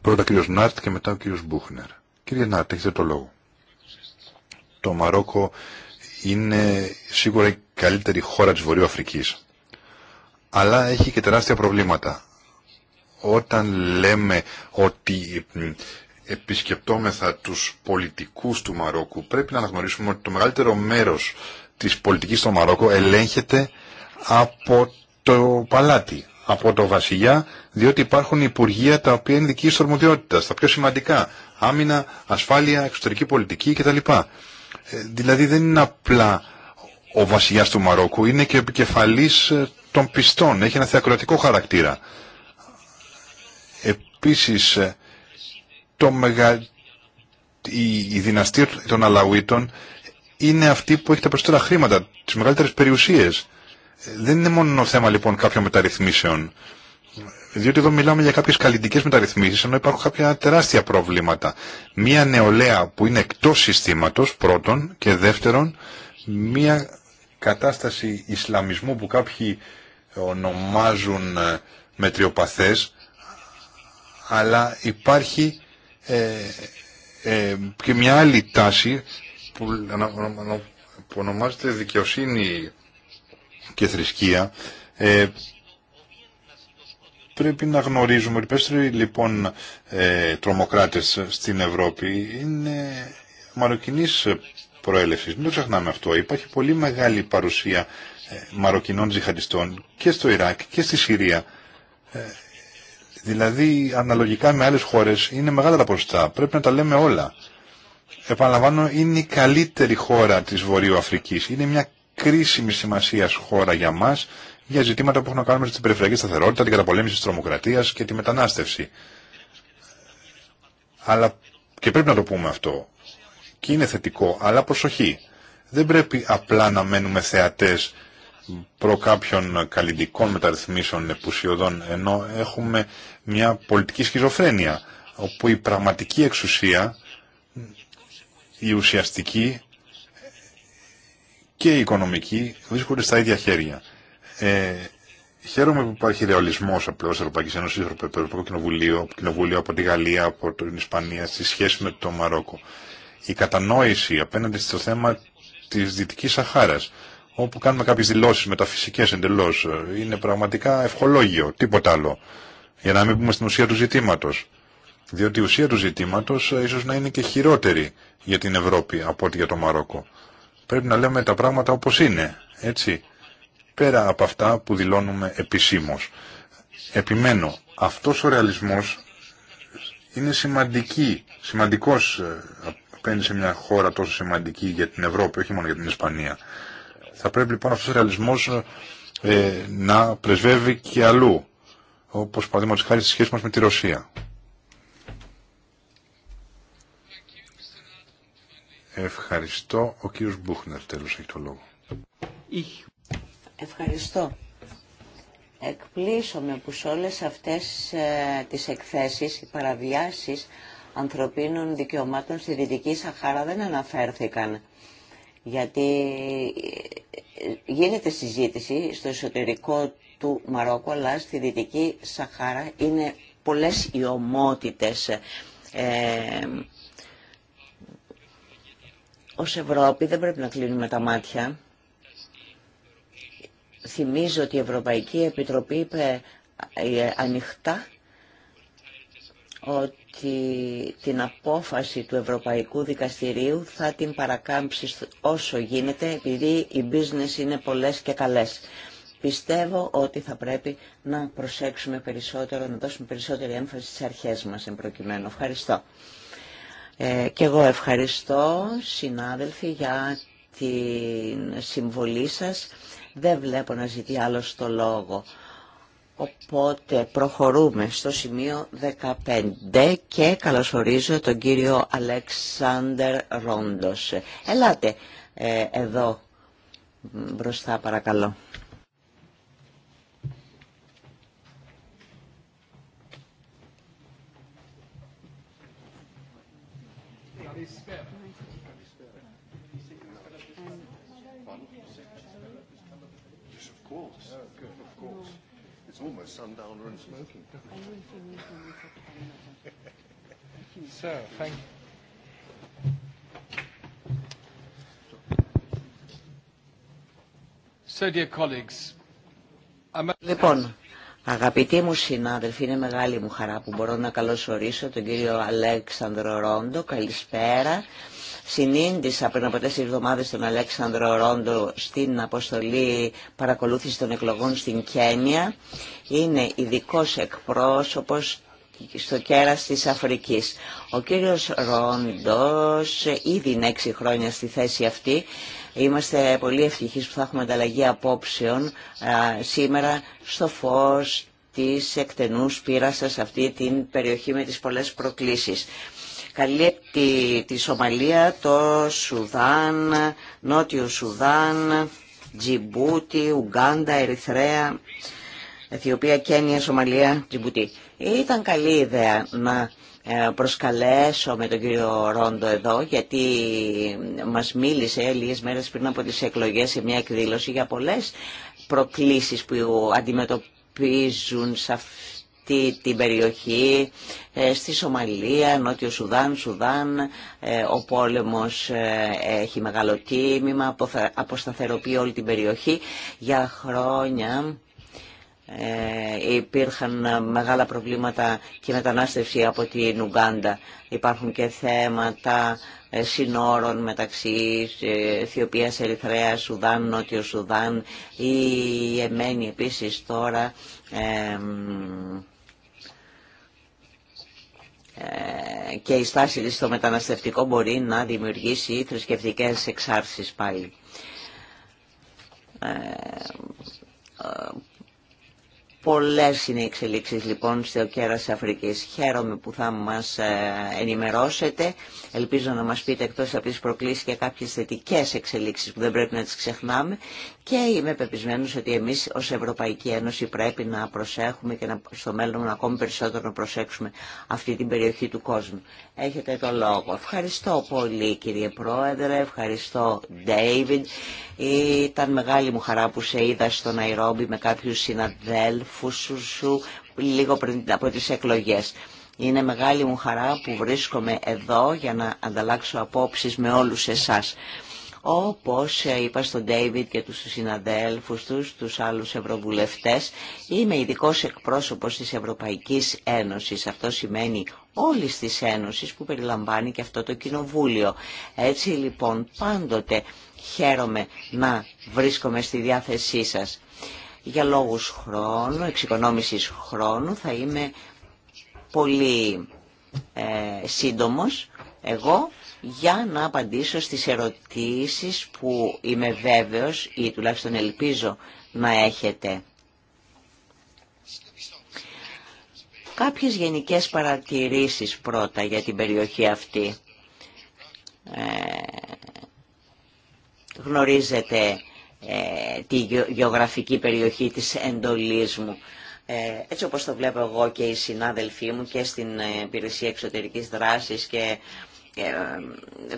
Πρώτα ο κύριος Νάρτ και μετά ο κύριος Μπούχνερ. Κύριε Νάρτ, έχετε το λόγο. Το Μαρόκο είναι σίγουρα η καλύτερη χώρα της Βορείου Αλλά έχει και τεράστια προβλήματα όταν λέμε ότι επισκεπτόμεθα τους πολιτικούς του Μαρόκου, πρέπει να αναγνωρίσουμε ότι το μεγαλύτερο μέρος της πολιτικής του Μαρόκου ελέγχεται από το παλάτι, από το βασιλιά, διότι υπάρχουν υπουργεία τα οποία είναι δική ορμοδιότητα, τα πιο σημαντικά, άμυνα, ασφάλεια, εξωτερική πολιτική κτλ. Ε, δηλαδή δεν είναι απλά ο βασιλιάς του Μαρόκου, είναι και επικεφαλής ε, των πιστών, έχει ένα θεακροατικό χαρακτήρα. Επίσης, το μεγα... η, η δυναστεία των Αλαουίτων είναι αυτή που έχει τα περισσότερα χρήματα, τις μεγαλύτερες περιουσίες. Δεν είναι μόνο θέμα λοιπόν κάποιων μεταρρυθμίσεων. Διότι εδώ μιλάμε για κάποιες καλλιτικές μεταρρυθμίσεις, ενώ υπάρχουν κάποια τεράστια προβλήματα. Μία νεολαία που είναι εκτός συστήματος, πρώτον, και δεύτερον, μία κατάσταση Ισλαμισμού που κάποιοι ονομάζουν ε, μετριοπαθές, αλλά υπάρχει ε, ε, και μια άλλη τάση που, που ονομάζεται δικαιοσύνη και θρησκεία. Ε, πρέπει να γνωρίζουμε ότι λοιπόν ε, τρομοκράτες στην Ευρώπη είναι μαροκινής προέλευσης. Μην το ξεχνάμε αυτό. Υπάρχει πολύ μεγάλη παρουσία μαροκινών τζιχαντιστών και στο Ιράκ και στη Συρία. Δηλαδή, αναλογικά με άλλες χώρες, είναι μεγάλα τα ποσοστά. Πρέπει να τα λέμε όλα. Επαναλαμβάνω, είναι η καλύτερη χώρα της Βορείου Είναι μια κρίσιμη σημασία χώρα για μας, για ζητήματα που έχουν να κάνουν στην περιφερειακή σταθερότητα, την καταπολέμηση της τρομοκρατίας και τη μετανάστευση. Αλλά, και πρέπει να το πούμε αυτό, και είναι θετικό, αλλά προσοχή. Δεν πρέπει απλά να μένουμε θεατές προ κάποιων καλλιντικών μεταρρυθμίσεων επουσιοδών, ενώ έχουμε μια πολιτική σχιζοφρένεια, όπου η πραγματική εξουσία, η ουσιαστική και η οικονομική βρίσκονται στα ίδια χέρια. Ε, χαίρομαι που υπάρχει ρεαλισμό από πλευρά Ευρωπαϊκή Ένωση, το Ευρωπαϊκό Κοινοβουλίο, από τη Γαλλία, από την Ισπανία, στη σχέση με το Μαρόκο. Η κατανόηση απέναντι στο θέμα τη Δυτική Σαχάρας όπου κάνουμε κάποιες δηλώσεις μεταφυσικές εντελώς. Ε, είναι πραγματικά ευχολόγιο, τίποτα άλλο. Για να μην πούμε στην ουσία του ζητήματος. Διότι η ουσία του ζητήματος ε, ίσως να είναι και χειρότερη για την Ευρώπη από ό,τι για το Μαρόκο. Πρέπει να λέμε τα πράγματα όπως είναι, έτσι. Πέρα από αυτά που δηλώνουμε επισήμως. Επιμένω, αυτός ο ρεαλισμός είναι σημαντική, σημαντικός ε, απέναντι σε μια χώρα τόσο σημαντική για την Ευρώπη, όχι μόνο για την Ισπανία. Θα πρέπει λοιπόν αυτός ο ρεαλισμός ε, να πρεσβεύει και αλλού, όπως παραδείγματος χάρη στη σχέση μας με τη Ρωσία. Ευχαριστώ. Ο κύριος Μπούχνερ τέλος έχει το λόγο. Ευχαριστώ. Εκπλήσωμαι που σε όλες αυτές ε, τις εκθέσεις, οι παραβιάσεις ανθρωπίνων δικαιωμάτων στη Δυτική Σαχάρα δεν αναφέρθηκαν γιατί γίνεται συζήτηση στο εσωτερικό του Μαρόκου, αλλά στη Δυτική Σαχάρα είναι πολλές οι ομότητες. Ε, ως Ευρώπη δεν πρέπει να κλείνουμε τα μάτια. Θυμίζω ότι η Ευρωπαϊκή Επιτροπή είπε ε, ανοιχτά ότι την απόφαση του Ευρωπαϊκού Δικαστηρίου θα την παρακάμψει όσο γίνεται επειδή οι business είναι πολλές και καλές. Πιστεύω ότι θα πρέπει να προσέξουμε περισσότερο, να δώσουμε περισσότερη έμφαση στις αρχές μας εν προκειμένου. Ευχαριστώ. Ε, και εγώ ευχαριστώ συνάδελφοι για την συμβολή σας. Δεν βλέπω να ζητεί άλλο το λόγο. Οπότε προχωρούμε στο σημείο 15 και καλωσορίζω τον κύριο Αλεξάνδερ Ρόντος. Ελάτε ε, εδώ μπροστά παρακαλώ. sundowner and smoking. so, thank you. λοιπόν, αγαπητοί μου συνάδελφοι, είναι μεγάλη μου χαρά που μπορώ να καλωσορίσω τον κύριο Αλέξανδρο Ρόντο. Καλησπέρα. Συνήντησα πριν από τέσσερι εβδομάδε τον Αλέξανδρο Ρόντο στην αποστολή παρακολούθηση των εκλογών στην Κένια. Είναι ειδικό εκπρόσωπο στο κέρας της Αφρικής. Ο κύριος Ρόντος ήδη είναι έξι χρόνια στη θέση αυτή. Είμαστε πολύ ευτυχείς που θα έχουμε ανταλλαγή απόψεων σήμερα στο φως της εκτενούς αυτή την περιοχή με τις πολλές προκλήσεις. Καλύπτει τη Σομαλία, το Σουδάν, Νότιο Σουδάν, Τζιμπούτι, Ουγκάντα, Ερυθρέα, Αιθιοπία, Κένια, Σομαλία, Τζιμπούτι. Ήταν καλή ιδέα να ε, προσκαλέσω με τον κύριο Ρόντο εδώ γιατί μας μίλησε λίγες μέρες πριν από τις εκλογές σε μια εκδήλωση για πολλές προκλήσεις που αντιμετωπίζουν σε την περιοχή, ε, στη Σομαλία, Νότιο Σουδάν, Σουδάν. Ε, ο πόλεμος ε, έχει μεγάλο τίμημα, αποσταθεροποιεί όλη την περιοχή. Για χρόνια υπήρχαν μεγάλα προβλήματα και μετανάστευση από την Ουγκάντα. Υπάρχουν και θέματα συνόρων μεταξύ Αιθιοπίας, Ερυθρέας, Σουδάν, Νότιο Σουδάν. Η Εμένη επίσης τώρα... Ε, και η στάση της στο μεταναστευτικό μπορεί να δημιουργήσει θρησκευτικέ εξάρσεις πάλι. Ε, Πολλές είναι οι εξελίξεις λοιπόν στο κέρας Αφρικής. Χαίρομαι που θα μας ε, ενημερώσετε. Ελπίζω να μας πείτε εκτός από τις προκλήσεις και κάποιες θετικές εξελίξεις που δεν πρέπει να τις ξεχνάμε. Και είμαι πεπισμένος ότι εμείς ως Ευρωπαϊκή Ένωση πρέπει να προσέχουμε και να, στο μέλλον ακόμη περισσότερο να προσέξουμε αυτή την περιοχή του κόσμου. Έχετε το λόγο. Ευχαριστώ πολύ κύριε Πρόεδρε, ευχαριστώ David. Ήταν μεγάλη μου χαρά που σε είδα στο Ναϊρόμπι με κάποιου συναδέλφους Φουσουσού λίγο πριν από τις εκλογές. Είναι μεγάλη μου χαρά που βρίσκομαι εδώ για να ανταλλάξω απόψεις με όλους εσάς. Όπως είπα στον Ντέιβιτ και τους συναδέλφους τους, τους άλλους ευρωβουλευτές, είμαι ειδικό εκπρόσωπος της Ευρωπαϊκής Ένωσης. Αυτό σημαίνει όλης της Ένωσης που περιλαμβάνει και αυτό το Κοινοβούλιο. Έτσι λοιπόν πάντοτε χαίρομαι να βρίσκομαι στη διάθεσή σας. Για λόγους χρόνου, εξοικονόμησης χρόνου, θα είμαι πολύ ε, σύντομος εγώ για να απαντήσω στις ερωτήσεις που είμαι βέβαιος ή τουλάχιστον ελπίζω να έχετε. Κάποιες γενικές παρατηρήσεις πρώτα για την περιοχή αυτή. Ε, γνωρίζετε ε, τη γεωγραφική περιοχή της εντολής μου. Ε, έτσι όπως το βλέπω εγώ και οι συνάδελφοί μου και στην ε, υπηρεσία εξωτερικής δράσης και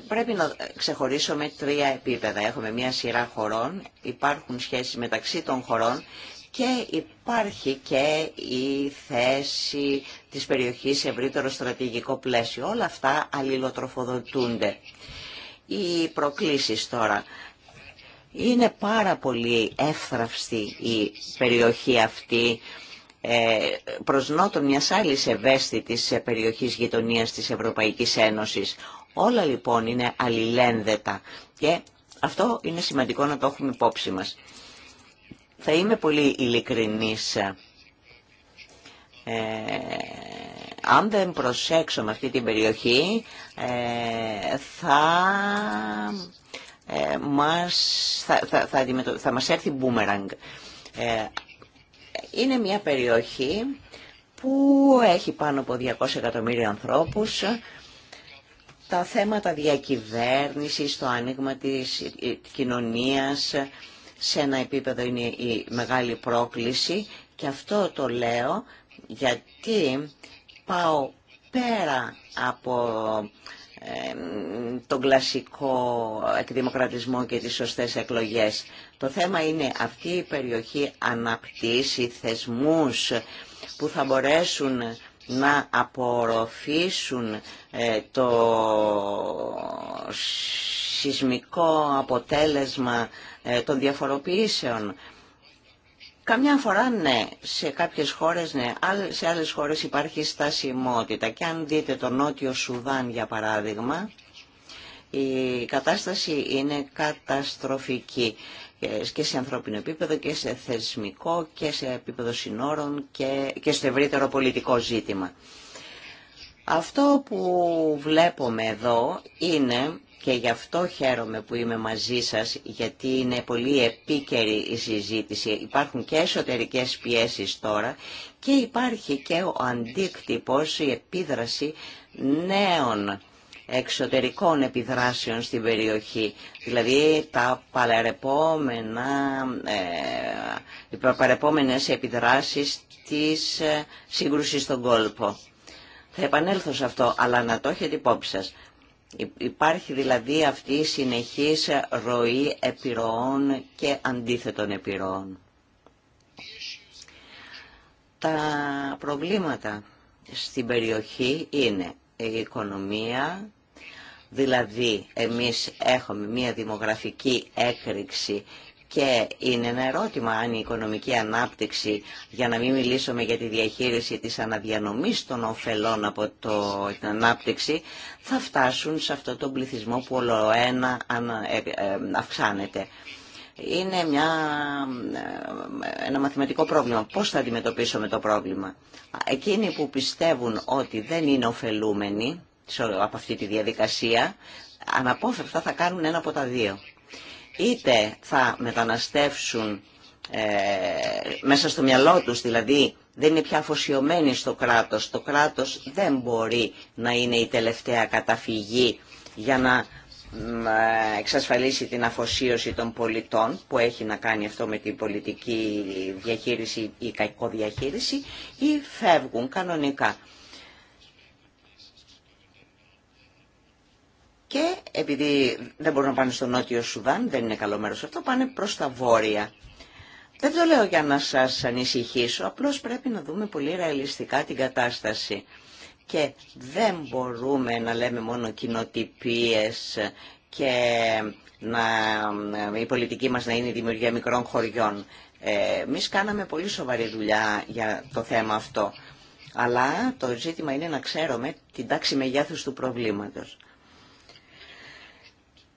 πρέπει να ξεχωρίσουμε τρία επίπεδα. Έχουμε μία σειρά χωρών, υπάρχουν σχέσεις μεταξύ των χωρών και υπάρχει και η θέση της περιοχής σε ευρύτερο στρατηγικό πλαίσιο. Όλα αυτά αλληλοτροφοδοτούνται. Οι προκλήσεις τώρα. Είναι πάρα πολύ εύθραυστη η περιοχή αυτή ε, προς νότον μιας άλλης ευαίσθητης περιοχής γειτονίας της Ευρωπαϊκής Ένωσης. Όλα λοιπόν είναι αλληλένδετα και αυτό είναι σημαντικό να το έχουμε υπόψη μας. Θα είμαι πολύ ειλικρινής. Ε, αν δεν προσέξουμε αυτή την περιοχή ε, θα ε, μας, θα, θα, θα, θα μας έρθει μπούμεραγκ. είναι μια περιοχή που έχει πάνω από 200 εκατομμύρια ανθρώπους. Τα θέματα διακυβέρνησης, το άνοιγμα της ε, κοινωνίας σε ένα επίπεδο είναι η μεγάλη πρόκληση και αυτό το λέω γιατί πάω πέρα από τον κλασικό εκδημοκρατισμό και τις σωστές εκλογές. Το θέμα είναι αυτή η περιοχή αναπτύσσει θεσμούς που θα μπορέσουν να απορροφήσουν ε, το σεισμικό αποτέλεσμα ε, των διαφοροποιήσεων Καμιά φορά ναι, σε κάποιες χώρες ναι, σε άλλες χώρες υπάρχει στασιμότητα. Και αν δείτε το Νότιο Σουδάν για παράδειγμα, η κατάσταση είναι καταστροφική και σε ανθρώπινο επίπεδο και σε θεσμικό και σε επίπεδο συνόρων και, και στο ευρύτερο πολιτικό ζήτημα. Αυτό που βλέπουμε εδώ είναι και γι' αυτό χαίρομαι που είμαι μαζί σας, γιατί είναι πολύ επίκαιρη η συζήτηση. Υπάρχουν και εσωτερικές πιέσεις τώρα και υπάρχει και ο αντίκτυπος, η επίδραση νέων εξωτερικών επιδράσεων στην περιοχή. Δηλαδή τα παρεπόμενα, ε, οι παρεπόμενες επιδράσεις της ε, σύγκρουσης στον κόλπο. Θα επανέλθω σε αυτό, αλλά να το έχετε υπόψη σας. Υπάρχει δηλαδή αυτή η συνεχής ροή επιρροών και αντίθετων επιρροών. Τα προβλήματα στην περιοχή είναι η οικονομία, δηλαδή εμείς έχουμε μια δημογραφική έκρηξη και είναι ένα ερώτημα αν η οικονομική ανάπτυξη, για να μην μιλήσουμε για τη διαχείριση της αναδιανομής των ωφελών από το, την ανάπτυξη, θα φτάσουν σε αυτό τον πληθυσμό που ολοένα ε, ε, αυξάνεται. Είναι μια, ε, ένα μαθηματικό πρόβλημα. Πώς θα αντιμετωπίσουμε το πρόβλημα. Εκείνοι που πιστεύουν ότι δεν είναι ωφελούμενοι από αυτή τη διαδικασία, αναπόφευκτα θα κάνουν ένα από τα δύο είτε θα μεταναστεύσουν ε, μέσα στο μυαλό τους, δηλαδή δεν είναι πια αφοσιωμένοι στο κράτος. Το κράτος δεν μπορεί να είναι η τελευταία καταφυγή για να ε, εξασφαλίσει την αφοσίωση των πολιτών που έχει να κάνει αυτό με την πολιτική διαχείριση ή κακοδιαχείριση ή φεύγουν κανονικά. και επειδή δεν μπορούν να πάνε στο νότιο Σουδάν, δεν είναι καλό μέρος αυτό, πάνε προς τα βόρεια. Δεν το λέω για να σας ανησυχήσω, απλώς πρέπει να δούμε πολύ ρεαλιστικά την κατάσταση. Και δεν μπορούμε να λέμε μόνο κοινοτυπίες και ε, η πολιτική μας να είναι η δημιουργία μικρών χωριών. Ε, Εμεί κάναμε πολύ σοβαρή δουλειά για το θέμα αυτό. Αλλά το ζήτημα είναι να ξέρουμε την τάξη μεγέθους του προβλήματος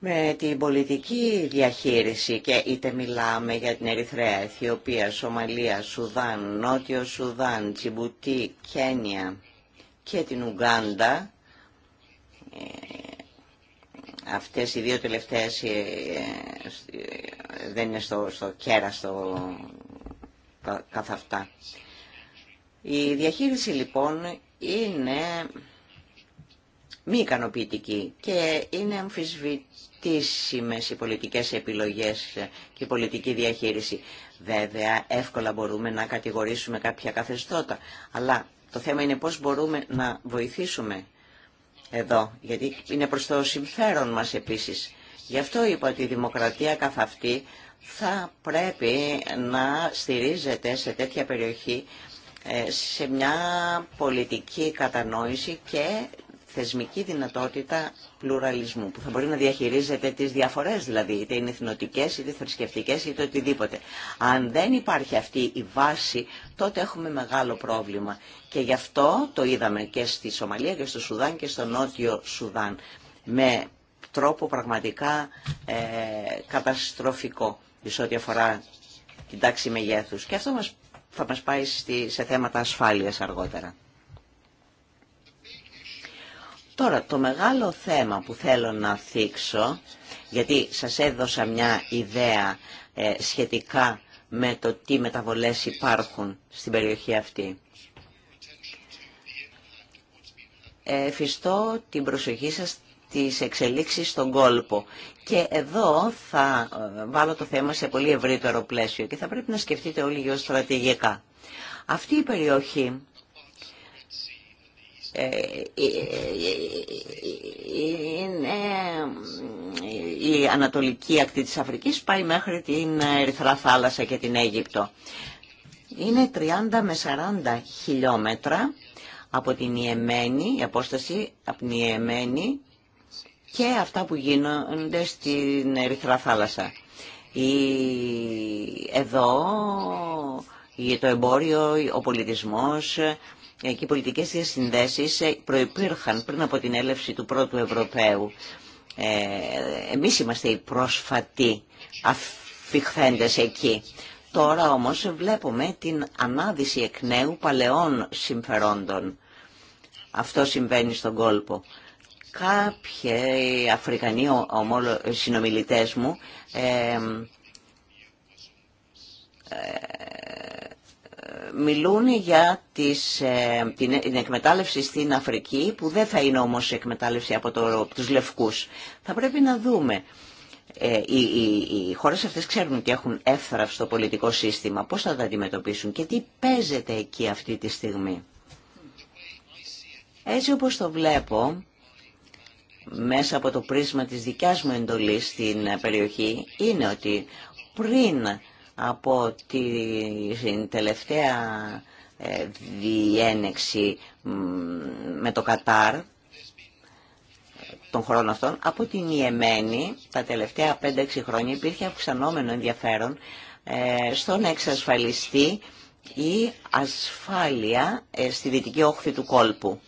με την πολιτική διαχείριση και είτε μιλάμε για την Ερυθρέα, Αιθιοπία, Σομαλία, Σουδάν, Νότιο Σουδάν, Τσιμπουτή, Κένια και την Ουγκάντα ε, αυτές οι δύο τελευταίες ε, ε, δεν είναι στο, στο κέραστο καθ' αυτά. Η διαχείριση λοιπόν είναι μη ικανοποιητική και είναι αμφισβητή συζητήσιμες οι πολιτικές επιλογές και η πολιτική διαχείριση. Βέβαια, εύκολα μπορούμε να κατηγορήσουμε κάποια καθεστώτα, αλλά το θέμα είναι πώς μπορούμε να βοηθήσουμε εδώ, γιατί είναι προς το συμφέρον μας επίσης. Γι' αυτό είπα ότι η δημοκρατία καθ' αυτή θα πρέπει να στηρίζεται σε τέτοια περιοχή ε, σε μια πολιτική κατανόηση και θεσμική δυνατότητα πλουραλισμού που θα μπορεί να διαχειρίζεται τις διαφορές δηλαδή είτε είναι εθνοτικές είτε θρησκευτικέ είτε οτιδήποτε. Αν δεν υπάρχει αυτή η βάση τότε έχουμε μεγάλο πρόβλημα και γι' αυτό το είδαμε και στη Σομαλία και στο Σουδάν και στο Νότιο Σουδάν με τρόπο πραγματικά ε, καταστροφικό σε ό,τι αφορά την τάξη μεγέθους και αυτό θα μας πάει σε θέματα ασφάλειας αργότερα. Τώρα, το μεγάλο θέμα που θέλω να θίξω, γιατί σας έδωσα μια ιδέα ε, σχετικά με το τι μεταβολές υπάρχουν στην περιοχή αυτή. Εφιστώ την προσοχή σας τις εξελίξεις στον κόλπο. Και εδώ θα ε, βάλω το θέμα σε πολύ ευρύτερο πλαίσιο και θα πρέπει να σκεφτείτε όλοι γεωστρατηγικά. Αυτή η περιοχή ε, ε, ε, είναι η ανατολική ακτή της Αφρικής πάει μέχρι την Ερυθρά θάλασσα και την Αίγυπτο. Είναι 30 με 40 χιλιόμετρα από την Ιεμένη, η απόσταση από την Ιεμένη και αυτά που γίνονται στην Ερυθρά θάλασσα. Εδώ το εμπόριο, ο πολιτισμός, και οι πολιτικές διασυνδέσεις ε, προϋπήρχαν πριν από την έλευση του πρώτου Ευρωπαίου. Ε, εμείς είμαστε οι πρόσφατοι αφιχθέντες εκεί. Τώρα όμως βλέπουμε την ανάδυση εκ νέου παλαιών συμφερόντων. Αυτό συμβαίνει στον κόλπο. Κάποιοι Αφρικανοί ομόλο, συνομιλητές μου ε, ε μιλούν για τις, ε, την, την εκμετάλλευση στην Αφρική που δεν θα είναι όμως εκμετάλλευση από τους λευκούς. Θα πρέπει να δούμε. Ε, οι, οι, οι χώρες αυτές ξέρουν ότι έχουν στο πολιτικό σύστημα. Πώς θα τα αντιμετωπίσουν και τι παίζεται εκεί αυτή τη στιγμή. Έτσι όπως το βλέπω, μέσα από το πρίσμα της δικιάς μου εντολής στην περιοχή, είναι ότι πριν από την τελευταία ε, διένεξη με το Κατάρ των χρόνων αυτών, από την Ιεμένη τα τελευταία 5-6 χρόνια υπήρχε αυξανόμενο ενδιαφέρον ε, στο να εξασφαλιστεί η ασφάλεια ε, στη δυτική όχθη του κόλπου.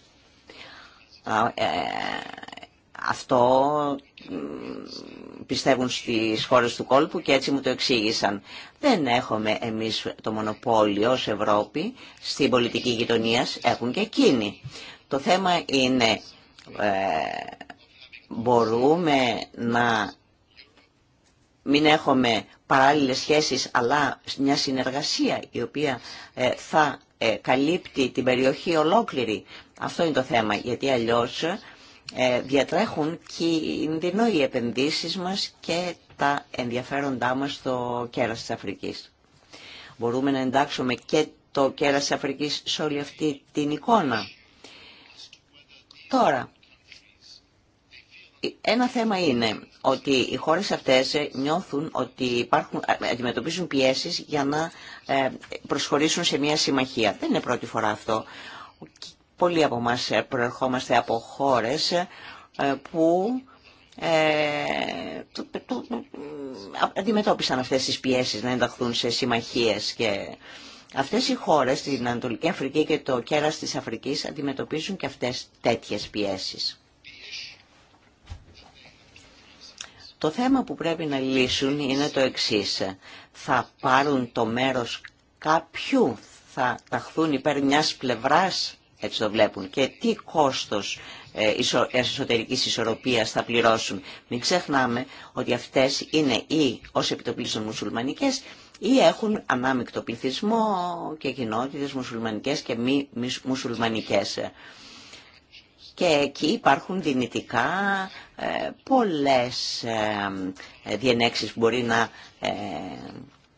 Αυτό πιστεύουν στις χώρες του κόλπου και έτσι μου το εξήγησαν. Δεν έχουμε εμείς το μονοπόλιο ως Ευρώπη στην πολιτική γειτονία, έχουν και εκείνοι. Το θέμα είναι ε, μπορούμε να μην έχουμε παράλληλες σχέσεις αλλά μια συνεργασία η οποία ε, θα ε, καλύπτει την περιοχή ολόκληρη. Αυτό είναι το θέμα γιατί αλλιώς ε, διατρέχουν κινδυνό οι επενδύσεις μας και τα ενδιαφέροντά μας στο κέρας της Αφρικής. Μπορούμε να εντάξουμε και το κέρας της Αφρικής σε όλη αυτή την εικόνα. Τώρα, ένα θέμα είναι ότι οι χώρες αυτές νιώθουν ότι υπάρχουν, ε, αντιμετωπίζουν πιέσεις για να ε, προσχωρήσουν σε μια συμμαχία. Δεν είναι πρώτη φορά αυτό. Πολλοί από μας ε, προερχόμαστε από χώρες ε, που ε, αντιμετώπισαν αυτές τις πιέσεις να ενταχθούν σε συμμαχίες και αυτές οι χώρες στην Ανατολική Αφρική και το κέρας της Αφρικής αντιμετωπίζουν και αυτές τέτοιες πιέσεις. Το θέμα που πρέπει να λύσουν είναι το εξής. Θα πάρουν το μέρος κάποιου, θα ταχθούν υπέρ μιας πλευράς έτσι το βλέπουν, και τι κόστος ε, εσωτερικής ισορροπίας θα πληρώσουν. Μην ξεχνάμε ότι αυτές είναι ή ως επιτοπλίστων μουσουλμανικές ή έχουν ανάμεικτο πληθυσμό και κοινότητες μουσουλμανικές και μη μουσουλμανικές. Και εκεί υπάρχουν δυνητικά ε, πολλές ε, διενέξεις που μπορεί να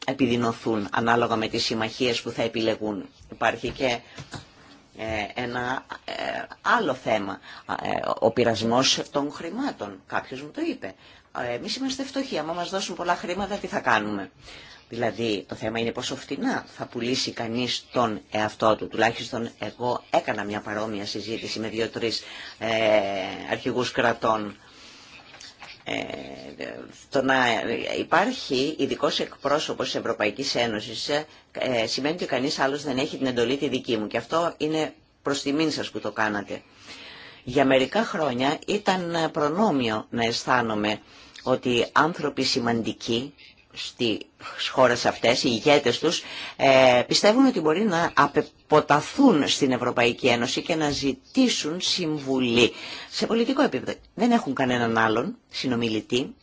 επιδεινωθούν ανάλογα με τις συμμαχίες που θα επιλεγούν. Υπάρχει και ε, ένα ε, άλλο θέμα, ε, ο πειρασμός των χρημάτων. Κάποιος μου το είπε. Εμεί είμαστε φτωχοί, άμα μας δώσουν πολλά χρήματα τι θα κάνουμε. Δηλαδή το θέμα είναι πόσο φτηνά θα πουλήσει κανείς τον εαυτό του. Τουλάχιστον εγώ έκανα μια παρόμοια συζήτηση με δύο-τρεις ε, αρχηγούς κρατών ε, το να υπάρχει ειδικό εκπρόσωπος της Ευρωπαϊκής Ένωσης ε, ε, σημαίνει ότι κανείς άλλος δεν έχει την εντολή τη δική μου και αυτό είναι προ τιμήν σα που το κάνατε. Για μερικά χρόνια ήταν προνόμιο να αισθάνομαι ότι άνθρωποι σημαντικοί στις χώρες αυτές, οι ηγέτες τους, ε, πιστεύουν ότι μπορεί να αποταθούν στην Ευρωπαϊκή Ένωση και να ζητήσουν συμβουλή σε πολιτικό επίπεδο. Δεν έχουν κανέναν άλλον συνομιλητή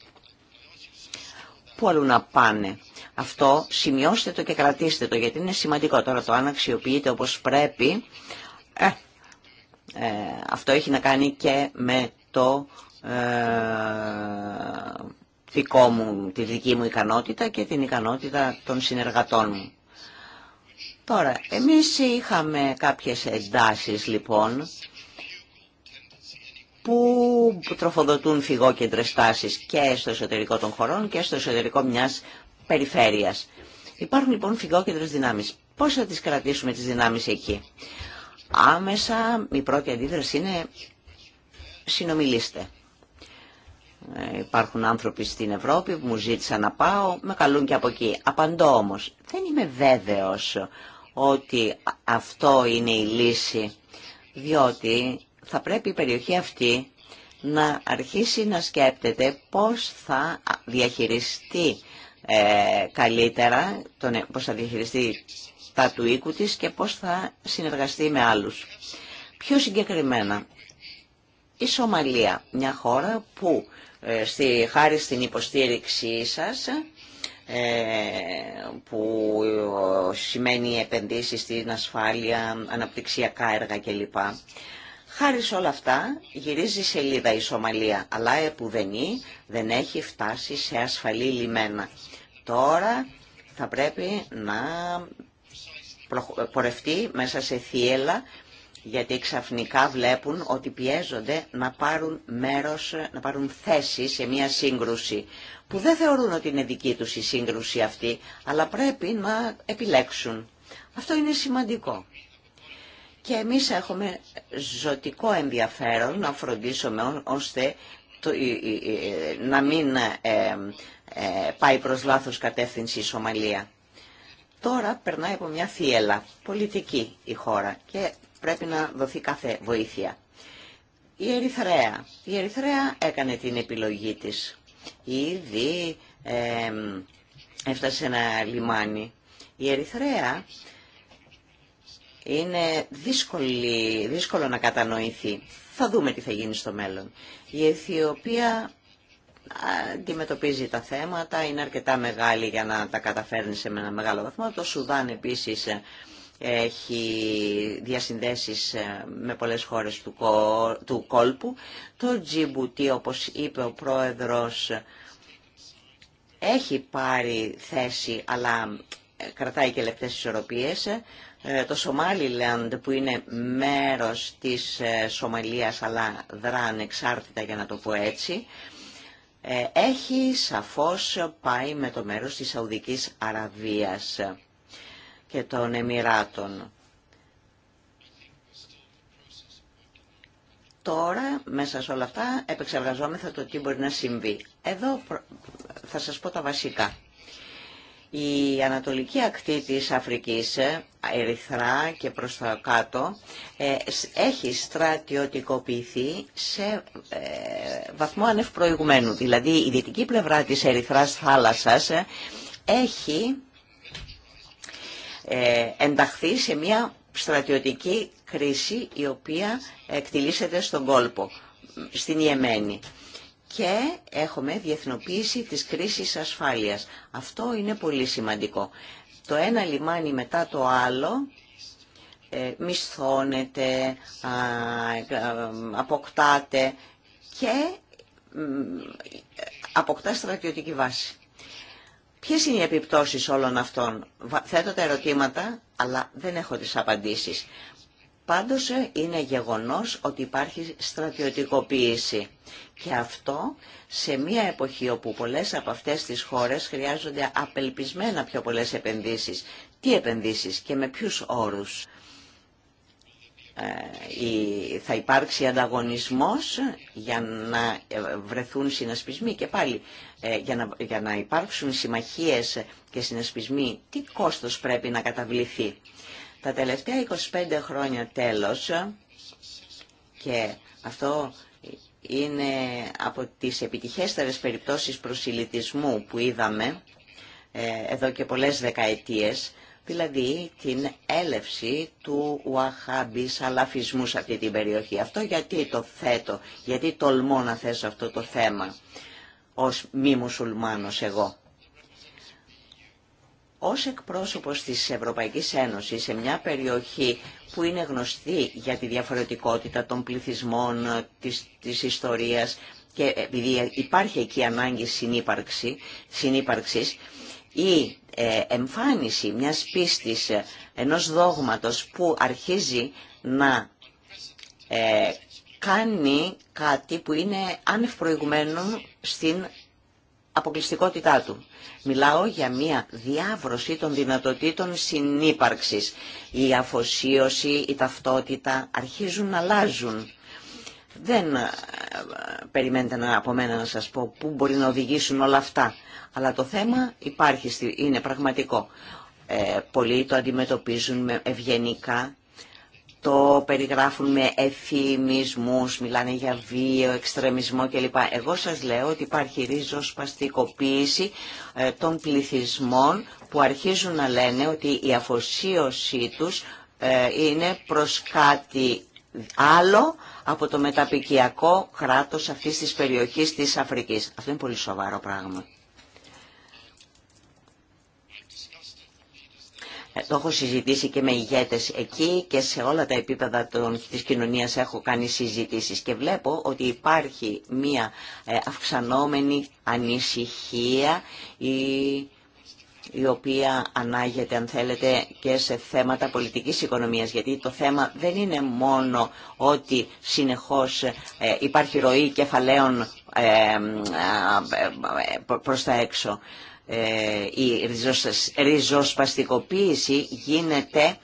που αλλού να πάνε. Αυτό σημειώστε το και κρατήστε το γιατί είναι σημαντικό. Τώρα το αν αξιοποιείται όπως πρέπει, ε, ε, αυτό έχει να κάνει και με το δικό μου, τη δική μου ικανότητα και την ικανότητα των συνεργατών μου. Τώρα, εμείς είχαμε κάποιες εντάσεις λοιπόν που τροφοδοτούν φυγόκεντρες τάσεις και στο εσωτερικό των χωρών και στο εσωτερικό μιας περιφέρειας. Υπάρχουν λοιπόν φυγόκεντρες δυνάμεις. Πώς θα τις κρατήσουμε τις δυνάμεις εκεί. Άμεσα η πρώτη αντίδραση είναι συνομιλήστε. Ε, υπάρχουν άνθρωποι στην Ευρώπη που μου ζήτησαν να πάω, με καλούν και από εκεί. Απαντώ όμως, δεν είμαι βέβαιος ότι αυτό είναι η λύση, διότι θα πρέπει η περιοχή αυτή να αρχίσει να σκέπτεται πώς θα διαχειριστεί ε, καλύτερα, τον, ε, πώς θα διαχειριστεί τα του οίκου της και πώς θα συνεργαστεί με άλλους. Πιο συγκεκριμένα, η Σομαλία, μια χώρα που ε, στη, χάρη στην υποστήριξή σας ε, που σημαίνει επενδύσεις στην ασφάλεια, αναπτυξιακά έργα κλπ. Χάρη σε όλα αυτά γυρίζει σελίδα η Σομαλία, αλλά επουδενή δεν έχει φτάσει σε ασφαλή λιμένα. Τώρα θα πρέπει να πορευτεί μέσα σε θύελα γιατί ξαφνικά βλέπουν ότι πιέζονται να πάρουν μέρος, να πάρουν θέση σε μια σύγκρουση που δεν θεωρούν ότι είναι δική τους η σύγκρουση αυτή, αλλά πρέπει να επιλέξουν. Αυτό είναι σημαντικό. Και εμείς έχουμε ζωτικό ενδιαφέρον να φροντίσουμε ώστε το, να μην ε, ε, πάει προς λάθος κατεύθυνση η Σομαλία. Τώρα περνάει από μια θύελα πολιτική η χώρα και πρέπει να δοθεί κάθε βοήθεια. Η Ερυθρέα. Η Ερυθρέα έκανε την επιλογή της. Ήδη ε, έφτασε ένα λιμάνι. Η Ερυθρέα είναι δύσκολη, δύσκολο να κατανοηθεί. Θα δούμε τι θα γίνει στο μέλλον. Η Αιθιοπία αντιμετωπίζει τα θέματα, είναι αρκετά μεγάλη για να τα καταφέρνει σε ένα μεγάλο βαθμό. Το Σουδάν επίσης έχει διασυνδέσεις ε, με πολλές χώρες του, κόλπου. Το Τζιμπουτί, όπως είπε ο πρόεδρος, έχει πάρει θέση, αλλά ε, κρατάει και λεπτές ισορροπίες. Ε, το Σομάλιλαντ που είναι μέρος της Σομαλίας αλλά δρά ανεξάρτητα για να το πω έτσι έχει σαφώς πάει με το μέρος της Σαουδικής Αραβίας και των Εμμυράτων. Τώρα, μέσα σε όλα αυτά, επεξεργαζόμεθα το τι μπορεί να συμβεί. Εδώ θα σας πω τα βασικά. Η ανατολική ακτή της Αφρικής, ε, ερυθρά και προς τα κάτω, ε, έχει στρατιωτικοποιηθεί σε ε, βαθμό ανευπροηγουμένου. Δηλαδή η δυτική πλευρά της ερυθράς θάλασσας έχει ε, ενταχθεί σε μια στρατιωτική κρίση η οποία εκτιλήσεται στον κόλπο, στην Ιεμένη. Και έχουμε διεθνοποίηση της κρίσης ασφάλειας. Αυτό είναι πολύ σημαντικό. Το ένα λιμάνι μετά το άλλο ε, μισθώνεται, ε, αποκτάται και αποκτά στρατιωτική βάση. Ποιες είναι οι επιπτώσεις όλων αυτών. Θέτω τα ερωτήματα, αλλά δεν έχω τις απαντήσεις. Πάντως ε, είναι γεγονός ότι υπάρχει στρατιωτικοποίηση. Και αυτό σε μια εποχή όπου πολλές από αυτές τις χώρες χρειάζονται απελπισμένα πιο πολλές επενδύσεις. Τι επενδύσεις και με ποιους όρους. Ε, θα υπάρξει ανταγωνισμός για να ε, βρεθούν συνασπισμοί και πάλι ε, για να, να υπάρξουν συμμαχίες και συνασπισμοί τι κόστος πρέπει να καταβληθεί. Τα τελευταία 25 χρόνια τέλος και αυτό είναι από τις επιτυχέστερες περιπτώσεις προσιλητισμού που είδαμε ε, εδώ και πολλές δεκαετίες, δηλαδή την έλευση του Ουαχάμπη σαλαφισμού σε αυτή την περιοχή. Αυτό γιατί το θέτω, γιατί τολμώ να θέσω αυτό το θέμα ως μη μουσουλμάνος εγώ. Ως εκπρόσωπος της Ευρωπαϊκής Ένωσης σε μια περιοχή που είναι γνωστή για τη διαφορετικότητα των πληθυσμών, της, της ιστορίας και επειδή υπάρχει εκεί ανάγκη συνύπαρξη, συνύπαρξης, η ε, εμφάνιση μιας πίστης ε, ενός δόγματος που αρχίζει να ε, κάνει κάτι που είναι άνευ στην αποκλειστικότητά του. Μιλάω για μια διάβρωση των δυνατοτήτων συνύπαρξης. Η αφοσίωση, η ταυτότητα αρχίζουν να αλλάζουν. Δεν ε, περιμένετε να, από μένα να σας πω πού μπορεί να οδηγήσουν όλα αυτά. Αλλά το θέμα υπάρχει, είναι πραγματικό. Ε, πολλοί το αντιμετωπίζουν με ευγενικά, το περιγράφουν με εφημισμούς, μιλάνε για βίο, εξτρεμισμό κλπ. Εγώ σας λέω ότι υπάρχει ρίζοσπαστικοποίηση ε, των πληθυσμών που αρχίζουν να λένε ότι η αφοσίωσή τους ε, είναι προς κάτι άλλο από το μεταπικιακό κράτος αυτής της περιοχής της Αφρικής. Αυτό είναι πολύ σοβαρό πράγμα. Ε, το έχω συζητήσει και με ηγέτες εκεί και σε όλα τα επίπεδα των, της κοινωνίας έχω κάνει συζητήσεις και βλέπω ότι υπάρχει μία ε, αυξανόμενη ανησυχία ή η οποία ανάγεται αν θέλετε και σε θέματα πολιτικής οικονομίας γιατί το θέμα δεν είναι μόνο ότι συνεχώς ε, υπάρχει ροή κεφαλαίων ε, ε, προς τα έξω. Η ριζοσπαστικοποίηση γίνεται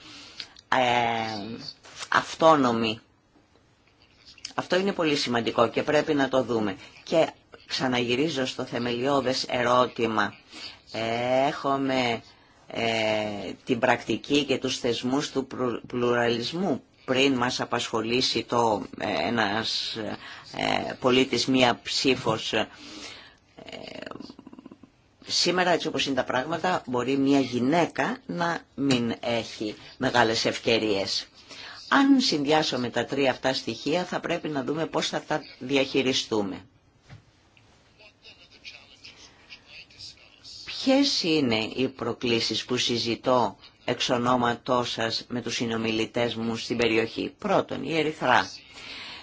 αυτόνομη. Αυτό είναι πολύ σημαντικό και πρέπει να το δούμε. Και ξαναγυρίζω στο θεμελιώδες ερώτημα. Έχουμε ε, την πρακτική και τους θεσμούς του πλουραλισμού πριν μας απασχολήσει το ε, ένας ε, πολίτης μία ψήφος. Σήμερα έτσι όπως είναι τα πράγματα μπορεί μία γυναίκα να μην έχει μεγάλες ευκαιρίες. Αν συνδυάσουμε τα τρία αυτά στοιχεία θα πρέπει να δούμε πώς θα τα διαχειριστούμε. Ποιες είναι οι προκλήσεις που συζητώ εξ ονόματός σας με τους συνομιλητές μου στην περιοχή. Πρώτον, η Ερυθρά.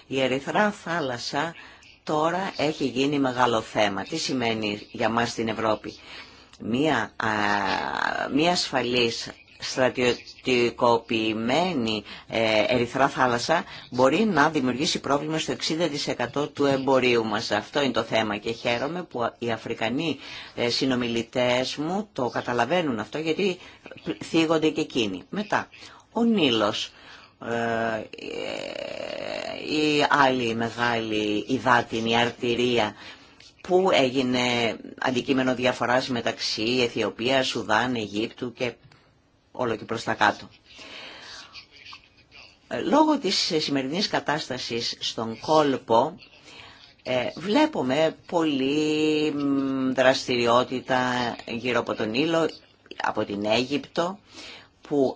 Η Ερυθρά θάλασσα τώρα έχει γίνει μεγάλο θέμα. Τι σημαίνει για μας στην Ευρώπη. Μία, μία ασφαλής στρατιωτικοποιημένη ε, ερυθρά θάλασσα μπορεί να δημιουργήσει πρόβλημα στο 60% του εμπορίου μας. Αυτό είναι το θέμα και χαίρομαι που οι Αφρικανοί ε, συνομιλητές μου το καταλαβαίνουν αυτό γιατί θίγονται και εκείνοι. Μετά, ο Νίλος ε, η άλλη μεγάλη υδάτινη αρτηρία που έγινε αντικείμενο διαφοράς μεταξύ Αιθιοπίας, Σουδάν, Αιγύπτου και όλο και προς τα κάτω. Ε, λόγω της σημερινής κατάστασης στον κόλπο ε, βλέπουμε πολλή δραστηριότητα γύρω από τον Ήλο, από την Αίγυπτο, που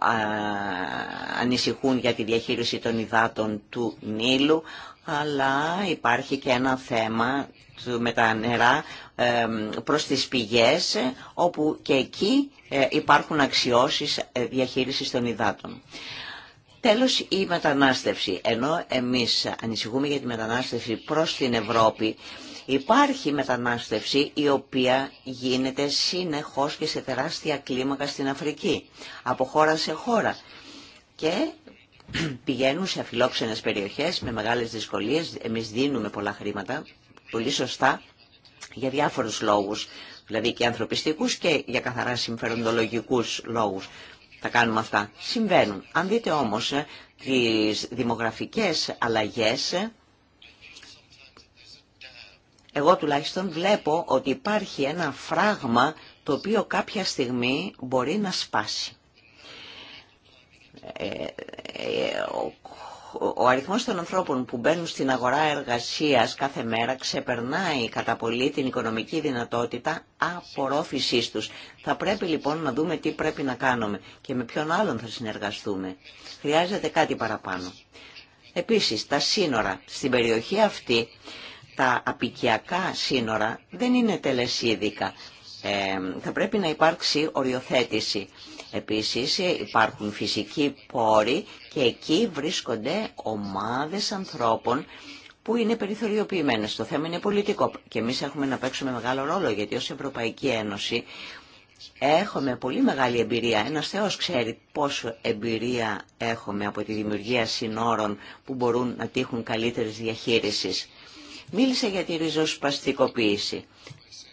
ανησυχούν για τη διαχείριση των υδάτων του Νείλου, αλλά υπάρχει και ένα θέμα με τα νερά προς τις πηγές, όπου και εκεί ε, υπάρχουν αξιώσεις ε, διαχείρισης των υδάτων. Τέλος η μετανάστευση. Ενώ εμείς ανησυχούμε για τη μετανάστευση προς την Ευρώπη, υπάρχει μετανάστευση η οποία γίνεται συνεχώς και σε τεράστια κλίμακα στην Αφρική, από χώρα σε χώρα. Και πηγαίνουν σε αφιλόξενες περιοχές με μεγάλες δυσκολίες, εμείς δίνουμε πολλά χρήματα πολύ σωστά για διάφορους λόγους, δηλαδή και ανθρωπιστικούς και για καθαρά συμφεροντολογικούς λόγους. Τα κάνουμε αυτά. Συμβαίνουν. Αν δείτε όμως ε, τις δημογραφικές αλλαγές, ε, εγώ τουλάχιστον βλέπω ότι υπάρχει ένα φράγμα το οποίο κάποια στιγμή μπορεί να σπάσει. Ε, ο αριθμός των ανθρώπων που μπαίνουν στην αγορά εργασίας κάθε μέρα ξεπερνάει κατά πολύ την οικονομική δυνατότητα απορρόφησής τους. Θα πρέπει λοιπόν να δούμε τι πρέπει να κάνουμε και με ποιον άλλον θα συνεργαστούμε. Χρειάζεται κάτι παραπάνω. Επίσης, τα σύνορα στην περιοχή αυτή, τα απικιακά σύνορα δεν είναι τελεσίδικα. Ε, θα πρέπει να υπάρξει οριοθέτηση. Επίσης υπάρχουν φυσικοί πόροι και εκεί βρίσκονται ομάδες ανθρώπων που είναι περιθωριοποιημένες. Το θέμα είναι πολιτικό και εμείς έχουμε να παίξουμε μεγάλο ρόλο γιατί ως Ευρωπαϊκή Ένωση έχουμε πολύ μεγάλη εμπειρία. Ένας Θεός ξέρει πόσο εμπειρία έχουμε από τη δημιουργία συνόρων που μπορούν να τύχουν καλύτερης διαχείρισης. Μίλησα για τη ριζοσπαστικοποίηση.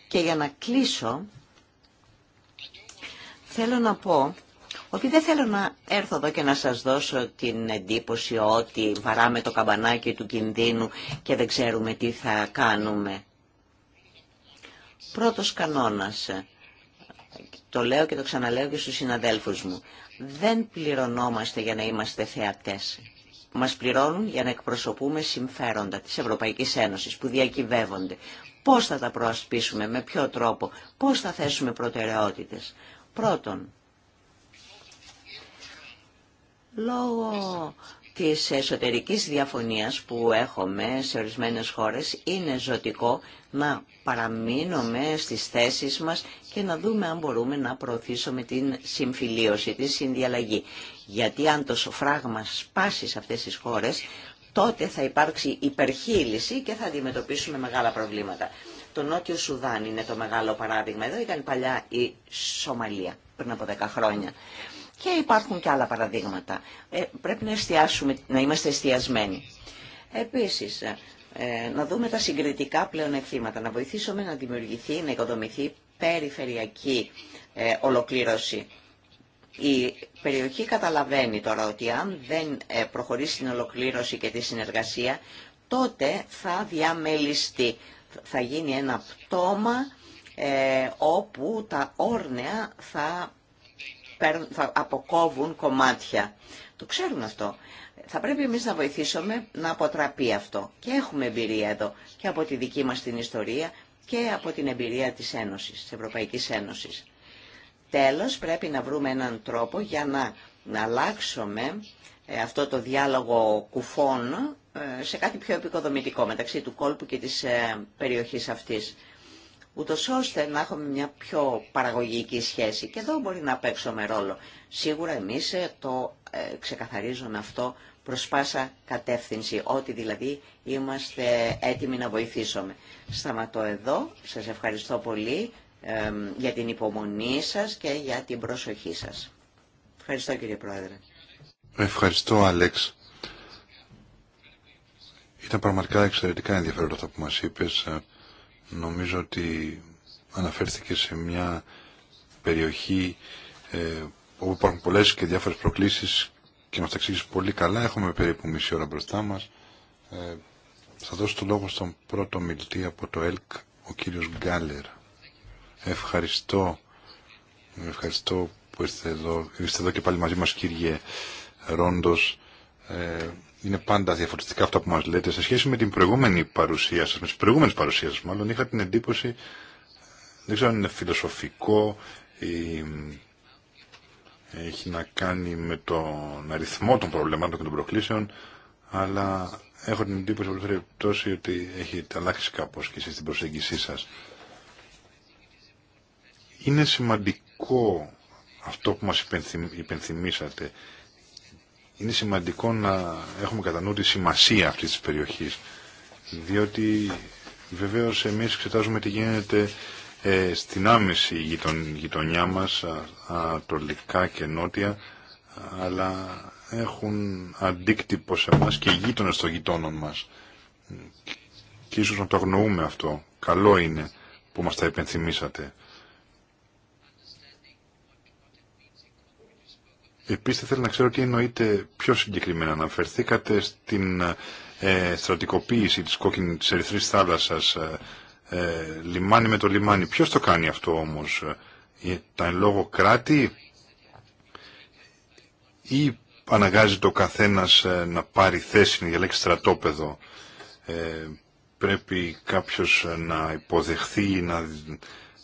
Και για να κλείσω, θέλω να πω ότι δεν θέλω να έρθω εδώ και να σας δώσω την εντύπωση ότι βαράμε το καμπανάκι του κινδύνου και δεν ξέρουμε τι θα κάνουμε. Πρώτος κανόνας, το λέω και το ξαναλέω και στους συναδέλφους μου, δεν πληρωνόμαστε για να είμαστε θεατές. Μας πληρώνουν για να εκπροσωπούμε συμφέροντα της Ευρωπαϊκής Ένωσης που διακυβεύονται. Πώς θα τα προασπίσουμε, με ποιο τρόπο, πώς θα θέσουμε προτεραιότητες. Πρώτον, λόγω της εσωτερικής διαφωνίας που έχουμε σε ορισμένες χώρες είναι ζωτικό να παραμείνουμε στις θέσεις μας και να δούμε αν μπορούμε να προωθήσουμε την συμφιλίωση, τη συνδιαλλαγή. Γιατί αν το σοφράγμα σπάσει σε αυτές τις χώρες, τότε θα υπάρξει υπερχείληση και θα αντιμετωπίσουμε μεγάλα προβλήματα. Το Νότιο Σουδάν είναι το μεγάλο παράδειγμα. Εδώ ήταν παλιά η Σομαλία πριν από 10 χρόνια. Και υπάρχουν και άλλα παραδείγματα. Ε, πρέπει να, εστιάσουμε, να είμαστε εστιασμένοι. Επίσης, ε, να δούμε τα συγκριτικά πλεονεκτήματα, να βοηθήσουμε να δημιουργηθεί, να οικοδομηθεί περιφερειακή ε, ολοκλήρωση. Η περιοχή καταλαβαίνει τώρα ότι αν δεν ε, προχωρήσει την ολοκλήρωση και τη συνεργασία, τότε θα διαμελιστεί θα γίνει ένα πτώμα ε, όπου τα όρνεα θα, θα αποκόβουν κομμάτια. Το ξέρουν αυτό. Θα πρέπει εμείς να βοηθήσουμε να αποτραπεί αυτό. Και έχουμε εμπειρία εδώ και από τη δική μας την ιστορία και από την εμπειρία της Ένωσης, της Ευρωπαϊκής Ένωσης. Τέλος, πρέπει να βρούμε έναν τρόπο για να, να αλλάξουμε ε, αυτό το διάλογο κουφών σε κάτι πιο επικοδομητικό μεταξύ του κόλπου και της ε, περιοχής αυτής ούτως ώστε να έχουμε μια πιο παραγωγική σχέση. Και εδώ μπορεί να παίξουμε ρόλο. Σίγουρα εμείς ε, το ε, ξεκαθαρίζουμε αυτό προς πάσα κατεύθυνση, ότι δηλαδή είμαστε έτοιμοι να βοηθήσουμε. Σταματώ εδώ, σας ευχαριστώ πολύ για την υπομονή σας και για την προσοχή σας. Ευχαριστώ κύριε Πρόεδρε. Ευχαριστώ Άλεξ. Ήταν πραγματικά εξαιρετικά ενδιαφέροντα αυτά που μας είπες. Ε, νομίζω ότι αναφέρθηκε σε μια περιοχή ε, όπου υπάρχουν πολλές και διάφορες προκλήσεις και μας τα εξήγησε πολύ καλά. Έχουμε περίπου μισή ώρα μπροστά μας. Ε, θα δώσω το λόγο στον πρώτο μιλτή από το ΕΛΚ, ο κύριος Γκάλερ. Ευχαριστώ. Ευχαριστώ που είστε εδώ, είστε εδώ και πάλι μαζί μας κύριε Ρόντος. Ε, είναι πάντα διαφορετικά αυτά που μας λέτε. Σε σχέση με την προηγούμενη παρουσία σας, με τις προηγούμενες παρουσίες σας μάλλον, είχα την εντύπωση, δεν ξέρω αν είναι φιλοσοφικό ή έχει να κάνει με τον αριθμό των προβλημάτων και των προκλήσεων, αλλά έχω την εντύπωση περιπτώσει ότι έχει αλλάξει κάπως και εσεί την προσέγγισή σα. Είναι σημαντικό αυτό που μας υπενθυμίσατε, είναι σημαντικό να έχουμε κατά νου τη σημασία αυτής της περιοχής διότι βεβαίως εμείς εξετάζουμε τι γίνεται ε, στην άμεση γειτον, γειτονιά μας ανατολικά και νότια αλλά έχουν αντίκτυπο σε μας και γείτονες των γειτόνων μας και ίσως να το αγνοούμε αυτό καλό είναι που μας τα επενθυμίσατε. Επίσης θέλω να ξέρω τι εννοείται πιο συγκεκριμένα. Αναφερθήκατε στην ε, στρατικοποίηση της, κόκκινη της ερυθρής θάλασσας ε, ε, λιμάνι με το λιμάνι. Ποιος το κάνει αυτό όμως, ε, τα εν λόγω κράτη ή αναγκάζει το καθένας να πάρει θέση, για λεξη στρατόπεδο. πρέπει κάποιος να υποδεχθεί, να,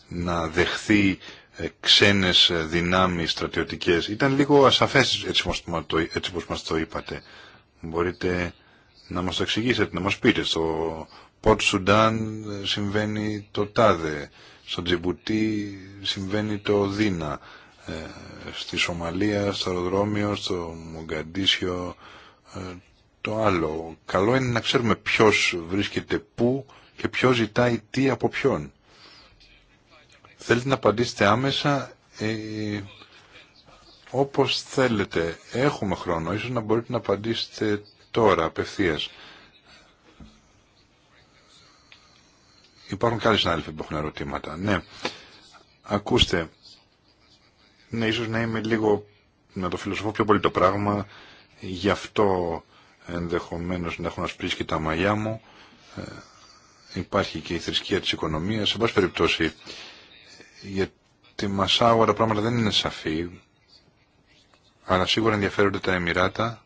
να δεχθεί ε, ξένες ε, δυνάμεις στρατιωτικές. Ήταν λίγο ασαφές έτσι όπως μας το είπατε. Μπορείτε να μας το εξηγήσετε, να μας πείτε. Στο Πότ Σουντάν ε, συμβαίνει το τάδε, στο Τζιμπουτί συμβαίνει το Δίνα, στη Σομαλία, στο αεροδρόμιο, στο Μογκαντήσιο, το άλλο. Καλό είναι να ξέρουμε ποιος βρίσκεται πού και ποιος ζητάει τι από ποιον. Θέλετε να απαντήσετε άμεσα ε, όπως θέλετε. Έχουμε χρόνο. Ίσως να μπορείτε να απαντήσετε τώρα, απευθείας. Υπάρχουν και άλλοι συνάδελφοι που έχουν ερωτήματα. Ναι, ακούστε. Ναι, ίσως να είμαι λίγο, να το φιλοσοφώ πιο πολύ το πράγμα. Γι' αυτό ενδεχομένως να έχω να και τα μαλλιά μου. Ε, υπάρχει και η θρησκεία της οικονομίας. Σε πάση περιπτώσει, για τη Μασάουα τα πράγματα δεν είναι σαφή, αλλά σίγουρα ενδιαφέρονται τα Εμμυράτα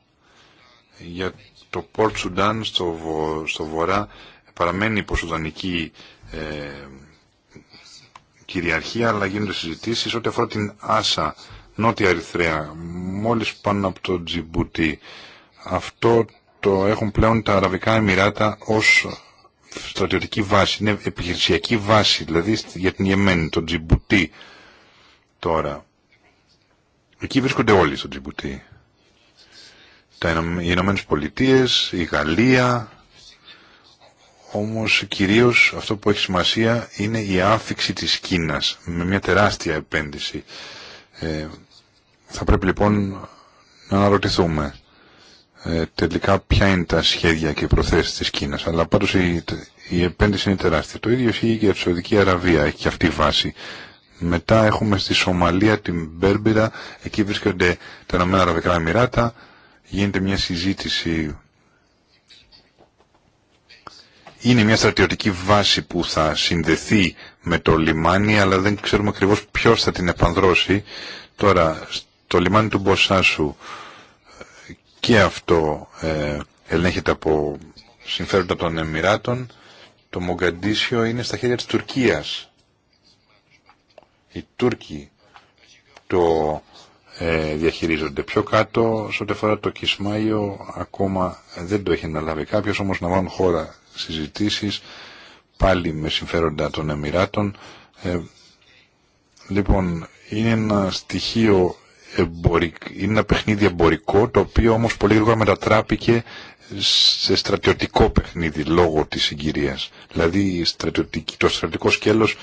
για το Πόρτ Σουντάν στο, στο βορρά παραμένει υποσουδανική ε, κυριαρχία, αλλά γίνονται συζητήσεις ό,τι αφορά την Άσα, Νότια Ερυθρέα, μόλις πάνω από το Τζιμπούτι. Αυτό το έχουν πλέον τα Αραβικά Εμμυράτα ως στρατιωτική βάση, είναι επιχειρησιακή βάση, δηλαδή για την Ιεμένη, τον Τζιμπουτί τώρα. Εκεί βρίσκονται όλοι στο Τζιμπουτί. Τα οι Ηνωμένε Πολιτείε, η Γαλλία, όμως κυρίω αυτό που έχει σημασία είναι η άφηξη της Κίνας με μια τεράστια επένδυση. Ε, θα πρέπει λοιπόν να αναρωτηθούμε ε, τελικά ποια είναι τα σχέδια και οι προθέσεις της Κίνας. Αλλά πάντως η, επένδυση είναι τεράστια. Το ίδιο ισχύει και για τη Σαουδική Αραβία, έχει και αυτή η βάση. Μετά έχουμε στη Σομαλία την Μπέρμπυρα, εκεί βρίσκονται τα Ηνωμένα Αραβικά Εμμυράτα, γίνεται μια συζήτηση είναι μια στρατιωτική βάση που θα συνδεθεί με το λιμάνι, αλλά δεν ξέρουμε ακριβώς ποιος θα την επανδρώσει. Τώρα, στο λιμάνι του Μποσάσου, και αυτό ε, ελέγχεται από συμφέροντα των Εμμυράτων. Το Μογκαντήσιο είναι στα χέρια της Τουρκίας. Οι Τούρκοι το ε, διαχειρίζονται. Πιο κάτω, σε ό,τι το Κισμάιο, ακόμα δεν το έχει αναλάβει κάποιος, όμως να βάλουν χώρα συζητήσεις, πάλι με συμφέροντα των Εμμυράτων. Ε, λοιπόν, είναι ένα στοιχείο είναι ένα παιχνίδι εμπορικό το οποίο όμως πολύ γρήγορα μετατράπηκε σε στρατιωτικό παιχνίδι λόγω της συγκυρίας. Δηλαδή το στρατιωτικό σκέλος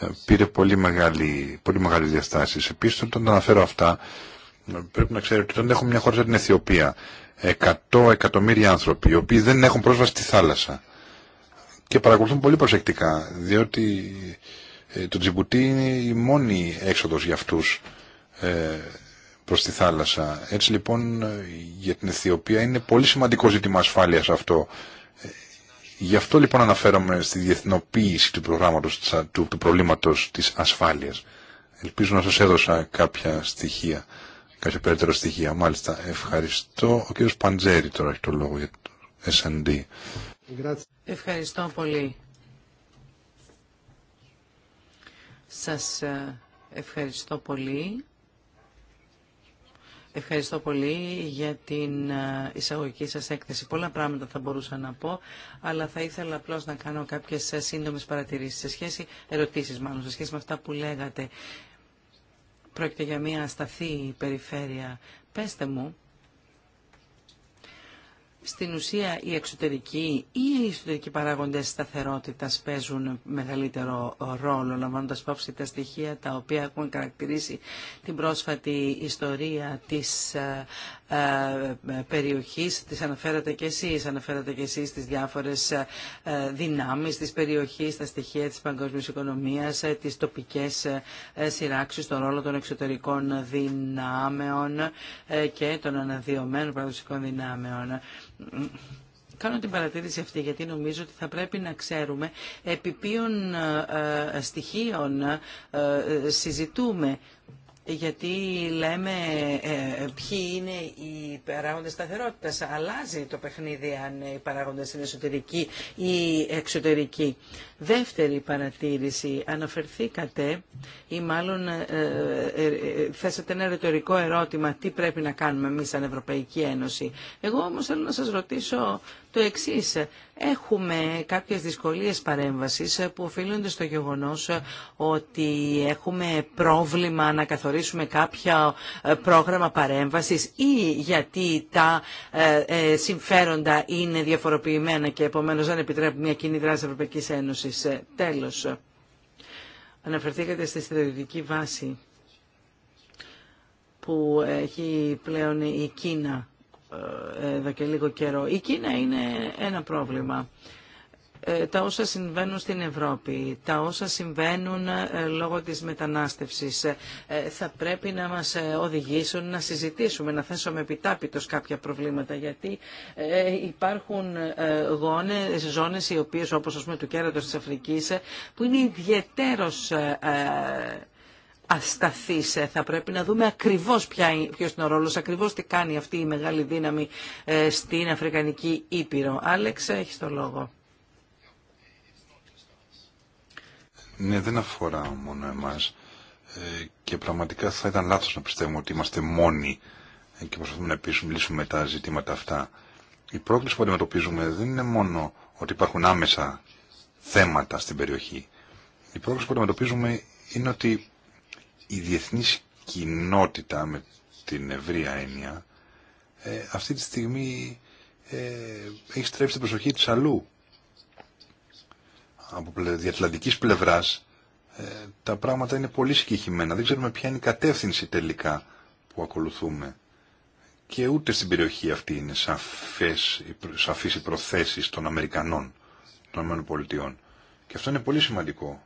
ε, πήρε πολύ μεγάλη, πολύ μεγάλη διαστάσεις. Επίσης όταν τα αναφέρω αυτά πρέπει να ξέρω ότι όταν έχουμε μια χώρα σαν την Αιθιοπία 100 εκατομμύρια άνθρωποι οι οποίοι δεν έχουν πρόσβαση στη θάλασσα και παρακολουθούν πολύ προσεκτικά διότι ε, το Τζιμπουτί είναι η μόνη έξοδος για αυτούς ε, προς τη θάλασσα. Έτσι λοιπόν για την Αιθιοπία είναι πολύ σημαντικό ζήτημα ασφάλεια αυτό. Ε, γι' αυτό λοιπόν αναφέρομαι στη διεθνοποίηση του, προγράμματος, του, του προβλήματος της ασφάλειας. Ελπίζω να σας έδωσα κάποια στοιχεία, κάποια περαιτέρω στοιχεία. Μάλιστα, ευχαριστώ. Ο κ. Παντζέρη τώρα έχει το λόγο για το S&D. Ευχαριστώ πολύ. Σας ε, ευχαριστώ πολύ. Ευχαριστώ πολύ για την ε, εισαγωγική σας έκθεση. Πολλά πράγματα θα μπορούσα να πω, αλλά θα ήθελα απλώς να κάνω κάποιες ε, σύντομες παρατηρήσεις σε σχέση, ερωτήσεις μάλλον, σε σχέση με αυτά που λέγατε. Πρόκειται για μια ασταθή περιφέρεια. Πέστε μου, στην ουσία οι εξωτερικοί ή οι εσωτερικοί παράγοντες σταθερότητας παίζουν μεγαλύτερο ρόλο, λαμβάνοντας υπόψη τα στοιχεία τα οποία έχουν χαρακτηρίσει την πρόσφατη ιστορία της ε, ε, ε, περιοχής, τις αναφέρατε και εσείς, αναφέρατε και εσείς τις διάφορες ε, δυνάμεις της περιοχής, τα στοιχεία της παγκόσμιας οικονομίας, τις τοπικές σειράξεις, τον ρόλο των εξωτερικών δυνάμεων και των αναδειωμένων παραδοσιακών δυνάμεων. Κάνω την παρατήρηση αυτή γιατί νομίζω ότι θα πρέπει να ξέρουμε επί ποιων στοιχείων συζητούμε γιατί λέμε ε, ποιοι είναι οι παράγοντες σταθερότητα, Αλλάζει το παιχνίδι αν οι παράγοντες είναι εσωτερικοί ή εξωτερικοί. Δεύτερη παρατήρηση. Αναφερθήκατε ή μάλλον ε, ε, ε, θέσατε ένα ρητορικό ερώτημα τι πρέπει να κάνουμε εμείς σαν Ευρωπαϊκή Ένωση. Εγώ όμως θέλω να σας ρωτήσω το εξής. Έχουμε κάποιες δυσκολίες παρέμβασης που οφείλονται στο γεγονός ότι έχουμε πρόβλημα να καθορίσουμε κάποια ε, πρόγραμμα παρέμβασης ή γιατί τα ε, ε, συμφέροντα είναι διαφοροποιημένα και επομένως δεν επιτρέπουν μια κοινή δράση της Ευρωπαϊκής Ένωσης. Τέλος, αναφερθήκατε στη στρατιωτική βάση που έχει πλέον η Κίνα ε, εδώ και λίγο καιρό. Η Κίνα είναι ένα πρόβλημα. Ε, τα όσα συμβαίνουν στην Ευρώπη, τα όσα συμβαίνουν ε, λόγω της μετανάστευσης θα πρέπει να μας οδηγήσουν να συζητήσουμε, να θέσουμε επιτάπητος κάποια προβλήματα γιατί υπάρχουν γόνες, ζώνες οι οποίες όπως ας πούμε του κέρατος της Αφρικής που είναι ιδιαίτερος ασταθής. Ε, θα πρέπει να δούμε ακριβώς ποια, ποιος είναι ο ρόλος, ακριβώς τι κάνει αυτή η μεγάλη δύναμη ε, στην Αφρικανική Ήπειρο. Άλεξ, έχει το λόγο. Ναι, δεν αφορά μόνο εμάς ε, και πραγματικά θα ήταν λάθος να πιστεύουμε ότι είμαστε μόνοι και προσπαθούμε να λύσουμε τα ζητήματα αυτά. Η πρόκληση που αντιμετωπίζουμε δεν είναι μόνο ότι υπάρχουν άμεσα θέματα στην περιοχή. Η πρόκληση που αντιμετωπίζουμε είναι ότι η διεθνής κοινότητα με την ευρία έννοια ε, αυτή τη στιγμή ε, έχει στρέψει την προσοχή της αλλού. Από διατλαντικής πλευράς ε, τα πράγματα είναι πολύ συγκεχημένα. Δεν ξέρουμε ποια είναι η κατεύθυνση τελικά που ακολουθούμε. Και ούτε στην περιοχή αυτή είναι σαφές, σαφής οι προθέσεις των Αμερικανών, των ΗΠΑ. Και αυτό είναι πολύ σημαντικό.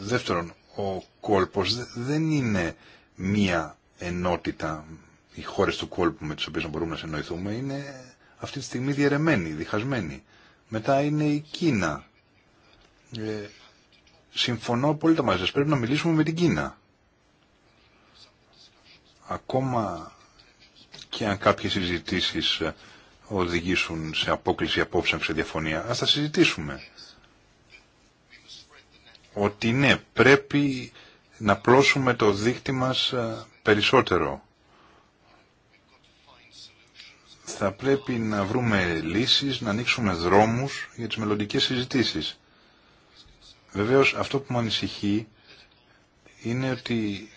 Δεύτερον, ο κόλπος δεν είναι μία ενότητα, οι χώρες του κόλπου με τις οποίες μπορούμε να συνοηθούμε, είναι αυτή τη στιγμή διαιρεμένοι, διχασμένοι. Μετά είναι η Κίνα. Ε, συμφωνώ πολύ τα μαζί πρέπει να μιλήσουμε με την Κίνα. Ακόμα και αν κάποιες συζητήσεις ε, οδηγήσουν σε απόκληση απόψεων σε διαφωνία, ας τα συζητήσουμε ότι ναι, πρέπει να πλώσουμε το δίκτυ μας ε, περισσότερο. Θα πρέπει να βρούμε λύσεις, να ανοίξουμε δρόμους για τις μελλοντικές συζητήσεις. Βεβαίως αυτό που με ανησυχεί είναι ότι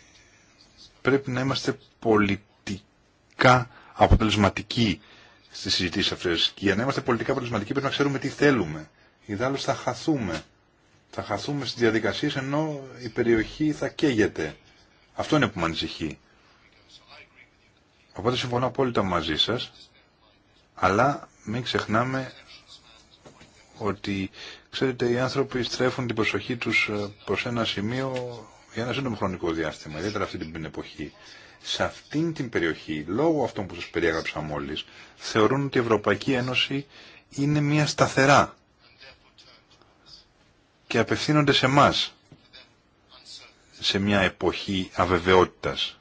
πρέπει να είμαστε πολιτικά αποτελεσματικοί στις συζητήσεις αυτές. Και για να είμαστε πολιτικά αποτελεσματικοί πρέπει να ξέρουμε τι θέλουμε. Ιδάλλως θα χαθούμε θα χαθούμε στις διαδικασίες ενώ η περιοχή θα καίγεται. Αυτό είναι που με ανησυχεί. Οπότε συμφωνώ απόλυτα μαζί σας, αλλά μην ξεχνάμε ότι, ξέρετε, οι άνθρωποι στρέφουν την προσοχή τους ε, προς ένα σημείο για ένα σύντομο χρονικό διάστημα, ιδιαίτερα αυτή την εποχή. Σε αυτήν την περιοχή, λόγω αυτών που σας περιέγραψα μόλις, θεωρούν ότι η Ευρωπαϊκή Ένωση είναι μια σταθερά και απευθύνονται σε μας σε μια εποχή αβεβαιότητας.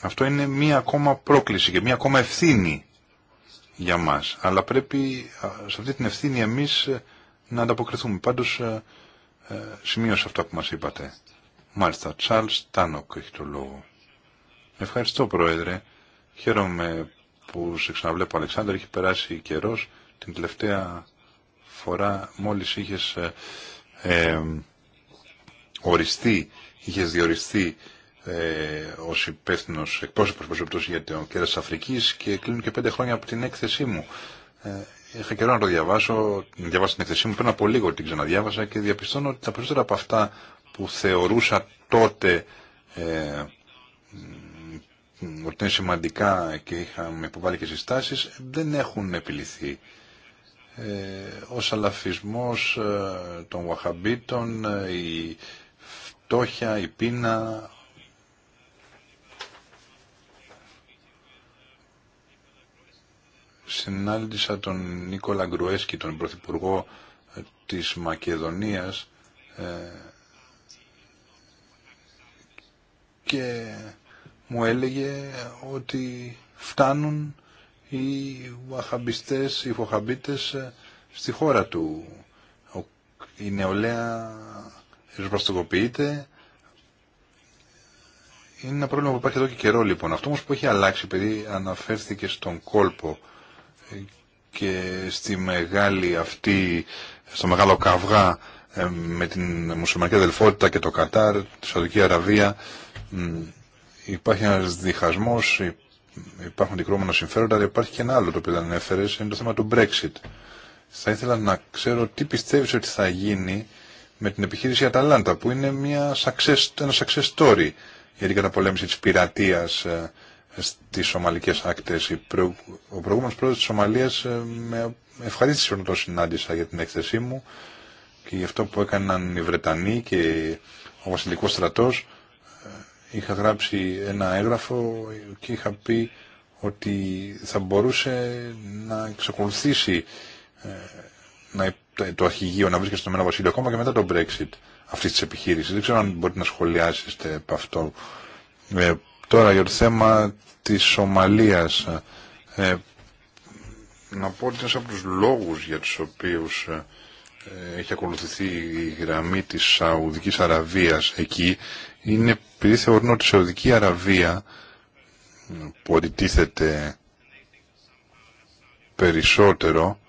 Αυτό είναι μία ακόμα πρόκληση και μία ακόμα ευθύνη για μας. Αλλά πρέπει σε αυτή την ευθύνη εμείς ε, να ανταποκριθούμε. Πάντως ε, ε, σημείωσα αυτό που μας είπατε. Μάλιστα, Τσάλς Τάνοκ έχει το λόγο. Ευχαριστώ Πρόεδρε. Χαίρομαι που σε ξαναβλέπω Αλεξάνδρου. Έχει περάσει καιρός. Την τελευταία φορά μόλις είχες ε, ε, οριστεί, είχες διοριστεί ε, ω υπεύθυνο εκπρόσωπο προσωπικού για το κέρα τη Αφρική και κλείνουν και πέντε χρόνια από την έκθεσή μου. Ε, είχα καιρό να το διαβάσω, διαβάσω την έκθεσή μου πριν από λίγο την ξαναδιάβασα και διαπιστώνω ότι τα περισσότερα από αυτά που θεωρούσα τότε ε, ότι είναι σημαντικά και είχαμε υποβάλει και συστάσεις δεν έχουν επιληθεί. Ε, ο σαλαφισμός ε, των Βαχαμπίτων, ε, η φτώχεια, η πείνα. Συνάντησα τον Νίκολα Γκρουέσκι, τον Πρωθυπουργό της Μακεδονίας και μου έλεγε ότι φτάνουν οι βαχαμπιστές, οι φοχαμπίτες στη χώρα του. Η νεολαία ριζοπαστοκοποιείται. Είναι ένα πρόβλημα που υπάρχει εδώ και καιρό λοιπόν. Αυτό όμως που έχει αλλάξει επειδή αναφέρθηκε στον κόλπο ε, και στη μεγάλη αυτή, στο μεγάλο καυγά ε, με την μουσουλμανική αδελφότητα και το Κατάρ, τη Σαουδική Αραβία υπάρχει ένας διχασμός, υπάρχουν δικρόμενα συμφέροντα, αλλά υπάρχει και ένα άλλο το οποίο δεν ανέφερε, είναι το θέμα του Brexit. Θα ήθελα να ξέρω τι πιστεύει ότι θα γίνει με την επιχείρηση Αταλάντα, που είναι μια success, ένα success story για την καταπολέμηση τη πειρατεία ε, στι Ομαλικέ ακτέ. Ο προηγούμενο πρόεδρο τη Ομαλία ε, με ευχαρίστησε όταν το συνάντησα για την έκθεσή μου και γι' αυτό που έκαναν οι Βρετανοί και ο Βασιλικός στρατό είχα γράψει ένα έγγραφο και είχα πει ότι θα μπορούσε να εξακολουθήσει ε, να, το αρχηγείο να βρίσκεται στο μένα Βασίλειο ακόμα και μετά το Brexit αυτή τη επιχείρηση. Δεν ξέρω αν μπορείτε να σχολιάσετε από αυτό. Ε, τώρα για το θέμα της Σομαλίας. Ε, να πω ότι ένα από τους λόγους για τους οποίους ε, έχει ακολουθηθεί η γραμμή της Σαουδικής Αραβίας εκεί είναι επειδή θεωρούν ότι η Σαουδική Αραβία που αντιτίθεται περισσότερο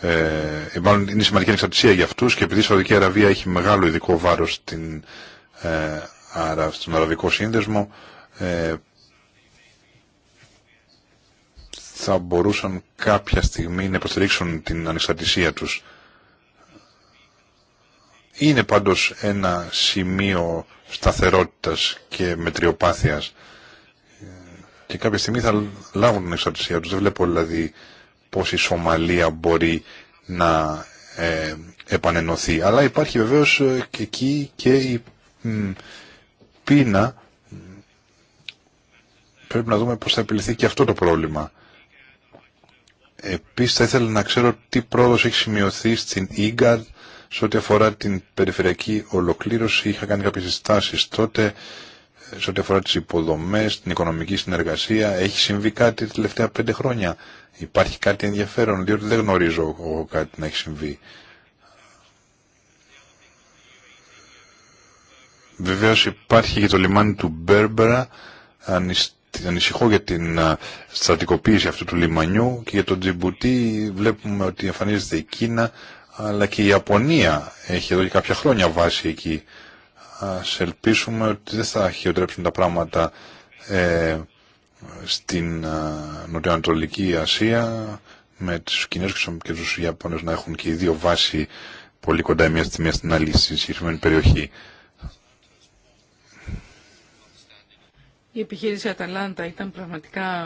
ε, ε είναι σημαντική ανεξαρτησία για αυτούς και επειδή η Σαουδική Αραβία έχει μεγάλο ειδικό βάρος στην, ε, στον Αραβικό Σύνδεσμο ε, θα μπορούσαν κάποια στιγμή να υποστηρίξουν την ανεξαρτησία τους είναι πάντως ένα σημείο σταθερότητας και μετριοπάθειας και κάποια στιγμή θα λάβουν την εξαρτησία τους. Δεν βλέπω δηλαδή πώς η Σομαλία μπορεί να ε, επανενωθεί. Αλλά υπάρχει βεβαίως ε, και εκεί και η πίνα πείνα. Πρέπει να δούμε πώς θα επιληθεί και αυτό το πρόβλημα. Επίσης θα ήθελα να ξέρω τι πρόοδος έχει σημειωθεί στην Ίγκαρ, σε ό,τι αφορά την περιφερειακή ολοκλήρωση είχα κάνει κάποιες συστάσεις τότε σε ό,τι αφορά τις υποδομές, την οικονομική συνεργασία. Έχει συμβεί κάτι τα τελευταία πέντε χρόνια. Υπάρχει κάτι ενδιαφέρον, διότι δεν γνωρίζω εγώ κάτι να έχει συμβεί. Βεβαίω υπάρχει και το λιμάνι του Μπέρμπερα, ανησυχώ για την στρατικοποίηση αυτού του λιμανιού και για τον Τζιμπουτί βλέπουμε ότι εμφανίζεται η Κίνα αλλά και η Ιαπωνία έχει εδώ και κάποια χρόνια βάση εκεί. Ας ελπίσουμε ότι δεν θα χειροτρέψουν τα πράγματα ε, στην Νοτιοανατολική Ασία με τους Κινέζους και τους Ιαπωνές να έχουν και οι δύο βάση πολύ κοντά η μία στη μία στην άλλη στη συγκεκριμένη περιοχή. Η επιχείρηση Αταλάντα ήταν πραγματικά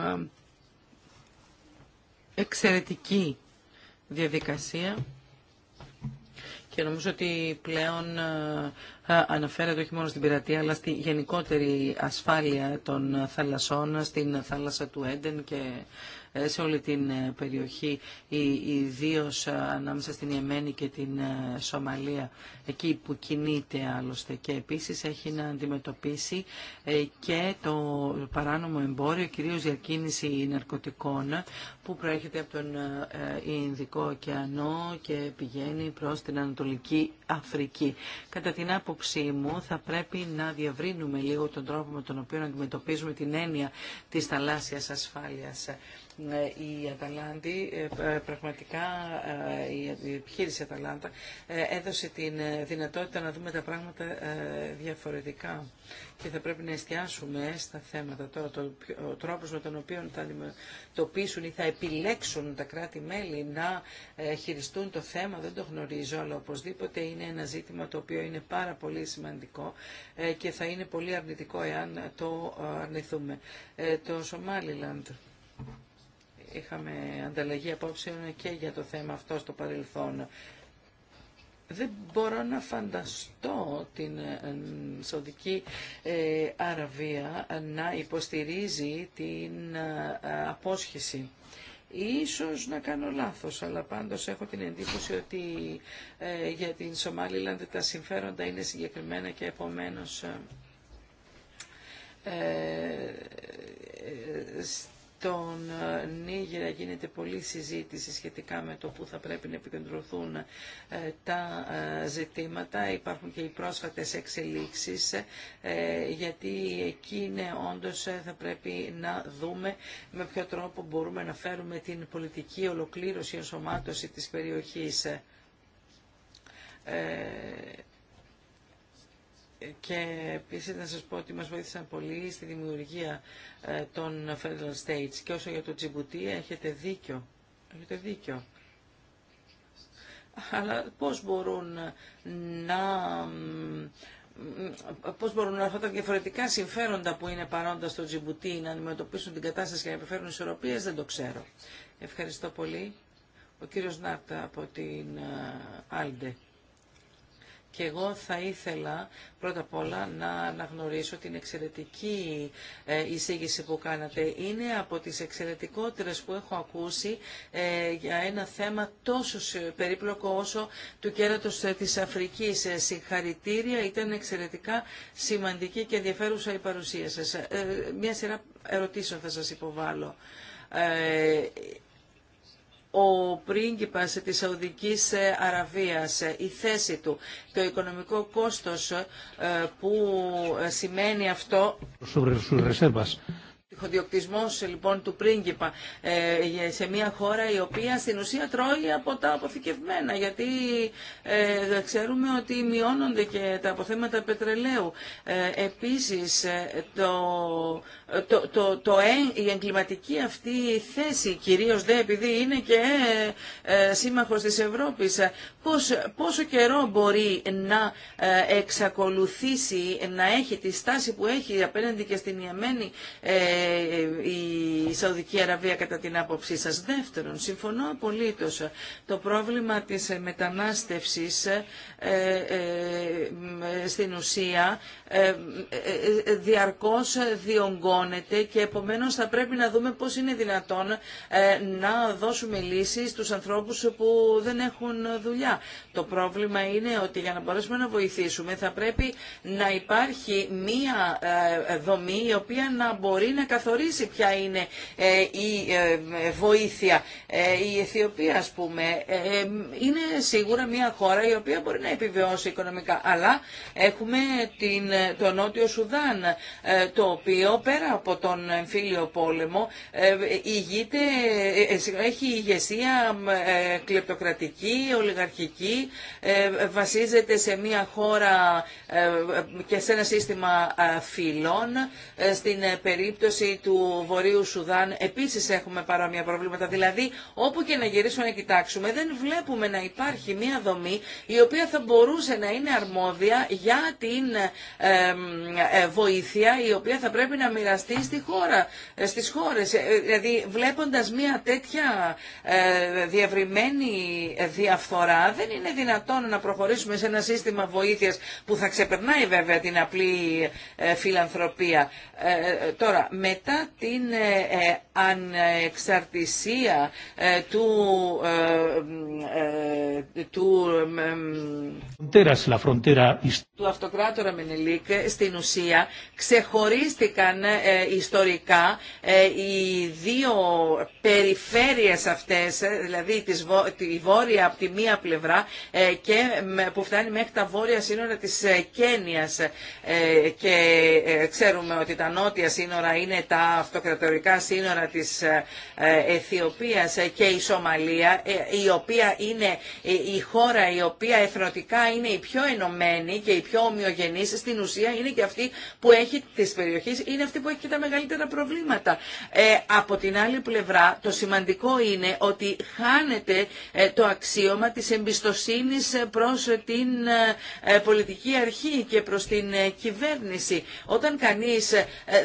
εξαιρετική διαδικασία και νομίζω ότι πλέον ε, ε, αναφέρεται όχι μόνο στην πειρατεία, αλλά στη γενικότερη ασφάλεια των θαλασσών, στην θάλασσα του Έντεν και ε, σε όλη την περιοχή, ιδίω ανάμεσα στην Ιεμένη και την Σομαλία εκεί που κινείται άλλωστε και επίσης έχει να αντιμετωπίσει ε, και το παράνομο εμπόριο, κυρίως διακίνηση ναρκωτικών που προέρχεται από τον ε, ε, Ινδικό ωκεανό και πηγαίνει προς την Ανατολική Αφρική. Κατά την άποψή μου θα πρέπει να διαβρύνουμε λίγο τον τρόπο με τον οποίο αντιμετωπίζουμε την έννοια της θαλάσσιας ασφάλειας η Αταλάντη, πραγματικά η επιχείρηση Αταλάντα έδωσε την δυνατότητα να δούμε τα πράγματα ε, διαφορετικά και θα πρέπει να εστιάσουμε στα θέματα. Τώρα, το, ο τρόπος με τον οποίο θα αντιμετωπίσουν ή θα επιλέξουν τα κράτη-μέλη να ε, χειριστούν το θέμα δεν το γνωρίζω, αλλά οπωσδήποτε είναι ένα ζήτημα το οποίο είναι πάρα πολύ σημαντικό ε, και θα είναι πολύ αρνητικό εάν το αρνηθούμε. Το Σομάλιλαντ είχαμε ανταλλαγή απόψεων και για το θέμα αυτό στο παρελθόν δεν μπορώ να φανταστώ την ε, Σαουδική ε, Αραβία να υποστηρίζει την ε, απόσχηση. Ίσως να κάνω λάθος, αλλά πάντως έχω την εντύπωση ότι για την Σομαλίλανδη τα συμφέροντα είναι συγκεκριμένα και επομένως τον ε, Νίγηρα γίνεται πολλή συζήτηση σχετικά με το που θα πρέπει να επικεντρωθούν ε, τα ε, ζητήματα. Υπάρχουν και οι πρόσφατες εξελίξεις, γιατί εκεί είναι όντως θα πρέπει να δούμε με ποιο τρόπο μπορούμε να φέρουμε την πολιτική ολοκλήρωση, ενσωμάτωση της περιοχής και επίση να σας πω ότι μας βοήθησαν πολύ στη δημιουργία ε, των Federal States. Και όσο για το Τζιμπουτί έχετε δίκιο. Έχετε δίκιο. Αλλά πώς μπορούν να πώς μπορούν αυτά τα διαφορετικά συμφέροντα που είναι παρόντα στο Τζιμπουτί να αντιμετωπίσουν την κατάσταση και να επιφέρουν ισορροπίες, δεν το ξέρω. Ευχαριστώ πολύ. Ο κύριος Νάρτα από την ε, Άλντε. Και εγώ θα ήθελα πρώτα απ' όλα να αναγνωρίσω την εξαιρετική ε, εισήγηση που κάνατε. Είναι από τις εξαιρετικότερες που έχω ακούσει ε, για ένα θέμα τόσο περίπλοκο όσο του κέρατος ε, της Αφρικής. Συγχαρητήρια, ήταν εξαιρετικά σημαντική και ενδιαφέρουσα η παρουσία σας. Μια σειρά ερωτήσεων θα σας υποβάλω ο πρίγκιπας της Σαουδικής ε, Αραβίας, ε, η θέση του, το οικονομικό κόστος ε, που σημαίνει αυτό. Χοδιοκτισμός ε, λοιπόν του πρίγκιπα ε, ε, σε μια χώρα η οποία στην ουσία τρώει από τα αποθηκευμένα γιατί ξέρουμε ότι μειώνονται και τα αποθέματα πετρελαίου. Ε, επίσης το, το, το, το, η εγκληματική αυτή θέση κυρίως δε επειδή είναι και ε, σύμμαχος της Ευρώπης πώς, πόσο καιρό μπορεί να εξακολουθήσει να έχει τη στάση που έχει απέναντι και στην Ιεμένη ε, η Σαουδική Αραβία κατά την άποψή σας. Δεύτερον, συμφωνώ απολύτως. Το πρόβλημα της μετανάστευσης ε, ε, στην ουσία διαρκώς διονγκώνεται και επομένως θα πρέπει να δούμε πώς είναι δυνατόν να δώσουμε λύσεις στους ανθρώπους που δεν έχουν δουλειά. Το πρόβλημα είναι ότι για να μπορέσουμε να βοηθήσουμε θα πρέπει να υπάρχει μία δομή η οποία να μπορεί να καθορίσει ποια είναι ε, η ε, βοήθεια. Ε, η Αιθιοπία, ας πούμε, είναι σίγουρα μια χώρα η οποία μπορεί να επιβιώσει οικονομικά. Αλλά έχουμε την, το Νότιο Σουδάν, το οποίο πέρα από τον εμφύλιο πόλεμο ηγείται, έχει ηγεσία κλεπτοκρατική, ολιγαρχική, βασίζεται σε μια χώρα και σε ένα σύστημα φυλών. Στην περίπτωση του Βορείου Σουδάν επίσης έχουμε παρόμοια προβλήματα. Δηλαδή όπου και να γυρίσουμε να κοιτάξουμε δεν βλέπουμε να υπάρχει μια δομή η οποία θα μπορούσε να είναι αρμόδια για την ε, βοήθεια η οποία θα πρέπει να μοιραστεί στη χώρα, ε, στις χώρες. Ε, δηλαδή βλέποντας μια τέτοια ε, διευρυμένη διαφθορά δεν είναι δυνατόν να προχωρήσουμε σε ένα σύστημα βοήθειας που θα ξεπερνάει βέβαια την απλή φιλανθρωπία. Τώρα, με μετά την ανεξαρτησία του του, του αυτοκράτορα Μενελίκ στην ουσία ξεχωρίστηκαν ε, ιστορικά ε, οι δύο περιφέρειες αυτές, ε, δηλαδή τη βόρεια από τη μία πλευρά και που φτάνει μέχρι τα βόρεια σύνορα της Κένιας και ξέρουμε ότι τα νότια σύνορα είναι τα αυτοκρατορικά σύνορα της ε, ε, Αιθιοπίας και η Σομαλία, ε, η οποία είναι η χώρα η οποία εθνοτικά είναι η πιο ενωμένη και η πιο ομοιογενής, στην ουσία είναι και αυτή που έχει τις περιοχές, είναι αυτή που έχει και τα μεγαλύτερα προβλήματα. από την άλλη πλευρά, το σημαντικό είναι ότι χάνεται το αξίωμα της εμπιστοσύνης προς την πολιτική αρχή και προς την κυβέρνηση. Όταν κανείς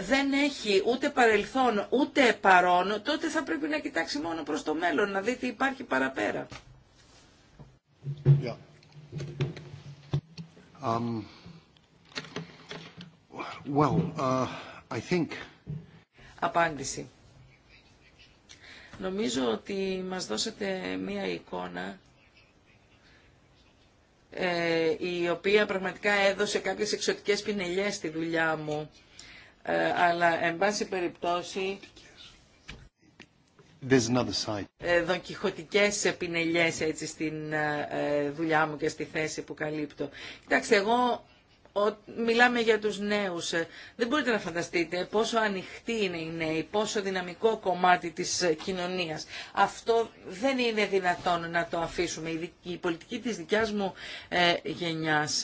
δεν έχει ούτε παρελθόν ούτε παρόν, τότε θα πρέπει να κοιτάξει μόνο προς το μέλλον, να δει τι υπάρχει παραπέρα. Um, well, uh, I think... Απάντηση. Νομίζω ότι μας δώσετε μία εικόνα ε, η οποία πραγματικά έδωσε κάποιες εξωτικές πινελιές στη δουλειά μου. Ε, αλλά εν πάση περιπτώσει ε, δοκιχωτικές επινελιές έτσι στην ε, δουλειά μου και στη θέση που καλύπτω. Κοιτάξτε, εγώ μιλάμε για τους νέους. Δεν μπορείτε να φανταστείτε πόσο ανοιχτοί είναι οι νέοι, πόσο δυναμικό κομμάτι της κοινωνίας. Αυτό δεν είναι δυνατόν να το αφήσουμε. Η πολιτική της δικιάς μου γενιάς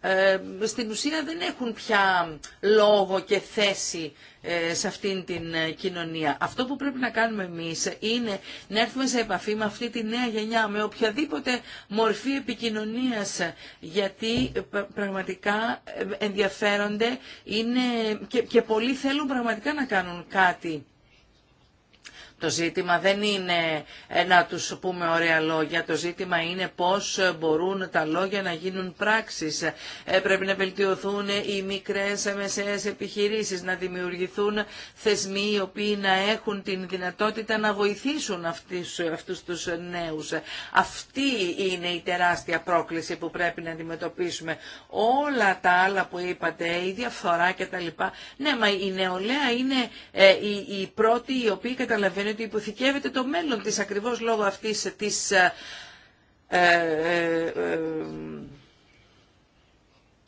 ε, στην ουσία δεν έχουν πια λόγο και θέση ε, σε αυτήν την ε, κοινωνία. Αυτό που πρέπει να κάνουμε εμείς είναι να έρθουμε σε επαφή με αυτή τη νέα γενιά, με οποιαδήποτε μορφή επικοινωνίας, γιατί πραγματικά ενδιαφέρονται είναι και, και πολλοί θέλουν πραγματικά να κάνουν κάτι. Το ζήτημα δεν είναι ε, να τους πούμε ωραία λόγια, το ζήτημα είναι πώς μπορούν τα λόγια να γίνουν πράξεις. Ε, πρέπει να βελτιωθούν οι μικρές μεσαίες επιχειρήσεις, να δημιουργηθούν θεσμοί οι οποίοι να έχουν την δυνατότητα να βοηθήσουν αυτούς, αυτούς τους νέους. Αυτή είναι η τεράστια πρόκληση που πρέπει να αντιμετωπίσουμε. Όλα τα άλλα που είπατε, η διαφθορά κτλ. Ναι, μα η νεολαία είναι ε, η πρώτη η οποία καταλαβαίνει ότι υποθηκεύεται το μέλλον της ακριβώς λόγω αυτής της ε, ε, ε, ε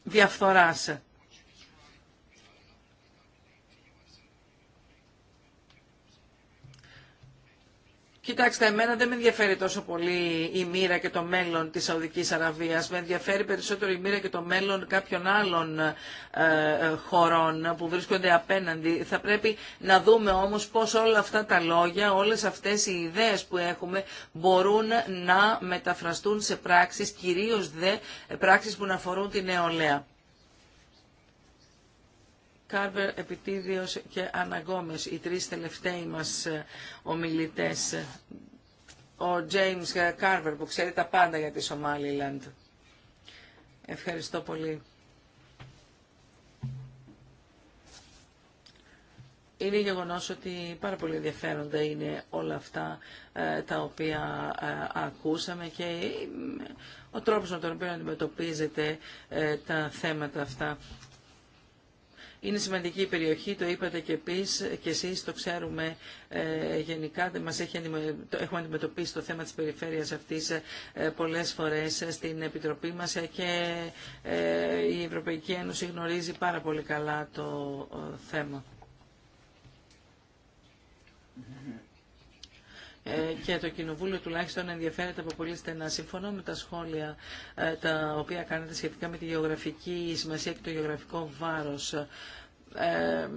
διαφθοράς. Κοιτάξτε, εμένα δεν με ενδιαφέρει τόσο πολύ η μοίρα και το μέλλον της Σαουδικής Αραβίας. Με ενδιαφέρει περισσότερο η μοίρα και το μέλλον κάποιων άλλων ε, ε, χωρών που βρίσκονται απέναντι. Θα πρέπει να δούμε όμως πώς όλα αυτά τα λόγια, όλες αυτές οι ιδέες που έχουμε μπορούν να μεταφραστούν σε πράξεις, κυρίως δε πράξεις που να αφορούν τη νεολαία. Κάρβερ, Επιτίδιος και Αναγκόμες, οι τρεις τελευταίοι μας ε, ομιλητές. Ο Τζέιμς Κάρβερ που ξέρει τα πάντα για τη Σομάλιλαντ. Ευχαριστώ πολύ. Είναι γεγονό ότι πάρα πολύ ενδιαφέροντα είναι όλα αυτά ε, τα οποία ε, ακούσαμε και ο τρόπος με τον οποίο αντιμετωπίζετε τα θέματα αυτά. Είναι σημαντική η περιοχή, το είπατε και, επίσης, και εσείς, το ξέρουμε ε, γενικά. Μας έχει, έχουμε αντιμετωπίσει το θέμα της περιφέρειας αυτής ε, πολλές φορές ε, στην Επιτροπή μας ε, και ε, η Ευρωπαϊκή Ένωση γνωρίζει πάρα πολύ καλά το θέμα. Ε, και το Κοινοβούλιο τουλάχιστον ενδιαφέρεται από πολύ στενά. Συμφωνώ με τα σχόλια ε, τα οποία κάνετε σχετικά με τη γεωγραφική σημασία και το γεωγραφικό βάρος. Ε,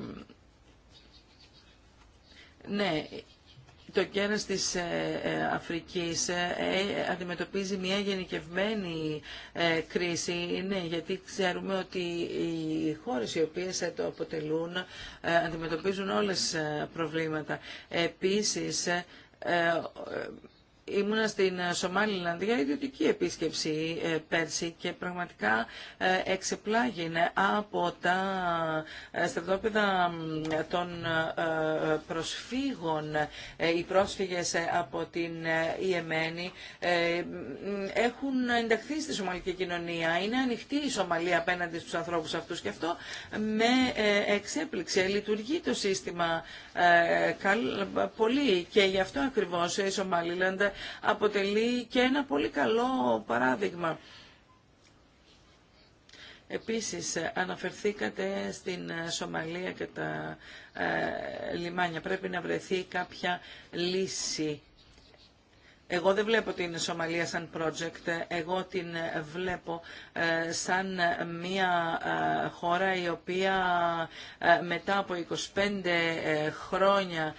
ναι, το κέρας της Αφρικής αντιμετωπίζει μια γενικευμένη κρίση, ναι, γιατί ξέρουμε ότι οι χώρες οι οποίες το αποτελούν αντιμετωπίζουν όλες προβλήματα. Επίσης, ε, Ήμουνα στην ε, Σομάλιλανδία ιδιωτική επίσκεψη ε, πέρσι και πραγματικά ε, εξεπλάγινε από τα στρατόπεδα των προσφύγων. Οι πρόσφυγες από την Ιεμένη έχουν ενταχθεί στη Σομαλική κοινωνία. Είναι ανοιχτή η Σομαλία απέναντι στους ανθρώπους αυτούς και αυτό με εξέπληξε. Λειτουργεί το σύστημα πολύ και γι' αυτό ακριβώς η Σομαλίλανδα αποτελεί και ένα πολύ καλό παράδειγμα. Επίσης αναφερθήκατε στην Σομαλία και τα ε, λιμάνια. Πρέπει να βρεθεί κάποια λύση εγώ δεν βλέπω την Σομαλία σαν project, εγώ την βλέπω ε, σαν μια ε, χώρα η οποία ε, μετά από 25 χρόνια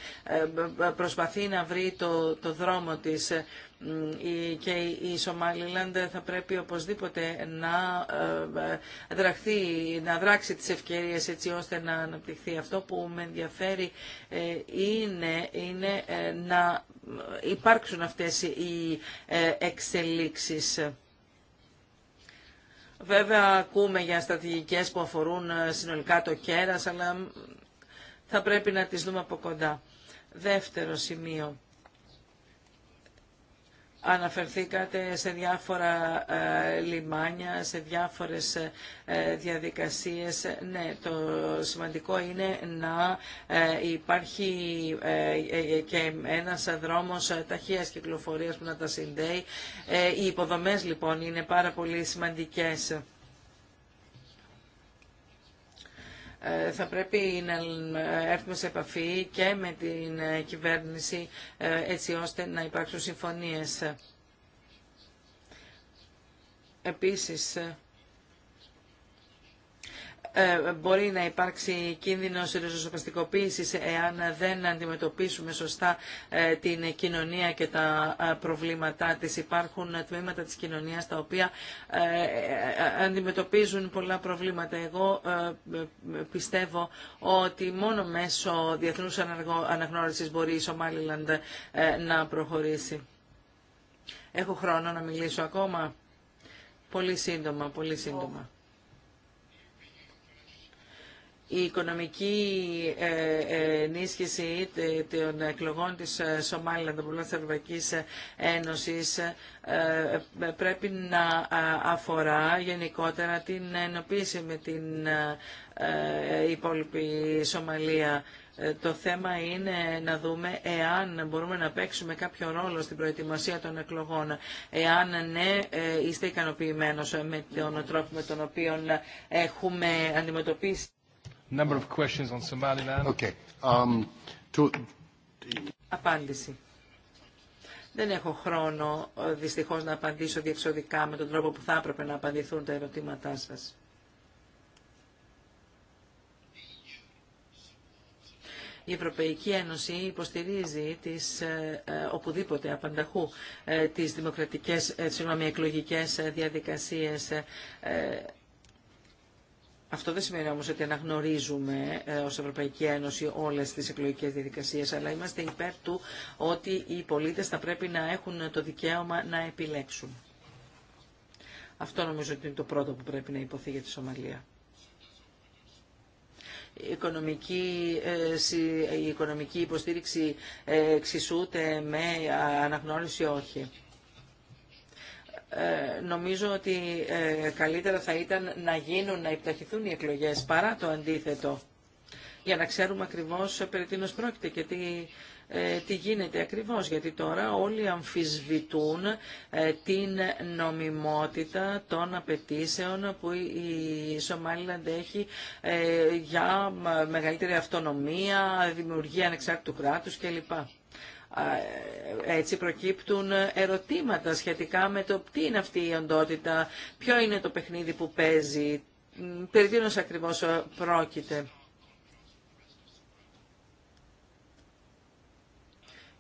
προσπαθεί να βρει το, το δρόμο της ε, και η Σομαλίλανδ θα πρέπει οπωσδήποτε να ε, δραχθεί, να δράξει τις ευκαιρίες έτσι ώστε να αναπτυχθεί. Αυτό που με ενδιαφέρει ε, είναι, είναι να υπάρξουν αυτές οι εξελίξεις. Βέβαια ακούμε για στρατηγικές που αφορούν συνολικά το κέρας, αλλά θα πρέπει να τις δούμε από κοντά. Δεύτερο σημείο Αναφερθήκατε σε διάφορα ε, λιμάνια, σε διάφορες ε, διαδικασίες. Ναι, το σημαντικό είναι να ε, υπάρχει και ένας δρόμος ταχείας κυκλοφορίας που να τα συνδέει. Οι υποδομές λοιπόν είναι πάρα πολύ σημαντικές. Ε, θα πρέπει να έρθουμε σε επαφή και με την ε, κυβέρνηση ε, έτσι ώστε να υπάρξουν συμφωνίες. Επίσης, ε, μπορεί να υπάρξει κίνδυνος ριζοσπαστικοποίησης εάν δεν αντιμετωπίσουμε σωστά ε, την κοινωνία και τα ε, προβλήματά της. Υπάρχουν τμήματα της κοινωνίας τα οποία αντιμετωπίζουν πολλά προβλήματα. Εγώ πιστεύω ότι μόνο μέσω διεθνούς αναγνώρισης μπορεί η Σομάλιλαντ να προχωρήσει. Έχω χρόνο να μιλήσω ακόμα. Πολύ σύντομα, πολύ σύντομα η οικονομική ε, ε, ενίσχυση των εκλογών της ε, Σομάλια, των πολλών Ευρωπαϊκής Ένωσης, πρέπει να αφορά γενικότερα την ενοποίηση με την υπόλοιπη Σομαλία. Το θέμα είναι να δούμε εάν μπορούμε να παίξουμε κάποιο ρόλο στην προετοιμασία των εκλογών. Εάν ναι, είστε ικανοποιημένος με τον τρόπο με τον οποίο έχουμε αντιμετωπίσει number of questions on Okay. Um, to... Απάντηση. Δεν έχω χρόνο ε, δυστυχώς να απαντήσω διεξοδικά με τον τρόπο που θα έπρεπε να απαντηθούν τα ερωτήματά σας. Η Ευρωπαϊκή Ένωση υποστηρίζει τις, ε, ε οπουδήποτε απανταχού ε, τις δημοκρατικές, ε, συγγνώμη, εκλογικές ε, διαδικασίες αυτό δεν σημαίνει όμως ότι αναγνωρίζουμε ε, ως Ευρωπαϊκή Ένωση όλες τις εκλογικές διαδικασίες, αλλά είμαστε υπέρ του ότι οι πολίτες θα πρέπει να έχουν το δικαίωμα να επιλέξουν. Αυτό νομίζω ότι είναι το πρώτο που πρέπει να υποθεί για τη Σομαλία. Η οικονομική, ε, η οικονομική υποστήριξη ε, εξισούται με αναγνώριση όχι. Ε, νομίζω ότι ε, καλύτερα θα ήταν να γίνουν, να επιταχυθούν οι εκλογές παρά το αντίθετο για να ξέρουμε ακριβώς ε, περί τίνος πρόκειται και τι, γίνεται ακριβώς. Γιατί τώρα όλοι αμφισβητούν την νομιμότητα των απαιτήσεων που η Σομάλιλαντ έχει για μεγαλύτερη αυτονομία, δημιουργία ανεξάρτητου κράτους κλπ έτσι προκύπτουν ερωτήματα σχετικά με το τι είναι αυτή η οντότητα, ποιο είναι το παιχνίδι που παίζει, περί τίνος ακριβώς ε, πρόκειται.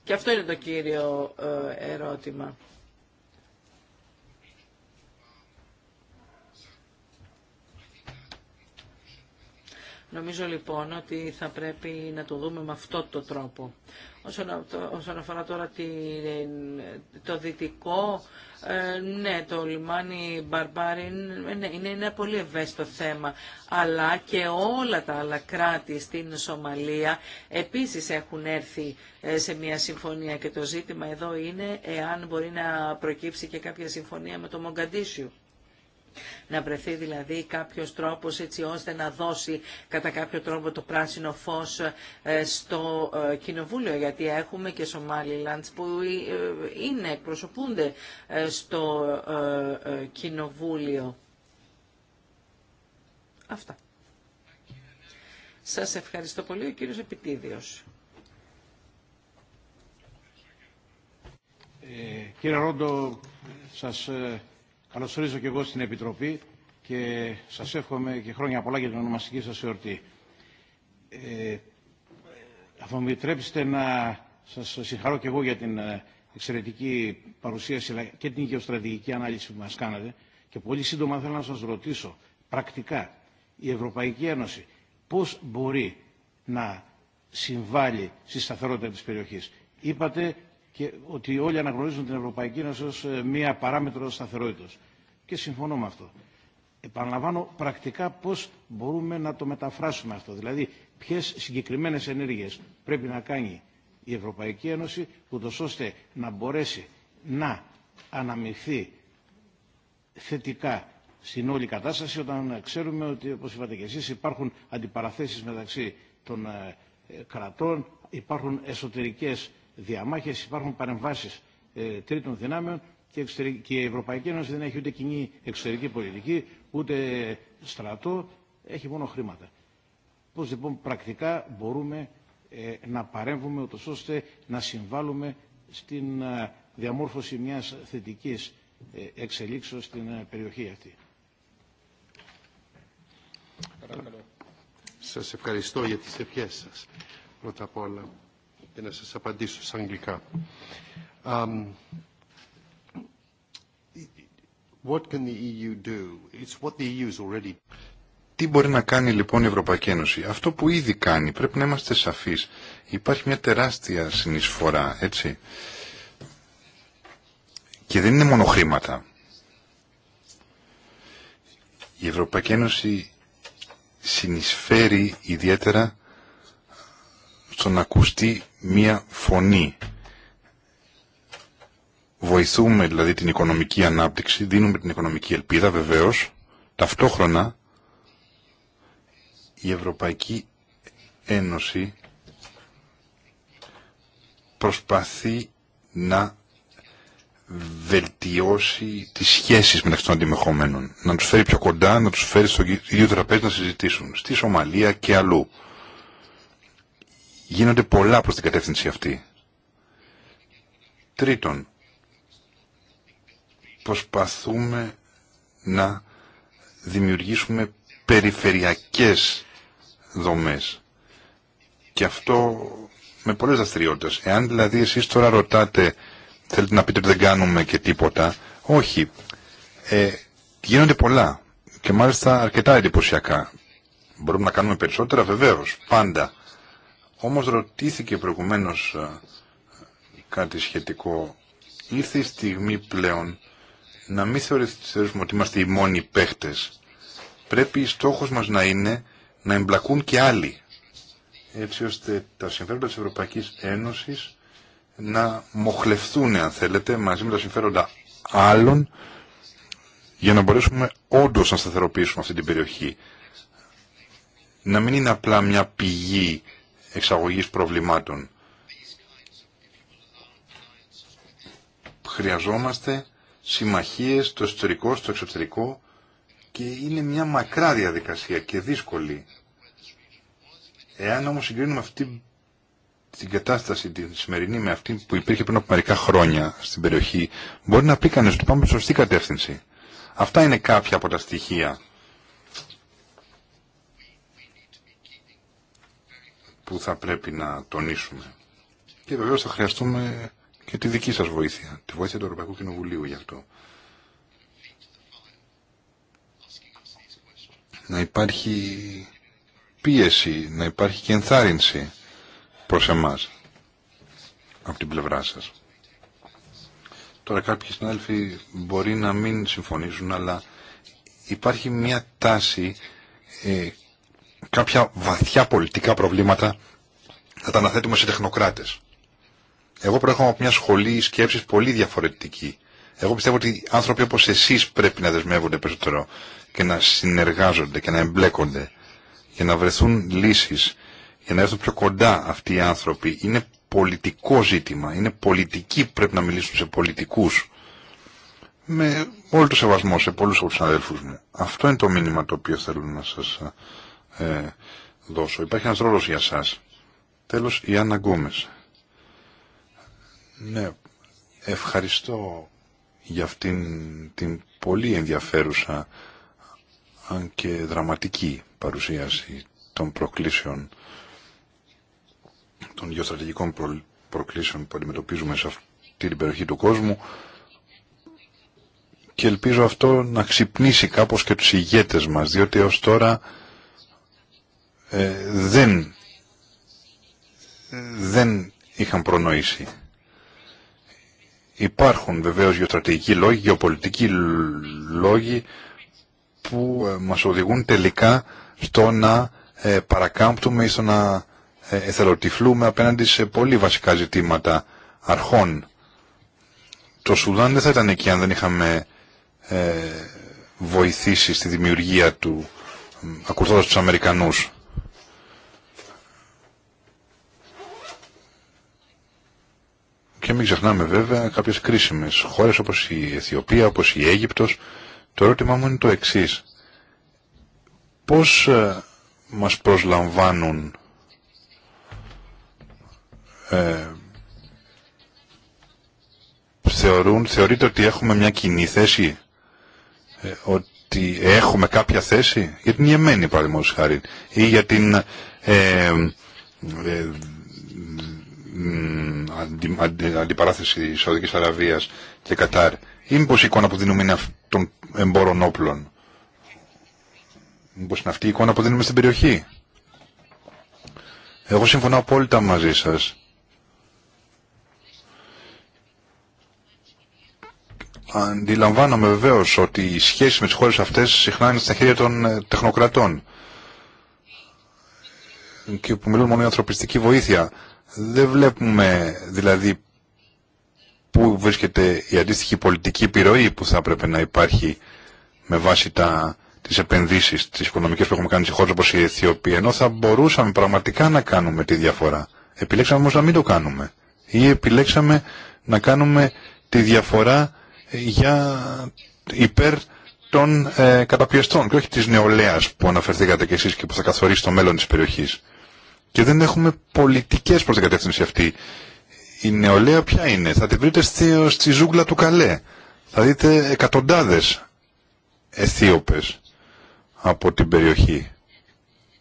Και αυτό είναι το κύριο ε, ερώτημα. Νομίζω λοιπόν ότι θα πρέπει να το δούμε με αυτό το τρόπο. Όσον αφορά τώρα το δυτικό, ε, ναι, το λιμάνι Μπαρμπάρι είναι ένα πολύ ευαίσθητο θέμα, αλλά και όλα τα άλλα κράτη στην Σομαλία επίσης έχουν έρθει ε, σε μια συμφωνία και το ζήτημα εδώ είναι εάν μπορεί να προκύψει και κάποια συμφωνία με το Μογκαντήσιο. Να βρεθεί δηλαδή κάποιος τρόπος έτσι ώστε να δώσει κατά κάποιο τρόπο το πράσινο φως ε, στο ε, Κοινοβούλιο, γιατί έχουμε και Σομάλιλαντς που ε, είναι, εκπροσωπούνται στο Κοινοβούλιο. Αυτά. Σας ευχαριστώ πολύ, ο κύριος Επιτίδιος. Ε, κύριε Ρόντο, σας καλωσορίζω και εγώ στην Επιτροπή και σας εύχομαι και χρόνια πολλά για την ονομαστική σας εορτή. Ε, θα μου επιτρέψετε να σας συγχαρώ και εγώ για την ε, εξαιρετική παρουσίαση και την γεωστρατηγική ανάλυση που μας κάνατε και πολύ σύντομα θέλω να σας ρωτήσω πρακτικά η Ευρωπαϊκή Ένωση πώς μπορεί να συμβάλλει στη σταθερότητα της περιοχής. Είπατε και ότι όλοι αναγνωρίζουν την Ευρωπαϊκή Ένωση ως ε, μία παράμετρο σταθερότητας. Και συμφωνώ με αυτό. Επαναλαμβάνω πρακτικά πώς μπορούμε να το μεταφράσουμε αυτό. Δηλαδή, ποιες συγκεκριμένες ενέργειες πρέπει να κάνει η Ευρωπαϊκή Ένωση, ούτως ώστε να μπορέσει να αναμειχθεί θετικά στην όλη κατάσταση, όταν ξέρουμε ότι, όπως είπατε και εσείς, υπάρχουν αντιπαραθέσεις μεταξύ των ε, ε, κρατών, υπάρχουν εσωτερικές διαμάχες, υπάρχουν παρεμβάσεις ε, τρίτων δυνάμεων και, και η Ευρωπαϊκή Ένωση δεν έχει ούτε κοινή εξωτερική πολιτική, ούτε στρατό, έχει μόνο χρήματα. Πώς λοιπόν πρακτικά μπορούμε ε, να παρέμβουμε ούτως ώστε να συμβάλλουμε στην ε, διαμόρφωση μιας θετικής ε, εξελίξεως στην περιοχή αυτή. Σας ευχαριστώ για τις ευχές σας πρώτα απ' όλα και ε, να σας απαντήσω αγγλικά. Um, what can the EU do? It's what the e already... Τι μπορεί να κάνει λοιπόν η Ευρωπαϊκή Ένωση. Αυτό που ήδη κάνει πρέπει να είμαστε σαφείς. Υπάρχει μια τεράστια συνεισφορά, έτσι. Και δεν είναι μόνο χρήματα. Η Ευρωπαϊκή Ένωση συνεισφέρει ιδιαίτερα στο να ακουστεί μία φωνή. Βοηθούμε δηλαδή την οικονομική ανάπτυξη, δίνουμε την οικονομική ελπίδα βεβαίως, ταυτόχρονα η Ευρωπαϊκή Ένωση προσπαθεί να βελτιώσει τις σχέσεις μεταξύ των αντιμεχομένων. Να τους φέρει πιο κοντά, να τους φέρει στο ίδιο τραπέζι να συζητήσουν. Στη Σομαλία και αλλού. Γίνονται πολλά προς την κατεύθυνση αυτή. Τρίτον, προσπαθούμε να δημιουργήσουμε περιφερειακές δομές. Και αυτό με πολλές δραστηριότητε. Εάν δηλαδή εσείς τώρα ρωτάτε, θέλετε να πείτε ότι δεν κάνουμε και τίποτα, όχι. Ε, γίνονται πολλά και μάλιστα αρκετά εντυπωσιακά. Μπορούμε να κάνουμε περισσότερα βεβαίως, πάντα. Όμως ρωτήθηκε προηγουμένως ε, κάτι σχετικό. Ήρθε η στιγμή πλέον να μην θεωρήσουμε ότι είμαστε οι μόνοι παίχτες. Πρέπει η στόχος μας να είναι να εμπλακούν και άλλοι. Έτσι ώστε τα συμφέροντα της Ευρωπαϊκής Ένωσης να μοχλευθούν, αν θέλετε, μαζί με τα συμφέροντα άλλων για να μπορέσουμε όντως να σταθεροποιήσουμε αυτή την περιοχή. Να μην είναι απλά μια πηγή εξαγωγής προβλημάτων. Χρειαζόμαστε συμμαχίες στο εσωτερικό, στο εξωτερικό και είναι μια μακρά διαδικασία και δύσκολη. Εάν όμως συγκρίνουμε αυτή την κατάσταση τη σημερινή με αυτή που υπήρχε πριν από μερικά χρόνια στην περιοχή, μπορεί να πει κανείς ότι πάμε σωστή κατεύθυνση. Αυτά είναι κάποια από τα στοιχεία που θα πρέπει να τονίσουμε. Και βεβαίω θα χρειαστούμε και τη δική σας βοήθεια, τη βοήθεια του Ευρωπαϊκού Κοινοβουλίου γι' αυτό. Να υπάρχει πίεση, να υπάρχει και ενθάρρυνση προς εμάς από την πλευρά σας. Τώρα κάποιοι συνάδελφοι μπορεί να μην συμφωνήσουν, αλλά υπάρχει μια τάση ε, κάποια βαθιά πολιτικά προβλήματα να τα αναθέτουμε σε τεχνοκράτες. Εγώ προέρχομαι από μια σχολή σκέψης πολύ διαφορετική. Εγώ πιστεύω ότι άνθρωποι όπως εσείς πρέπει να δεσμεύονται περισσότερο και να συνεργάζονται και να εμπλέκονται για να βρεθούν λύσεις, για να έρθουν πιο κοντά αυτοί οι άνθρωποι. Είναι πολιτικό ζήτημα, είναι πολιτική πρέπει να μιλήσουν σε πολιτικούς. Με όλο το σεβασμό σε πολλούς από τους αδέλφους μου. Αυτό είναι το μήνυμα το οποίο θέλω να σας ε, δώσω. Υπάρχει ένας ρόλος για σας. Τέλος, η Άννα Ναι, ευχαριστώ για αυτήν την πολύ ενδιαφέρουσα αν και δραματική παρουσίαση των προκλήσεων των γεωστρατηγικών προκλήσεων που αντιμετωπίζουμε σε αυτή την περιοχή του κόσμου και ελπίζω αυτό να ξυπνήσει κάπως και τους ηγέτες μας διότι ως τώρα ε, δεν, δεν είχαν προνοήσει. Υπάρχουν βεβαίως γεωστρατηγικοί λόγοι, γεωπολιτικοί λόγοι που ε, μας οδηγούν τελικά στο να ε, παρακάμπτουμε ή στο να εθελοτυφλούμε απέναντι σε πολύ βασικά ζητήματα αρχών. Το Σουδάν δεν θα ήταν εκεί αν δεν είχαμε βοηθήσει στη δημιουργία του ακολουθώντας τους Αμερικανούς. Και μην ξεχνάμε βέβαια κάποιες κρίσιμες χώρες όπως η Αιθιοπία, όπως η Αίγυπτος. Το ερώτημά μου είναι το εξής. Πώς ε, μας προσλαμβάνουν ε, θεωρούν, θεωρείτε ότι έχουμε μια κοινή θέση, ε, ότι έχουμε κάποια θέση για την Ιεμένη παραδείγματος χάρη ή για την ε, ε αντι, αντι, αντιπαράθεση Σαουδικής Αραβίας και Κατάρ ή εικόνα που δίνουμε είναι των εμπόρων όπλων ή μήπως είναι αυτή η εικόνα που δίνουμε είναι των εμπόρων όπλων. Μήπως είναι αυτή η εικόνα που δίνουμε στην περιοχή. Εγώ συμφωνώ απόλυτα μαζί σας. Αντιλαμβάνομαι βεβαίω ότι οι σχέσεις με τις χώρες αυτές συχνά είναι στα χέρια των ε, τεχνοκρατών και που μιλούν μόνο για ανθρωπιστική βοήθεια. Δεν βλέπουμε δηλαδή πού βρίσκεται η αντίστοιχη πολιτική επιρροή που θα έπρεπε να υπάρχει με βάση τα, τις επενδύσεις, τις οικονομικές που έχουμε κάνει σε χώρες όπως η Αιθιοπία, ενώ θα μπορούσαμε πραγματικά να κάνουμε τη διαφορά. Επιλέξαμε όμως να μην το κάνουμε. Ή επιλέξαμε να κάνουμε τη διαφορά για υπέρ των ε, καταπιεστών και όχι της νεολαίας που αναφερθήκατε κι εσείς και που θα καθορίσει το μέλλον της περιοχής και δεν έχουμε πολιτικές προς την κατεύθυνση αυτή. Η νεολαία ποια είναι. Θα την βρείτε στη, στη ζούγκλα του Καλέ. Θα δείτε εκατοντάδες αιθίωπες από την περιοχή.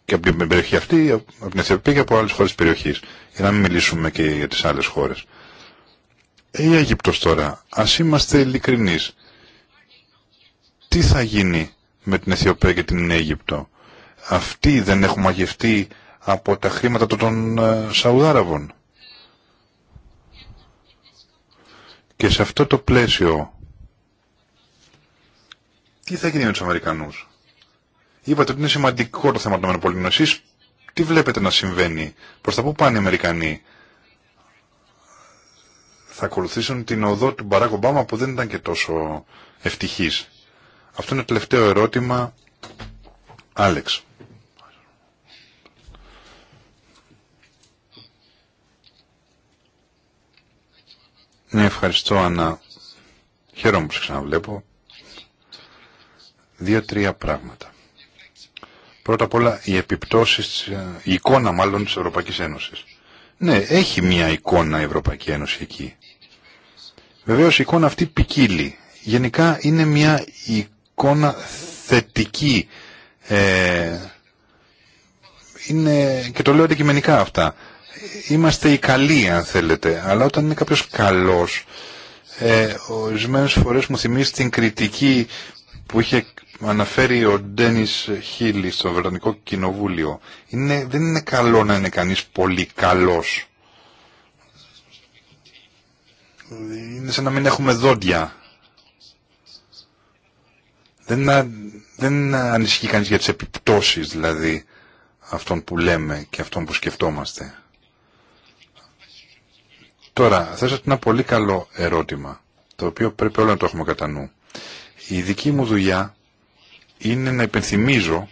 Και από την περιοχή αυτή, από την Αιθιοπία και από άλλες χώρες της περιοχής. Για να μην μιλήσουμε και για τις άλλες χώρες. Η Αίγυπτος τώρα. Ας είμαστε ειλικρινεί. Τι θα γίνει με την Αιθιοπία και την Αίγυπτο. Αυτοί δεν έχουν μαγευτεί από τα χρήματα των ε, Σαουδάραβων. Και σε αυτό το πλαίσιο, τι θα γίνει με τους Αμερικανούς. Είπατε ότι είναι σημαντικό το θέμα των ΗΠΑ. τι βλέπετε να συμβαίνει, προς τα πού πάνε οι Αμερικανοί. Θα ακολουθήσουν την οδό του Μπαράκ Ομπάμα που δεν ήταν και τόσο ευτυχής. Αυτό είναι το τελευταίο ερώτημα. Άλεξ. Ναι, ευχαριστώ, Άννα. Χαίρομαι που σε ξαναβλέπω. Δύο-τρία πράγματα. Πρώτα απ' όλα, οι επιπτώσεις, ε, η εικόνα μάλλον της Ευρωπαϊκής Ένωσης. Ναι, έχει μια εικόνα η Ευρωπαϊκή Ένωση εκεί. Βεβαίως η εικόνα αυτή ποικίλει. Γενικά είναι μια εικόνα θετική. Ε, είναι, και το λέω αντικειμενικά αυτά είμαστε οι καλοί αν θέλετε, αλλά όταν είναι κάποιος καλός, ε, ορισμένε φορές μου θυμίζει την κριτική που είχε αναφέρει ο Ντένις Χίλι στο Βερονικό Κοινοβούλιο. Είναι, δεν είναι καλό να είναι κανείς πολύ καλός. Είναι σαν να μην έχουμε δόντια. Δεν, δεν ανησυχεί κανείς για τις επιπτώσεις δηλαδή αυτών που λέμε και αυτών που σκεφτόμαστε. Τώρα, θέσατε ένα πολύ καλό ερώτημα, το οποίο πρέπει όλοι να το έχουμε κατά νου. Η δική μου δουλειά είναι να υπενθυμίζω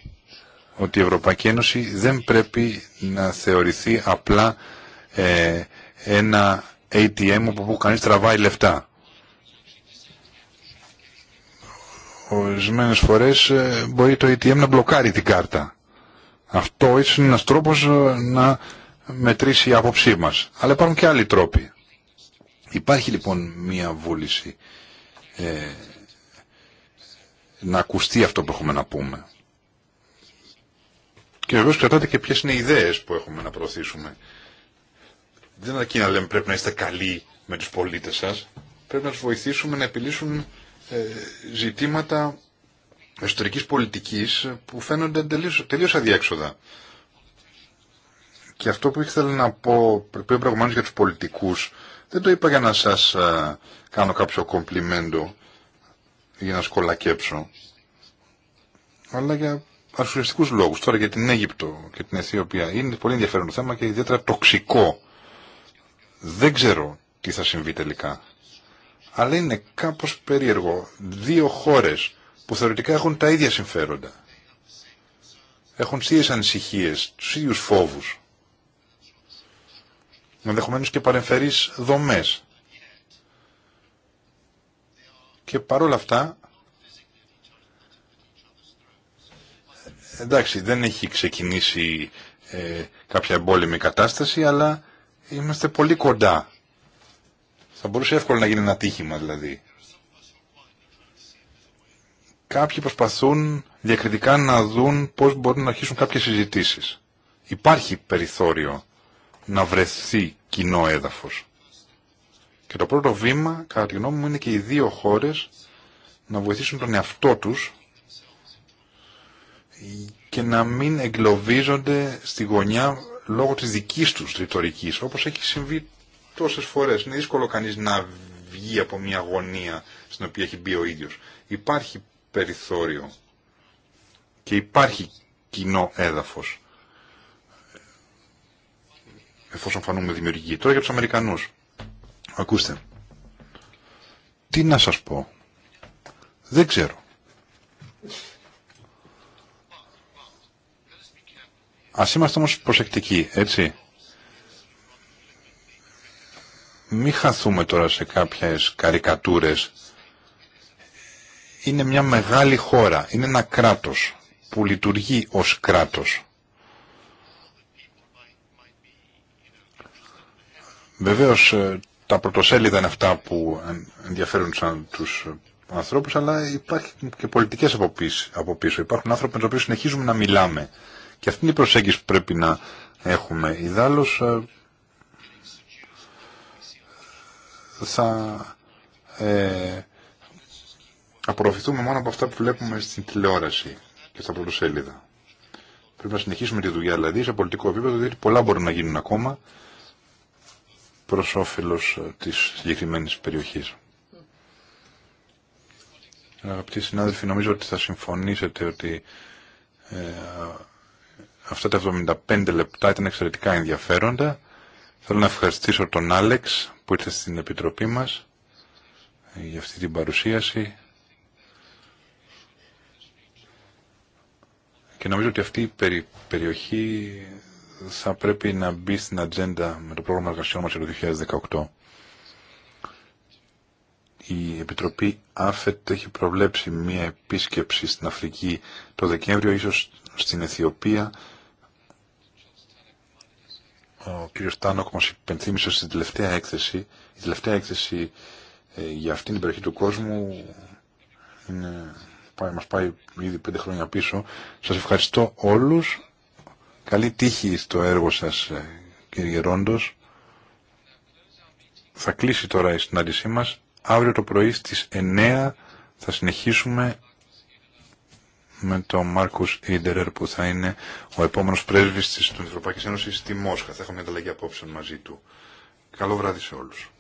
ότι η Ευρωπαϊκή Ένωση δεν πρέπει να θεωρηθεί απλά ε, ένα ATM όπου κανείς τραβάει λεφτά. Ορισμένες φορές ε, μπορεί το ATM να μπλοκάρει την κάρτα. Αυτό ίσως είναι ένας τρόπος ε, να μετρήσει η άποψή μας. Αλλά υπάρχουν και άλλοι τρόποι. Υπάρχει λοιπόν μία βούληση ε, να ακουστεί αυτό που έχουμε να πούμε. Και βεβαίω κρατάτε και ποιες είναι οι ιδέες που έχουμε να προωθήσουμε. Δεν αρκεί να λέμε πρέπει να είστε καλοί με τους πολίτες σας Πρέπει να τους βοηθήσουμε να επιλύσουν ε, ζητήματα εσωτερική πολιτική που φαίνονται τελείως αδιέξοδα. Και αυτό που ήθελα να πω πριν πραγματικά για τους πολιτικούς, δεν το είπα για να σας κάνω κάποιο κομπλιμέντο ή για να σκολακέψω, αλλά για ασφαλιστικού λόγους. Τώρα για την Αίγυπτο και την Αιθιοπία είναι πολύ ενδιαφέρον το θέμα και ιδιαίτερα τοξικό. Δεν ξέρω τι θα συμβεί τελικά. Αλλά είναι κάπως περίεργο. Δύο χώρες που θεωρητικά έχουν τα ίδια συμφέροντα. Έχουν τις ίδιες ανησυχίες, τους ίδιους φόβους ενδεχομένως και παρεμφερείς δομές. Και παρόλα αυτά, εντάξει δεν έχει ξεκινήσει ε, κάποια εμπόλεμη κατάσταση, αλλά είμαστε πολύ κοντά. Θα μπορούσε εύκολα να γίνει ένα τύχημα δηλαδή. Κάποιοι προσπαθούν διακριτικά να δουν πώς μπορούν να αρχίσουν κάποιες συζητήσεις. Υπάρχει περιθώριο να βρεθεί κοινό έδαφος. Και το πρώτο βήμα, κατά τη γνώμη μου, είναι και οι δύο χώρες να βοηθήσουν τον εαυτό τους και να μην εγκλωβίζονται στη γωνιά λόγω της δικής τους τριτορικής όπως έχει συμβεί τόσες φορές. Είναι δύσκολο κανείς να βγει από μια γωνία στην οποία έχει μπει ο ίδιος. Υπάρχει περιθώριο και υπάρχει κοινό έδαφος εφόσον φανούμε δημιουργικοί. Τώρα για τους Αμερικανούς. Ακούστε. Τι να σας πω. Δεν ξέρω. Ας είμαστε όμως προσεκτικοί, έτσι. Μη χαθούμε τώρα σε κάποιες καρικατούρες. Είναι μια μεγάλη χώρα, είναι ένα κράτος που λειτουργεί ως κράτος. Βεβαίω, ε, τα πρωτοσέλιδα είναι αυτά που ενδιαφέρουν σαν τους ε, ανθρώπους, αλλά υπάρχουν και πολιτικέ από πίσω. Υπάρχουν άνθρωποι με του οποίου συνεχίζουμε να μιλάμε. Και αυτή είναι η προσέγγιση που πρέπει να έχουμε. Ιδάλω ε, θα ε, απορροφηθούμε μόνο από αυτά που βλέπουμε στην τηλεόραση και στα πρωτοσέλιδα. Πρέπει να συνεχίσουμε τη δουλειά, δηλαδή, σε πολιτικό επίπεδο, διότι πολλά μπορούν να γίνουν ακόμα προς όφελος ε, της συγκεκριμένης περιοχής. Αγαπητοί συνάδελφοι, νομίζω ότι θα συμφωνήσετε ότι ε, αυτά τα 75 λεπτά ήταν εξαιρετικά ενδιαφέροντα. Θέλω να ευχαριστήσω τον Άλεξ που ήρθε στην Επιτροπή μας ε, για αυτή την παρουσίαση. Και νομίζω ότι αυτή η περιοχή θα πρέπει να μπει στην ατζέντα με το πρόγραμμα εργασιών μας για το 2018. Η Επιτροπή ΑΦΕΤ έχει προβλέψει μία επίσκεψη στην Αφρική το Δεκέμβριο, ίσως στην Αιθιοπία. Ο κ. Τάνοκ μας υπενθύμησε στην τελευταία έκθεση. Η τελευταία έκθεση ε, για αυτήν την περιοχή του κόσμου είναι, πάει, μας πάει ήδη πέντε χρόνια πίσω. Σας ευχαριστώ όλους. Καλή τύχη στο έργο σας ε, κύριε Ρόντος. Θα κλείσει τώρα η συνάντησή μας. Αύριο το πρωί στις 9 θα συνεχίσουμε με τον Μάρκους Ίντερερ που θα είναι ο επόμενος πρέσβης της Ευρωπαϊκής Ένωσης στη Μόσχα. Θα έχουμε ανταλλαγή απόψε μαζί του. Καλό βράδυ σε όλους.